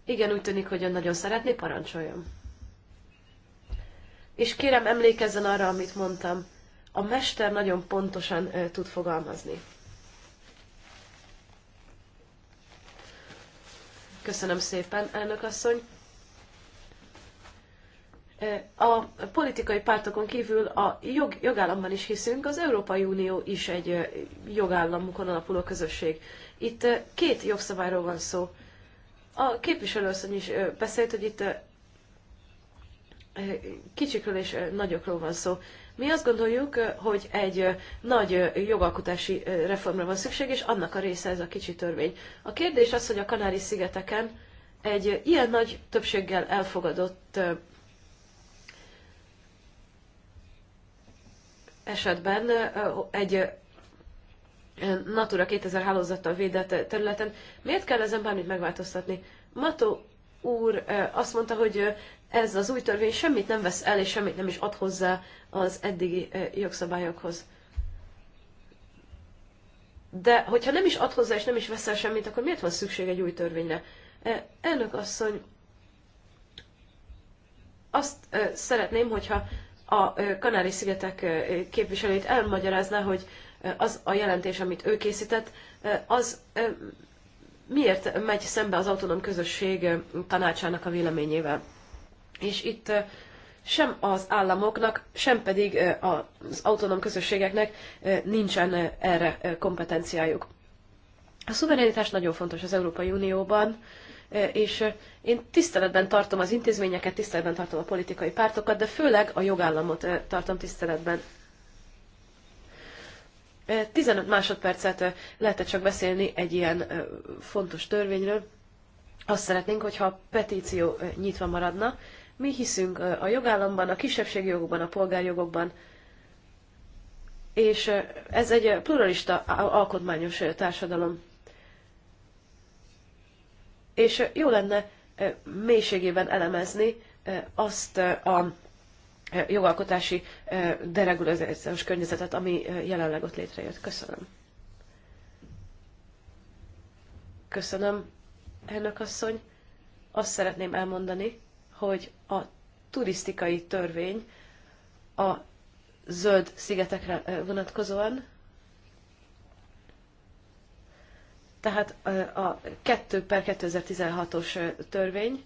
Speaker 4: Igen, úgy tűnik, hogy ön nagyon szeretné, parancsoljon. És kérem, emlékezzen arra, amit mondtam. A mester nagyon pontosan ö, tud fogalmazni. Köszönöm szépen, elnök asszony a politikai pártokon kívül a jog, jogállamban is hiszünk, az Európai Unió is egy jogállamukon alapuló közösség. Itt két jogszabályról van szó. A képviselőasszony is beszélt, hogy itt kicsikről és nagyokról van szó. Mi azt gondoljuk, hogy egy nagy jogalkotási reformra van szükség, és annak a része ez a kicsi törvény. A kérdés az, hogy a Kanári-szigeteken egy ilyen nagy többséggel elfogadott esetben egy Natura 2000 hálózattal védett területen. Miért kell ezen bármit megváltoztatni? Mató úr azt mondta, hogy ez az új törvény semmit nem vesz el, és semmit nem is ad hozzá az eddigi jogszabályokhoz. De hogyha nem is ad hozzá, és nem is vesz el semmit, akkor miért van szükség egy új törvényre? Elnök asszony, azt szeretném, hogyha a Kanári-szigetek képviselőit elmagyarázná, hogy az a jelentés, amit ő készített, az miért megy szembe az autonóm közösség tanácsának a véleményével. És itt sem az államoknak, sem pedig az autonóm közösségeknek nincsen erre kompetenciájuk. A szuverenitás nagyon fontos az Európai Unióban, E, és e, én tiszteletben tartom az intézményeket, tiszteletben tartom a politikai pártokat, de főleg a jogállamot e, tartom tiszteletben. 15 másodpercet lehetett csak beszélni egy ilyen fontos törvényről. Azt szeretnénk, hogyha a petíció nyitva maradna. Mi hiszünk a jogállamban, a kisebbségi jogokban, a polgárjogokban, és ez egy pluralista alkotmányos társadalom. És jó lenne mélységében elemezni azt a jogalkotási deregulációs környezetet, ami jelenleg ott létrejött. Köszönöm. Köszönöm, elnök asszony. Azt szeretném elmondani, hogy a turisztikai törvény a zöld szigetekre vonatkozóan Tehát a 2 per 2016-os törvény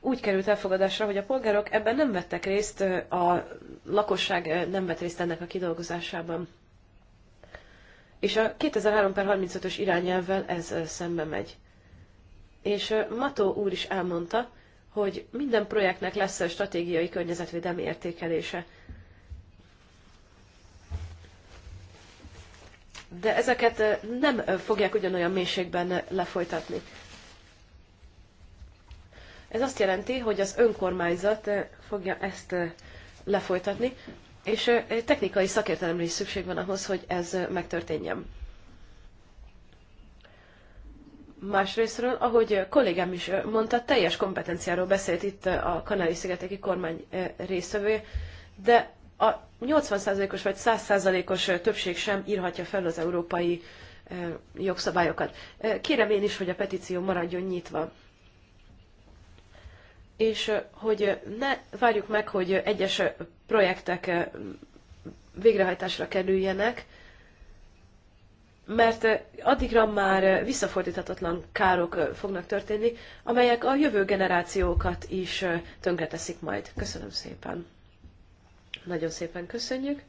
Speaker 4: úgy került elfogadásra, hogy a polgárok ebben nem vettek részt, a lakosság nem vett részt ennek a kidolgozásában. És a 2003 per 35-ös irányelvvel ez szembe megy. És Mató úr is elmondta, hogy minden projektnek lesz a stratégiai környezetvédelmi értékelése. de ezeket eh, nem eh, fogják ugyanolyan mélységben eh, lefolytatni. Ez azt jelenti, hogy az önkormányzat fogja ezt lefolytatni, és technikai szakértelemre is szükség van ahhoz, hogy ez megtörténjen. Másrésztről, ahogy kollégám is mondta, teljes kompetenciáról beszélt itt a Kanári-szigeteki kormány részvevője, de a 80%-os vagy 100%-os többség sem írhatja fel az európai jogszabályokat. Kérem én is, hogy a petíció maradjon nyitva. És hogy ne várjuk meg, hogy egyes projektek végrehajtásra kerüljenek, mert addigra már visszafordíthatatlan károk fognak történni, amelyek a jövő generációkat is tönkreteszik majd. Köszönöm szépen! Nagyon szépen köszönjük.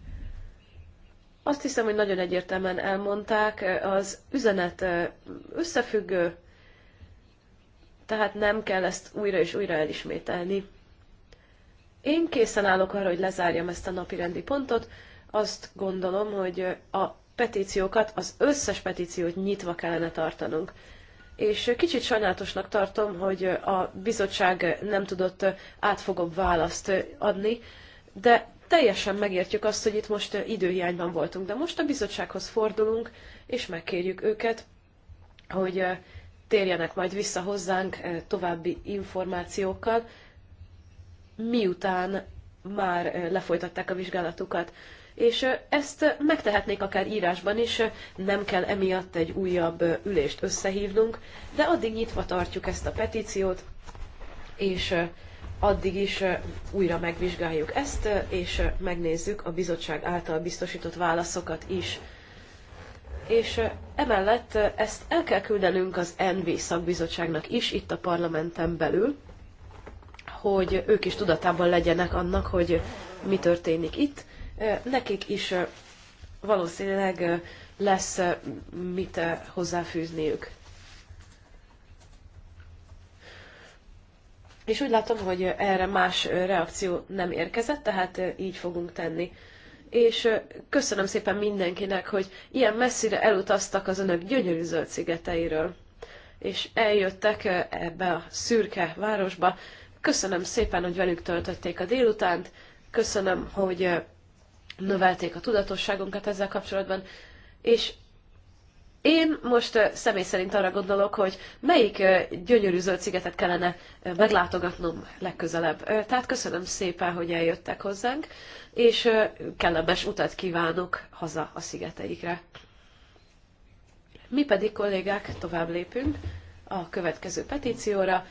Speaker 4: Azt hiszem, hogy nagyon egyértelműen elmondták, eh, az üzenet eh, összefüggő, tehát nem kell ezt újra és újra elismételni. Én készen állok arra, hogy lezárjam ezt a napi rendi pontot. Azt gondolom, hogy eh, a petíciókat, az összes petíciót nyitva kellene tartanunk. És kicsit sajnálatosnak tartom, hogy a bizottság nem tudott átfogóbb választ adni, de Teljesen megértjük azt, hogy itt most időhiányban voltunk, de most a bizottsághoz fordulunk, és megkérjük őket, hogy térjenek majd vissza hozzánk további információkkal, miután már lefolytatták a vizsgálatukat. És ezt megtehetnék akár írásban is, nem kell emiatt egy újabb ülést összehívnunk, de addig nyitva tartjuk ezt a petíciót, és addig is újra megvizsgáljuk ezt, és megnézzük a bizottság által biztosított válaszokat is. És emellett ezt el kell küldenünk az NV szakbizottságnak is itt a parlamenten belül, hogy ők is tudatában legyenek annak, hogy mi történik itt. Nekik is valószínűleg lesz mit hozzáfűzniük. És úgy látom, hogy erre más reakció nem érkezett, tehát így fogunk tenni. És köszönöm szépen mindenkinek, hogy ilyen messzire elutaztak az önök gyönyörű zöld szigeteiről. És eljöttek ebbe a szürke városba. Köszönöm szépen, hogy velük töltötték a délutánt. Köszönöm, hogy növelték a tudatosságunkat ezzel kapcsolatban. És én most személy szerint arra gondolok, hogy melyik gyönyörű zöld szigetet kellene meglátogatnom legközelebb. Tehát köszönöm szépen, hogy eljöttek hozzánk, és kellemes utat kívánok haza a szigeteikre. Mi pedig, kollégák, tovább lépünk a következő petícióra,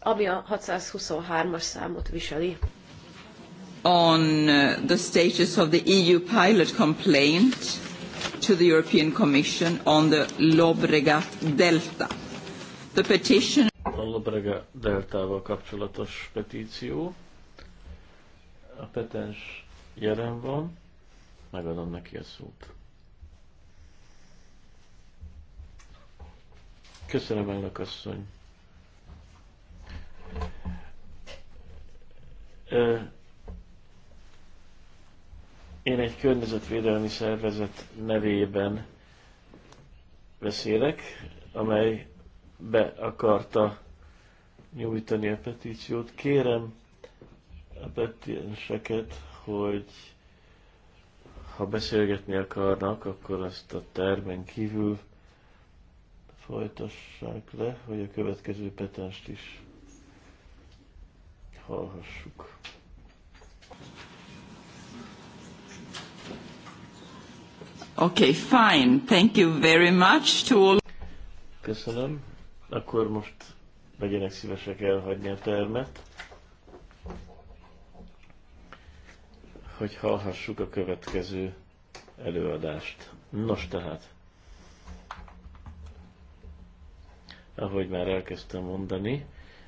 Speaker 4: ami a 623-as számot viseli.
Speaker 1: On uh, the status of the EU pilot complaint to the European Commission on the Lobregat Delta. The petition
Speaker 2: a Lobrega deltával kapcsolatos petíció. A petens jelen van, megadom neki a szót. Köszönöm, elnök asszony. Ö én egy környezetvédelmi szervezet nevében beszélek, amely be akarta nyújtani a petíciót. Kérem a petienseket, hogy ha beszélgetni akarnak, akkor ezt a termen kívül folytassák le, hogy a következő petenst is hallhassuk.
Speaker 1: Okay, fine. Thank you very
Speaker 2: much to all. Köszönöm. Akkor most legyenek szívesek elhagyni a termet, hogy hallhassuk a következő előadást. Nos tehát, ahogy már elkezdtem mondani,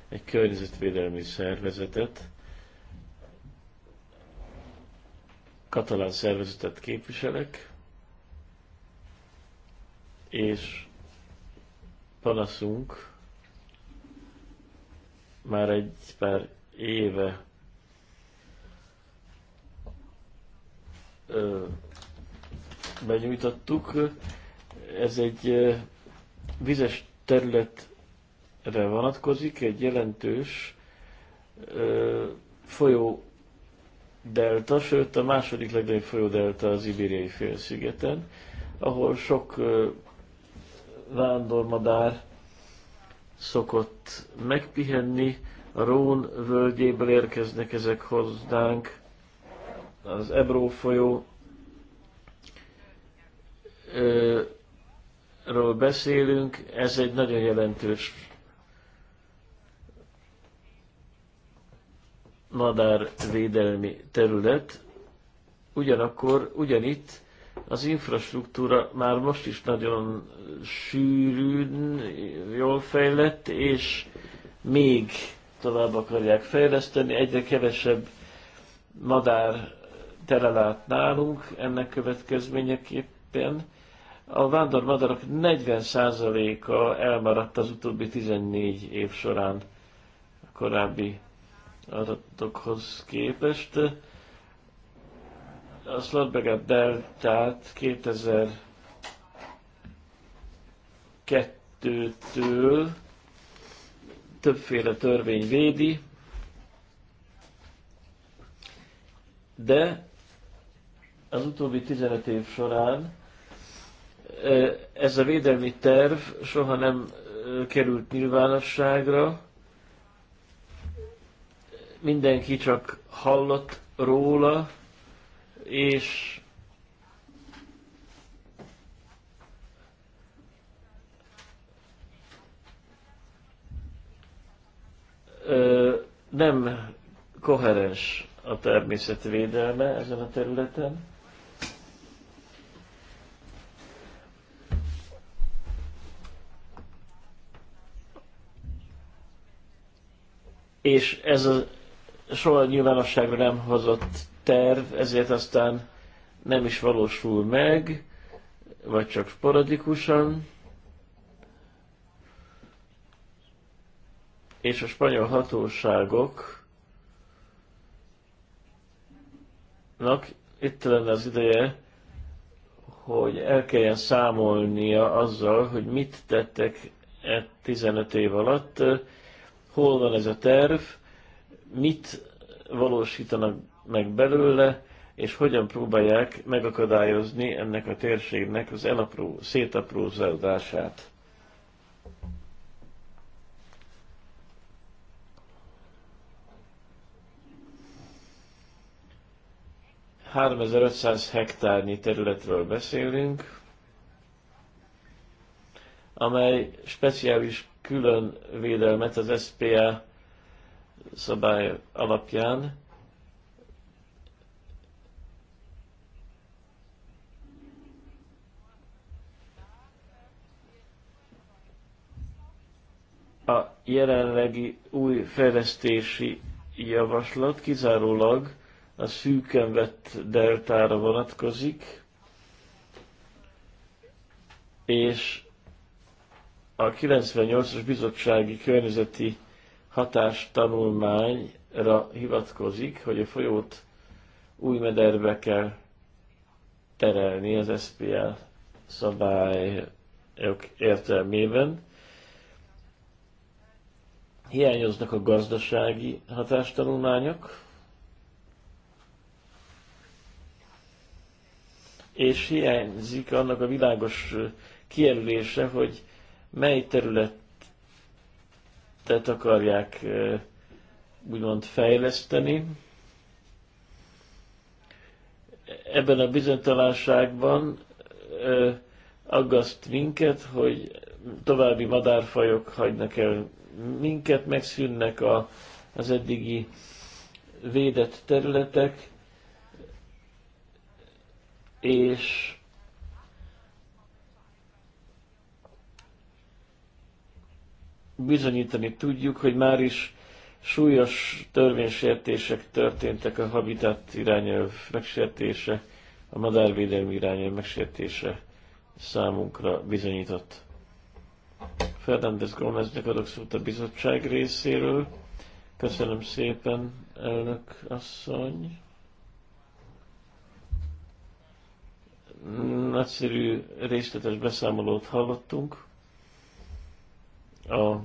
Speaker 2: egy környezetvédelmi szervezetet, katalán szervezetet képviselek, és panaszunk már egy pár éve ö, benyújtottuk. Ez egy vizes területre vonatkozik, egy jelentős ö, folyó delta, sőt a második legnagyobb folyó delta az Ibériai félszigeten, ahol sok vándormadár szokott megpihenni, a Rón völgyéből érkeznek ezek hozzánk, az Ebró folyó ö, ról beszélünk, ez egy nagyon jelentős madárvédelmi terület, ugyanakkor ugyanitt az infrastruktúra már most is nagyon sűrűn, jól fejlett, és még tovább akarják fejleszteni, egyre kevesebb madár át nálunk ennek következményeképpen. A vándormadarak 40%-a elmaradt az utóbbi 14 év során a korábbi adatokhoz képest a Slotbeget Deltát 2002-től többféle törvény védi, de az utóbbi 15 év során ez a védelmi terv soha nem került nyilvánosságra, mindenki csak hallott róla, és nem koherens a természetvédelme ezen a területen. És ez a soha nyilvánosságra nem hozott terv, ezért aztán nem is valósul meg, vagy csak sporadikusan. És a spanyol hatóságoknak itt lenne az ideje, hogy el kelljen számolnia azzal, hogy mit tettek e 15 év alatt, hol van ez a terv, mit valósítanak meg belőle, és hogyan próbálják megakadályozni ennek a térségnek az elapró, szétaprózódását. hektárnyi területről beszélünk, amely speciális külön védelmet az SPA szabály alapján jelenlegi új fejlesztési javaslat kizárólag a szűken vett deltára vonatkozik, és a 98-as bizottsági környezeti hatástanulmányra hivatkozik, hogy a folyót új mederbe kell terelni az SPL szabályok értelmében. Hiányoznak a gazdasági hatástanulmányok, és hiányzik annak a világos kijelölése, hogy mely területet akarják úgymond fejleszteni. Ebben a bizonytalanságban aggaszt minket, hogy további madárfajok hagynak el minket, megszűnnek a, az eddigi védett területek, és bizonyítani tudjuk, hogy már is súlyos törvénysértések történtek a habitat irányelv megsértése, a madárvédelmi irányelv megsértése számunkra bizonyított. Fernández Gómeznek adok szót a bizottság részéről. Köszönöm szépen, elnök asszony. Nagyszerű részletes beszámolót hallottunk. A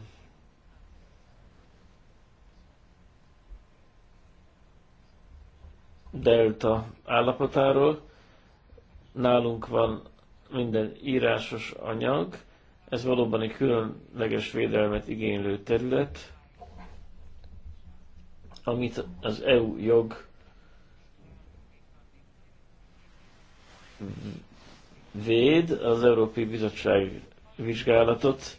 Speaker 2: delta állapotáról. Nálunk van minden írásos anyag, ez valóban egy különleges védelmet igénylő terület, amit az EU jog véd, az Európai Bizottság vizsgálatot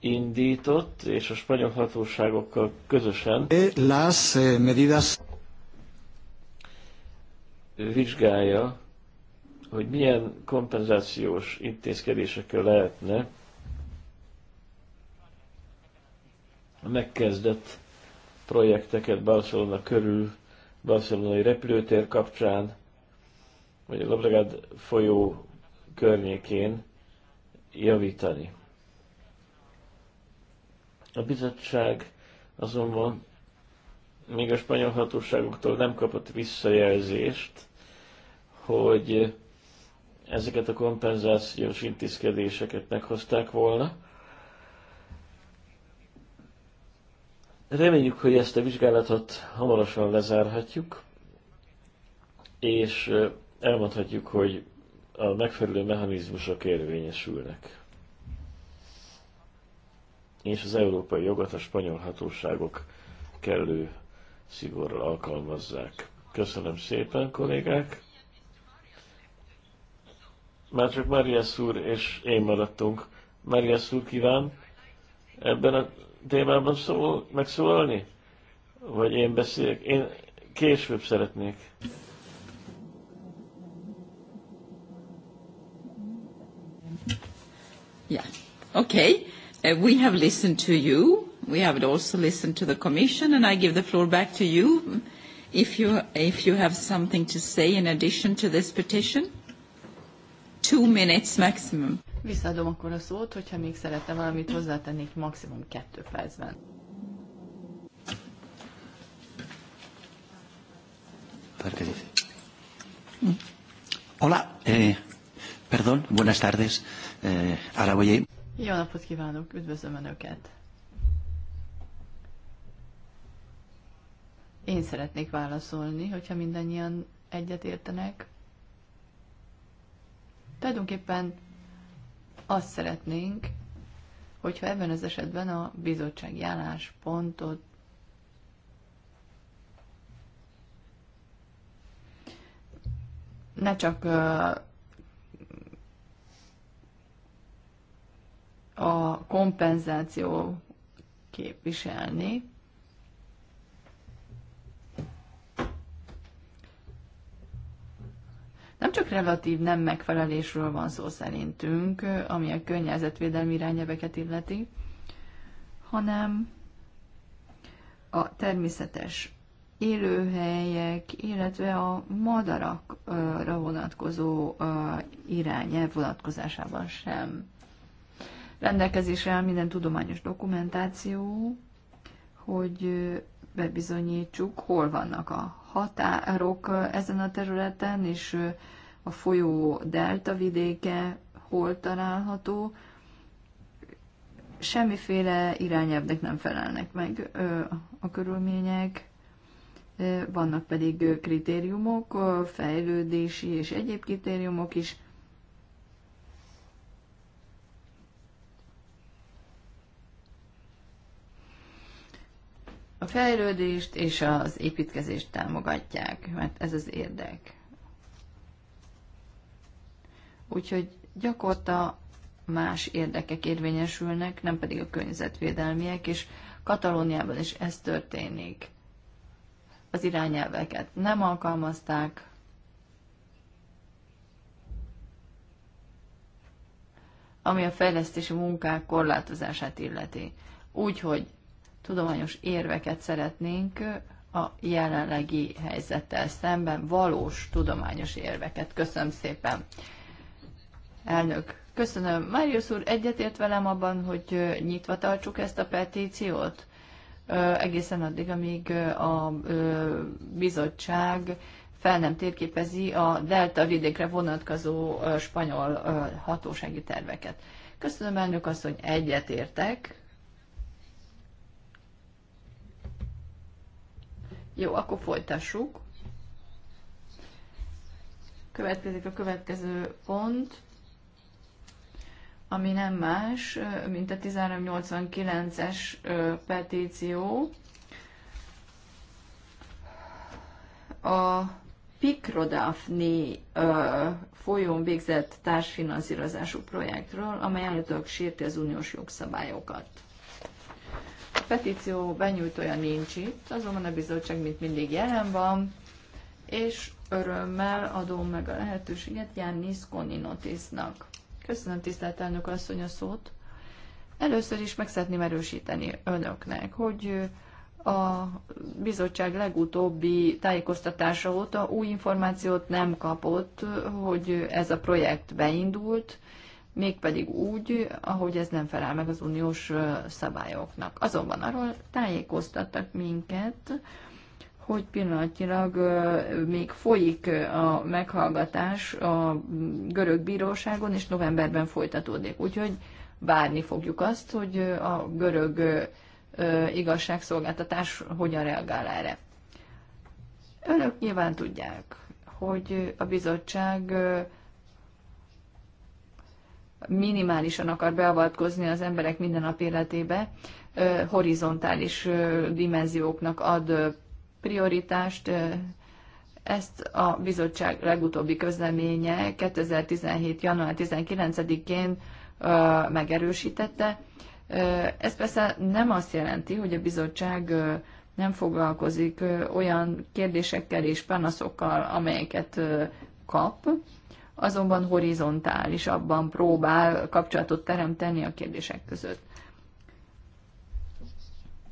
Speaker 2: indított, és a spanyol hatóságokkal közösen
Speaker 5: Las eh, medidas
Speaker 2: vizsgálja hogy milyen kompenzációs intézkedésekkel lehetne a megkezdett projekteket Barcelona körül, barcelonai repülőtér kapcsán, vagy a Labregád folyó környékén javítani. A bizottság azonban még a spanyol hatóságoktól nem kapott visszajelzést, hogy ezeket a kompenzációs intézkedéseket meghozták volna. Reméljük, hogy ezt a vizsgálatot hamarosan lezárhatjuk, és elmondhatjuk, hogy a megfelelő mechanizmusok érvényesülnek. És az európai jogot a spanyol hatóságok kellő szigorral alkalmazzák. Köszönöm szépen, kollégák! Már csak Maria Szúr és én maradtunk. Maria Szúr kíván ebben a témában szól, megszólalni? Vagy én beszéljek? Én később szeretnék.
Speaker 1: Yeah. Okay. Uh, we have listened to you. We have also listened to the Commission, and I give the floor back to you if you, if you have something to say in addition to this petition two minutes maximum.
Speaker 3: Visszaadom akkor a szót, hogyha még szeretne valamit hozzátenni, maximum kettő percben.
Speaker 4: Hola, eh, perdón, buenas tardes.
Speaker 5: Eh, ahora voy a...
Speaker 3: Jó napot kívánok, üdvözlöm Önöket. Én szeretnék válaszolni, hogyha mindannyian egyet értenek. Tulajdonképpen azt szeretnénk, hogyha ebben az esetben a bizottsági álláspontot ne csak a kompenzáció képviselni, Nem csak relatív nem megfelelésről van szó szerintünk, ami a környezetvédelmi irányelveket illeti, hanem a természetes élőhelyek, illetve a madarakra vonatkozó irányelv vonatkozásában sem. Rendelkezésre áll minden tudományos dokumentáció, hogy bebizonyítsuk, hol vannak a határok ezen a területen, és a folyó delta vidéke hol található. Semmiféle irányelvnek nem felelnek meg a körülmények, vannak pedig kritériumok, fejlődési és egyéb kritériumok is, a fejlődést és az építkezést támogatják, mert ez az érdek. Úgyhogy gyakorta más érdekek érvényesülnek, nem pedig a környezetvédelmiek, és Katalóniában is ez történik. Az irányelveket nem alkalmazták, ami a fejlesztési munkák korlátozását illeti. Úgyhogy tudományos érveket szeretnénk a jelenlegi helyzettel szemben, valós tudományos érveket. Köszönöm szépen. Elnök, köszönöm. Máriusz úr, egyetért velem abban, hogy nyitva tartsuk ezt a petíciót? egészen addig, amíg a bizottság fel nem térképezi a delta vidékre vonatkozó spanyol hatósági terveket. Köszönöm, elnök asszony, egyetértek Jó, akkor folytassuk. Következik a következő pont, ami nem más, mint a 1389-es petíció. A Pikrodafni folyón végzett társfinanszírozású projektről, amely előttök sírti az uniós jogszabályokat. A petíció benyújtója nincs itt, azonban a bizottság mint mindig jelen van, és örömmel adom meg a lehetőséget Jannis Koninotisnak. Köszönöm tisztelt elnök asszony a szót. Először is meg szeretném erősíteni önöknek, hogy a bizottság legutóbbi tájékoztatása óta új információt nem kapott, hogy ez a projekt beindult, mégpedig úgy, ahogy ez nem felel meg az uniós szabályoknak. Azonban arról tájékoztattak minket, hogy pillanatnyilag még folyik a meghallgatás a görög bíróságon, és novemberben folytatódik. Úgyhogy várni fogjuk azt, hogy a görög igazságszolgáltatás hogyan reagál erre. Önök nyilván tudják, hogy a bizottság minimálisan akar beavatkozni az emberek mindennapi életébe, horizontális dimenzióknak ad prioritást. Ezt a bizottság legutóbbi közleménye 2017. január 19-én megerősítette. Ez persze nem azt jelenti, hogy a bizottság nem foglalkozik olyan kérdésekkel és panaszokkal, amelyeket kap, azonban horizontális, abban próbál kapcsolatot teremteni a kérdések között.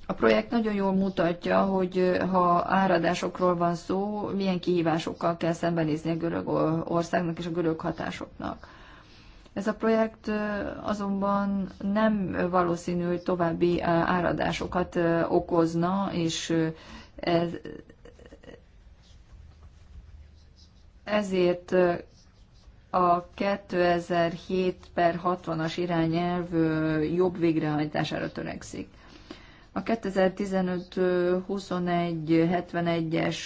Speaker 3: A projekt nagyon jól mutatja, hogy ha áradásokról van szó, milyen kihívásokkal kell szembenézni a görög országnak és a görög hatásoknak. Ez a projekt azonban nem valószínű, hogy további áradásokat okozna, és ez, ezért a 2007 per 60-as irányelv jobb végrehajtására törekszik. A 2015-21-71-es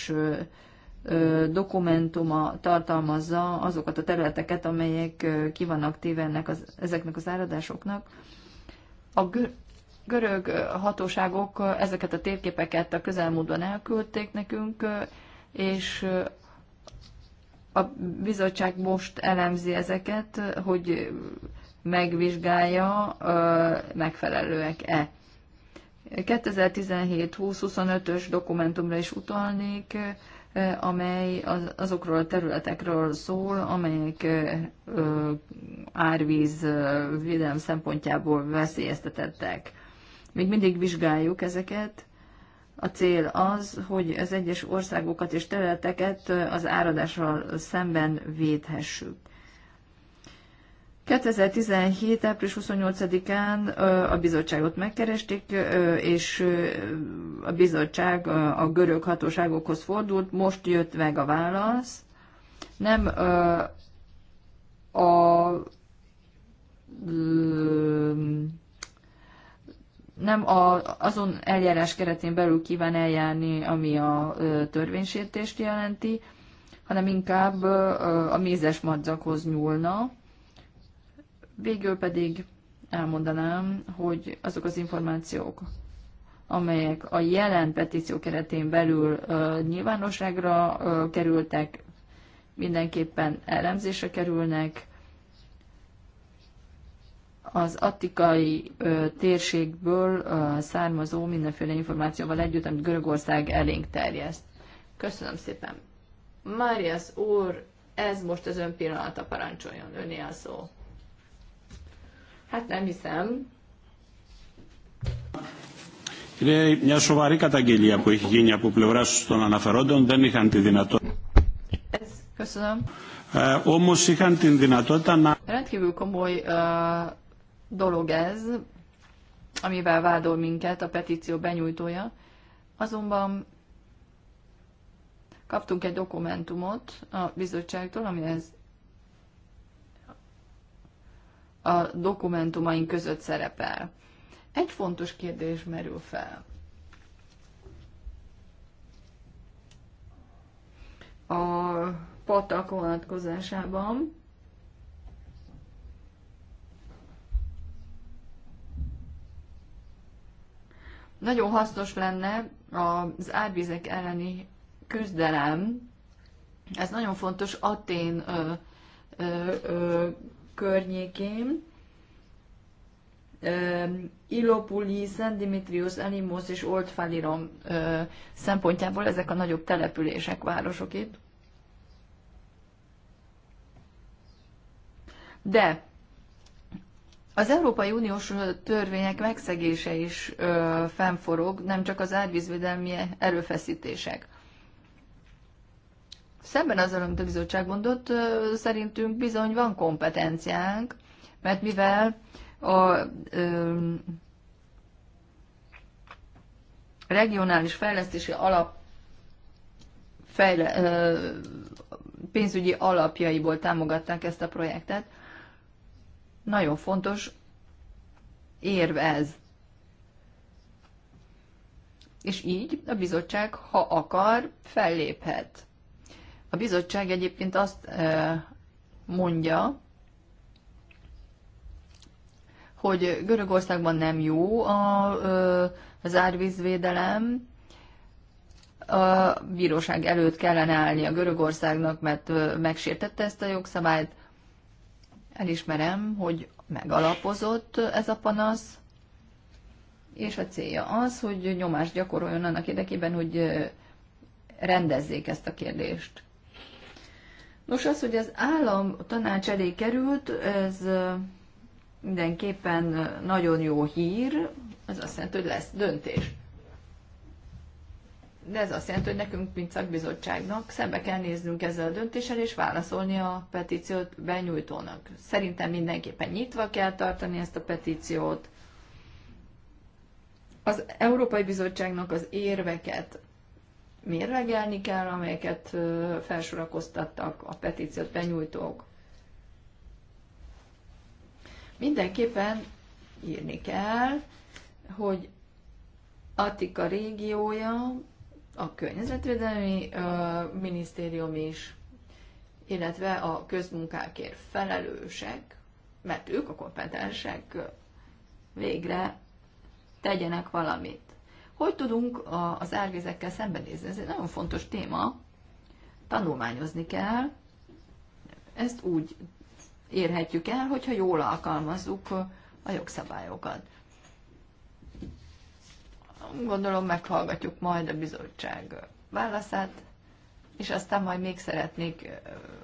Speaker 3: dokumentuma tartalmazza azokat a területeket, amelyek ki vannak téve ennek az, ezeknek az áradásoknak. A görög hatóságok ezeket a térképeket a közelmúltban elküldték nekünk, és a bizottság most elemzi ezeket, hogy megvizsgálja, megfelelőek-e. 2017-2025-ös dokumentumra is utalnék, amely azokról a területekről szól, amelyek árvíz védelem szempontjából veszélyeztetettek. Még mindig vizsgáljuk ezeket, a cél az, hogy az egyes országokat és területeket az áradással szemben védhessük. 2017. április 28-án a bizottságot megkeresték, és a bizottság a görög hatóságokhoz fordult, most jött meg a válasz. Nem a nem a, azon eljárás keretén belül kíván eljárni, ami a törvénysértést jelenti, hanem inkább a mézes madzakhoz nyúlna. Végül pedig elmondanám, hogy azok az információk, amelyek a jelen petíció keretén belül nyilvánosságra kerültek, mindenképpen elemzésre kerülnek, az attikai ö, térségből ö, származó mindenféle információval együtt, amit Görögország elénk terjeszt. Köszönöm szépen. Márias úr, ez most az ön pillanata parancsoljon, öné a szó. Hát nem hiszem.
Speaker 2: Είναι szóval Köszönöm. Eh,
Speaker 3: Rendkívül komoly uh, dolog ez, amivel vádol minket a petíció benyújtója. Azonban kaptunk egy dokumentumot a bizottságtól, amihez a dokumentumaink között szerepel. Egy fontos kérdés merül fel. A patak vonatkozásában Nagyon hasznos lenne az árvizek elleni küzdelem. Ez nagyon fontos Atén ö, ö, ö, környékén. Ilopuli, Szent Dimitrius, Elimos és Old Faliron szempontjából ezek a nagyobb települések, városok itt. De az Európai Uniós törvények megszegése is ö, fennforog, nem csak az árvízvédelmi erőfeszítések. Szemben azzal, amit a bizottság mondott, ö, szerintünk bizony van kompetenciánk, mert mivel a ö, regionális fejlesztési alap fejle, ö, pénzügyi alapjaiból támogatták ezt a projektet, nagyon fontos érv ez. És így a bizottság, ha akar, felléphet. A bizottság egyébként azt mondja, hogy Görögországban nem jó a, az árvízvédelem, a bíróság előtt kellene állni a Görögországnak, mert megsértette ezt a jogszabályt, Elismerem, hogy megalapozott ez a panasz, és a célja az, hogy nyomást gyakoroljon annak érdekében, hogy rendezzék ezt a kérdést. Nos, az, hogy az állam tanács elé került, ez mindenképpen nagyon jó hír, ez azt jelenti, hogy lesz döntés de ez azt jelenti, hogy nekünk, mint szakbizottságnak szembe kell néznünk ezzel a döntéssel, és válaszolni a petíciót benyújtónak. Szerintem mindenképpen nyitva kell tartani ezt a petíciót. Az Európai Bizottságnak az érveket mérlegelni kell, amelyeket felsorakoztattak a petíciót benyújtók. Mindenképpen írni kell, hogy Attika régiója a Környezetvédelmi Minisztérium is, illetve a közmunkákért felelősek, mert ők a kompetensek végre tegyenek valamit. Hogy tudunk az árvizekkel szembenézni? Ez egy nagyon fontos téma, tanulmányozni kell, ezt úgy érhetjük el, hogyha jól alkalmazzuk a jogszabályokat. Gondolom meghallgatjuk majd a bizottság válaszát, és aztán majd még szeretnék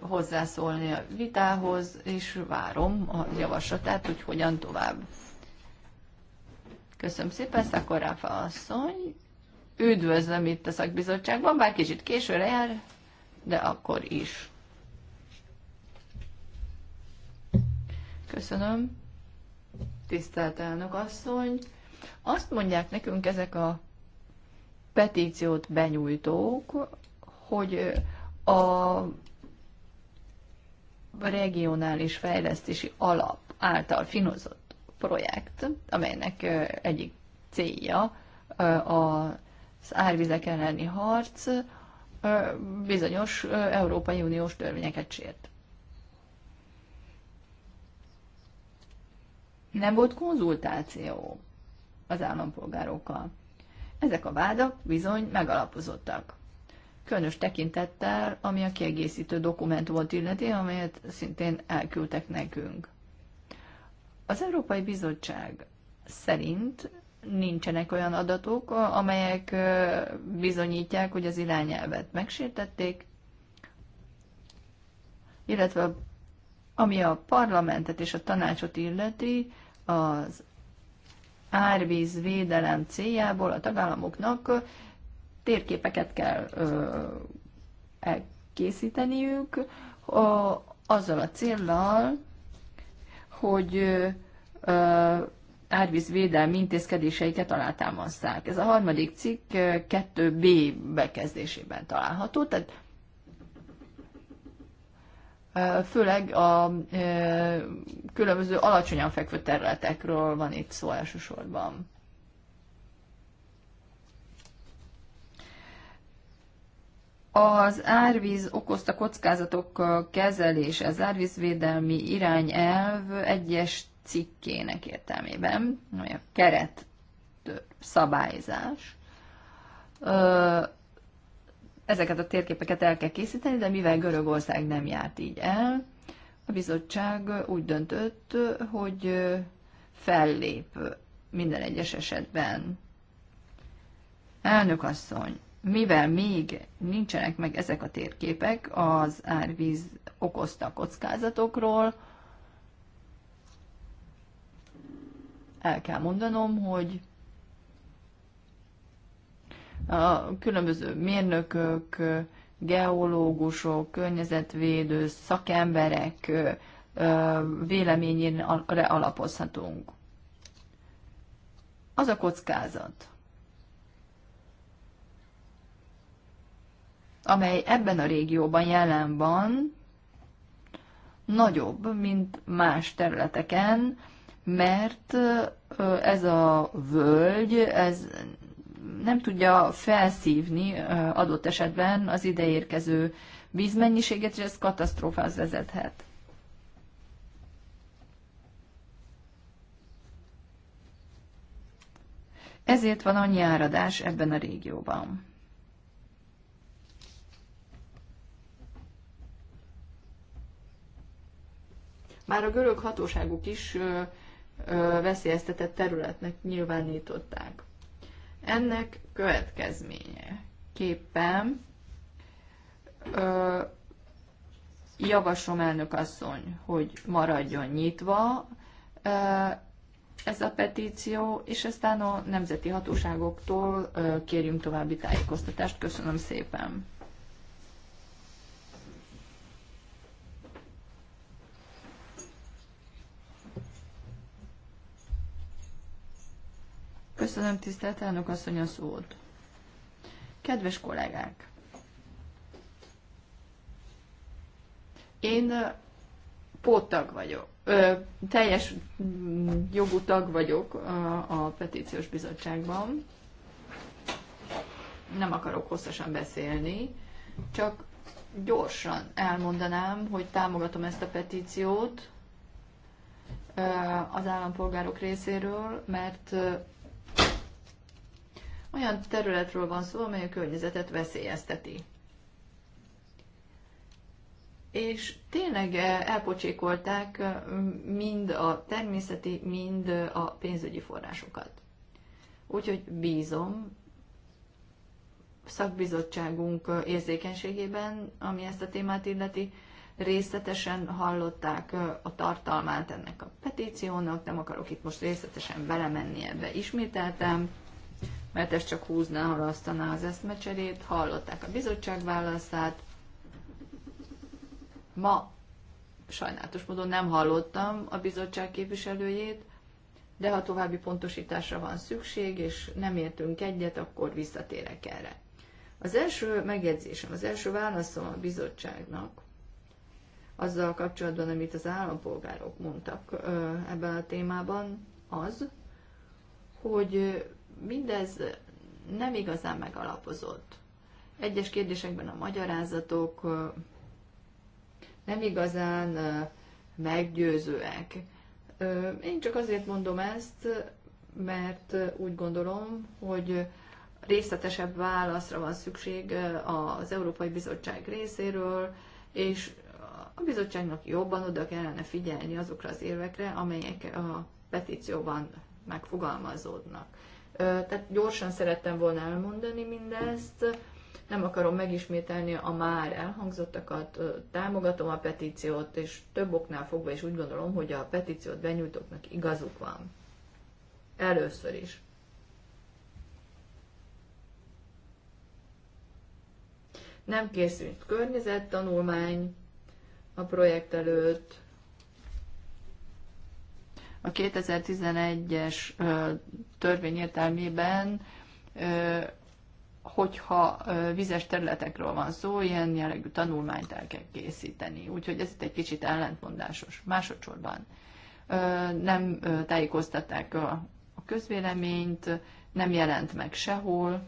Speaker 3: hozzászólni a vitához, és várom a javaslatát, hogy hogyan tovább. Köszönöm szépen, Szakoráfa asszony. Üdvözlöm itt a szakbizottságban, bár kicsit későre jár, de akkor is. Köszönöm. Tisztelt elnök asszony, azt mondják nekünk ezek a petíciót benyújtók, hogy a regionális fejlesztési alap által finozott projekt, amelynek egyik célja az árvizek elleni harc, bizonyos Európai Uniós törvényeket sért. Nem volt konzultáció az állampolgárokkal. Ezek a vádak bizony megalapozottak. Különös tekintettel, ami a kiegészítő dokumentumot illeti, amelyet szintén elküldtek nekünk. Az Európai Bizottság szerint nincsenek olyan adatok, amelyek bizonyítják, hogy az irányelvet megsértették, illetve ami a parlamentet és a tanácsot illeti, az árvízvédelem céljából a tagállamoknak térképeket kell elkészíteniük azzal a célral, hogy árvízvédelmi intézkedéseiket alátámasztják. Ez a harmadik cikk 2b bekezdésében található, tehát főleg a különböző alacsonyan fekvő területekről van itt szó elsősorban. Az árvíz okozta kockázatok kezelése, az árvízvédelmi irányelv egyes cikkének értelmében, ami a keret szabályzás, ezeket a térképeket el kell készíteni, de mivel Görögország nem járt így el, a bizottság úgy döntött, hogy fellép minden egyes esetben. Elnök asszony, mivel még nincsenek meg ezek a térképek az árvíz okozta kockázatokról, el kell mondanom, hogy a különböző mérnökök, geológusok, környezetvédő szakemberek véleményére alapozhatunk. Az a kockázat, amely ebben a régióban jelen van, nagyobb, mint más területeken, mert ez a völgy, ez nem tudja felszívni adott esetben az ide érkező vízmennyiséget, és ez katasztrófához vezethet. Ezért van annyi áradás ebben a régióban. Már a görög hatóságok is ö, ö, veszélyeztetett területnek nyilvánították. Ennek következménye képpen ö, javaslom elnök asszony, hogy maradjon nyitva ö, ez a petíció, és aztán a nemzeti hatóságoktól ö, kérjünk további tájékoztatást. Köszönöm szépen! Köszönöm, tisztelt elnök asszony a szót. Kedves kollégák! Én póttag vagyok, ö, teljes mm, jogú tag vagyok a, a petíciós bizottságban. Nem akarok hosszasan beszélni, csak gyorsan elmondanám, hogy támogatom ezt a petíciót az állampolgárok részéről, mert olyan területről van szó, amely a környezetet veszélyezteti. És tényleg elpocsékolták mind a természeti, mind a pénzügyi forrásokat. Úgyhogy bízom szakbizottságunk érzékenységében, ami ezt a témát illeti, részletesen hallották a tartalmát ennek a petíciónak, nem akarok itt most részletesen belemenni ebbe ismételtem mert ez csak húzná, halasztaná az eszmecserét. Hallották a bizottság válaszát. Ma sajnálatos módon nem hallottam a bizottság képviselőjét, de ha további pontosításra van szükség, és nem értünk egyet, akkor visszatérek erre. Az első megjegyzésem, az első válaszom a bizottságnak, azzal kapcsolatban, amit az állampolgárok mondtak ebben a témában, az, hogy mindez nem igazán megalapozott. Egyes kérdésekben a magyarázatok nem igazán meggyőzőek. Én csak azért mondom ezt, mert úgy gondolom, hogy részletesebb válaszra van szükség az Európai Bizottság részéről, és a bizottságnak jobban oda kellene figyelni azokra az érvekre, amelyek a petícióban megfogalmazódnak. Tehát gyorsan szerettem volna elmondani mindezt, nem akarom megismételni a már elhangzottakat, támogatom a petíciót, és több oknál fogva is úgy gondolom, hogy a petíciót benyújtóknak igazuk van. Először is. Nem készült környezettanulmány a projekt előtt, a 2011-es törvény értelmében, hogyha vizes területekről van szó, ilyen jellegű tanulmányt el kell készíteni. Úgyhogy ez itt egy kicsit ellentmondásos. Másodszorban nem tájékoztatták a közvéleményt, nem jelent meg sehol.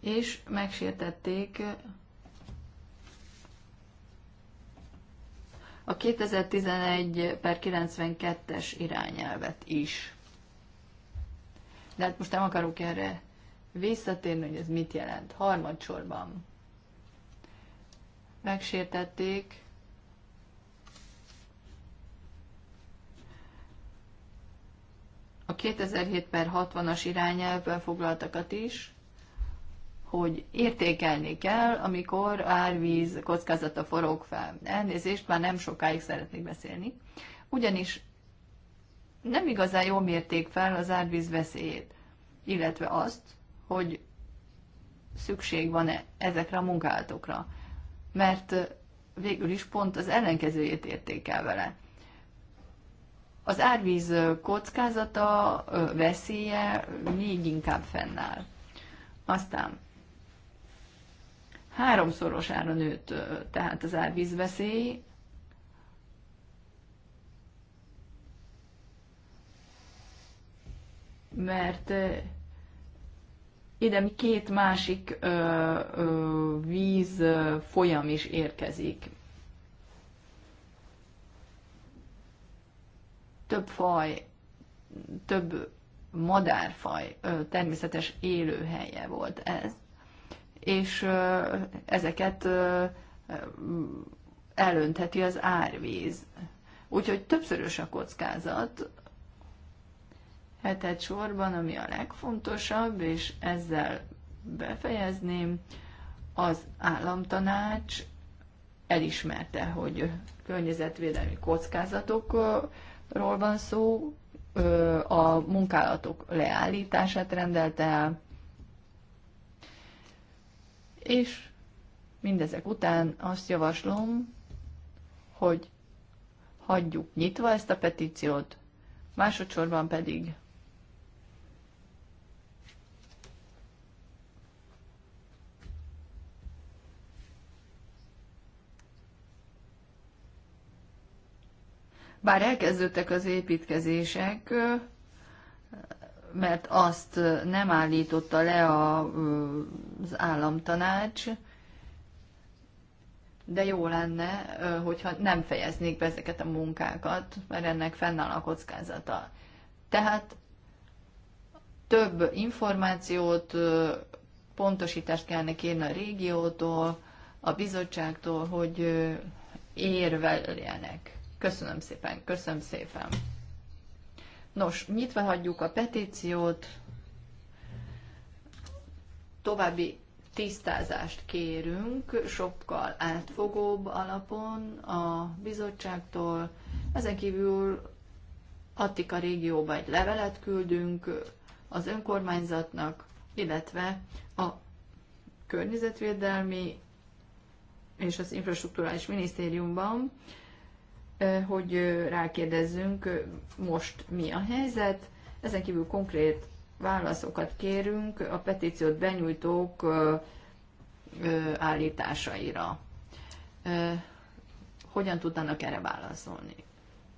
Speaker 3: És megsértették a 2011 per 92-es irányelvet is. De hát most nem akarok erre visszatérni, hogy ez mit jelent. Harmadsorban megsértették a 2007 per 60-as irányelvben foglaltakat is, hogy értékelni kell, amikor árvíz kockázata forog fel. Elnézést, már nem sokáig szeretnék beszélni. Ugyanis nem igazán jól mérték fel az árvíz veszélyét, illetve azt, hogy szükség van-e ezekre a munkálatokra. Mert végül is pont az ellenkezőjét értékel vele. Az árvíz kockázata, veszélye még inkább fennáll. Aztán háromszorosára nőtt tehát az árvízveszély, mert ide két másik ö, ö, víz folyam is érkezik. Több faj, több madárfaj ö, természetes élőhelye volt ez és ezeket elöntheti az árvíz. Úgyhogy többszörös a kockázat, hetet sorban, ami a legfontosabb, és ezzel befejezném, az államtanács elismerte, hogy környezetvédelmi kockázatokról van szó, a munkálatok leállítását rendelte el, és mindezek után azt javaslom, hogy hagyjuk nyitva ezt a petíciót, másodszorban pedig Bár elkezdődtek az építkezések, mert azt nem állította le a, az államtanács, de jó lenne, hogyha nem fejeznék be ezeket a munkákat, mert ennek fennáll a kockázata. Tehát több információt, pontosítást kellene kérni a régiótól, a bizottságtól, hogy érveljenek. Köszönöm szépen, köszönöm szépen. Nos, nyitva hagyjuk a petíciót, további tisztázást kérünk, sokkal átfogóbb alapon a bizottságtól. Ezen kívül Attika régióba egy levelet küldünk az önkormányzatnak, illetve a környezetvédelmi és az infrastruktúrális minisztériumban, hogy rákérdezzünk most mi a helyzet. Ezen kívül konkrét válaszokat kérünk a petíciót benyújtók állításaira. Hogyan tudnának erre válaszolni?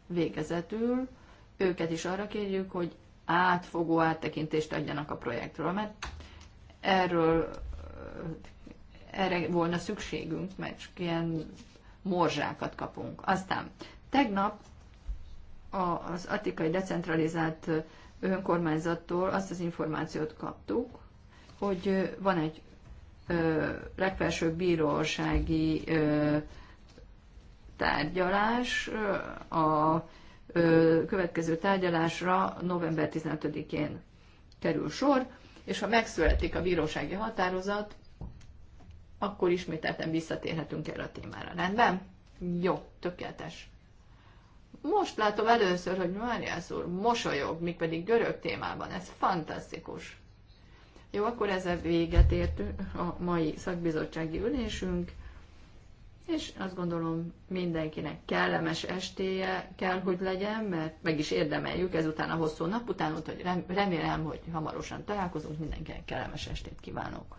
Speaker 3: Végezetül őket is arra kérjük, hogy átfogó áttekintést adjanak a projektről, mert erről erre volna szükségünk, mert ilyen morzsákat kapunk. Aztán tegnap az atikai decentralizált önkormányzattól azt az információt kaptuk, hogy van egy legfelsőbb bírósági tárgyalás. A következő tárgyalásra november 15-én kerül sor, és ha megszületik a bírósági határozat, akkor ismételten visszatérhetünk erre a témára. Rendben? Jó, tökéletes. Most látom először, hogy Máriász úr mosolyog, még pedig görög témában. Ez fantasztikus. Jó, akkor ezzel véget ért a mai szakbizottsági ülésünk, és azt gondolom mindenkinek kellemes estéje kell, hogy legyen, mert meg is érdemeljük ezután a hosszú nap után, úgyhogy remélem, hogy hamarosan találkozunk, mindenkinek kellemes estét kívánok.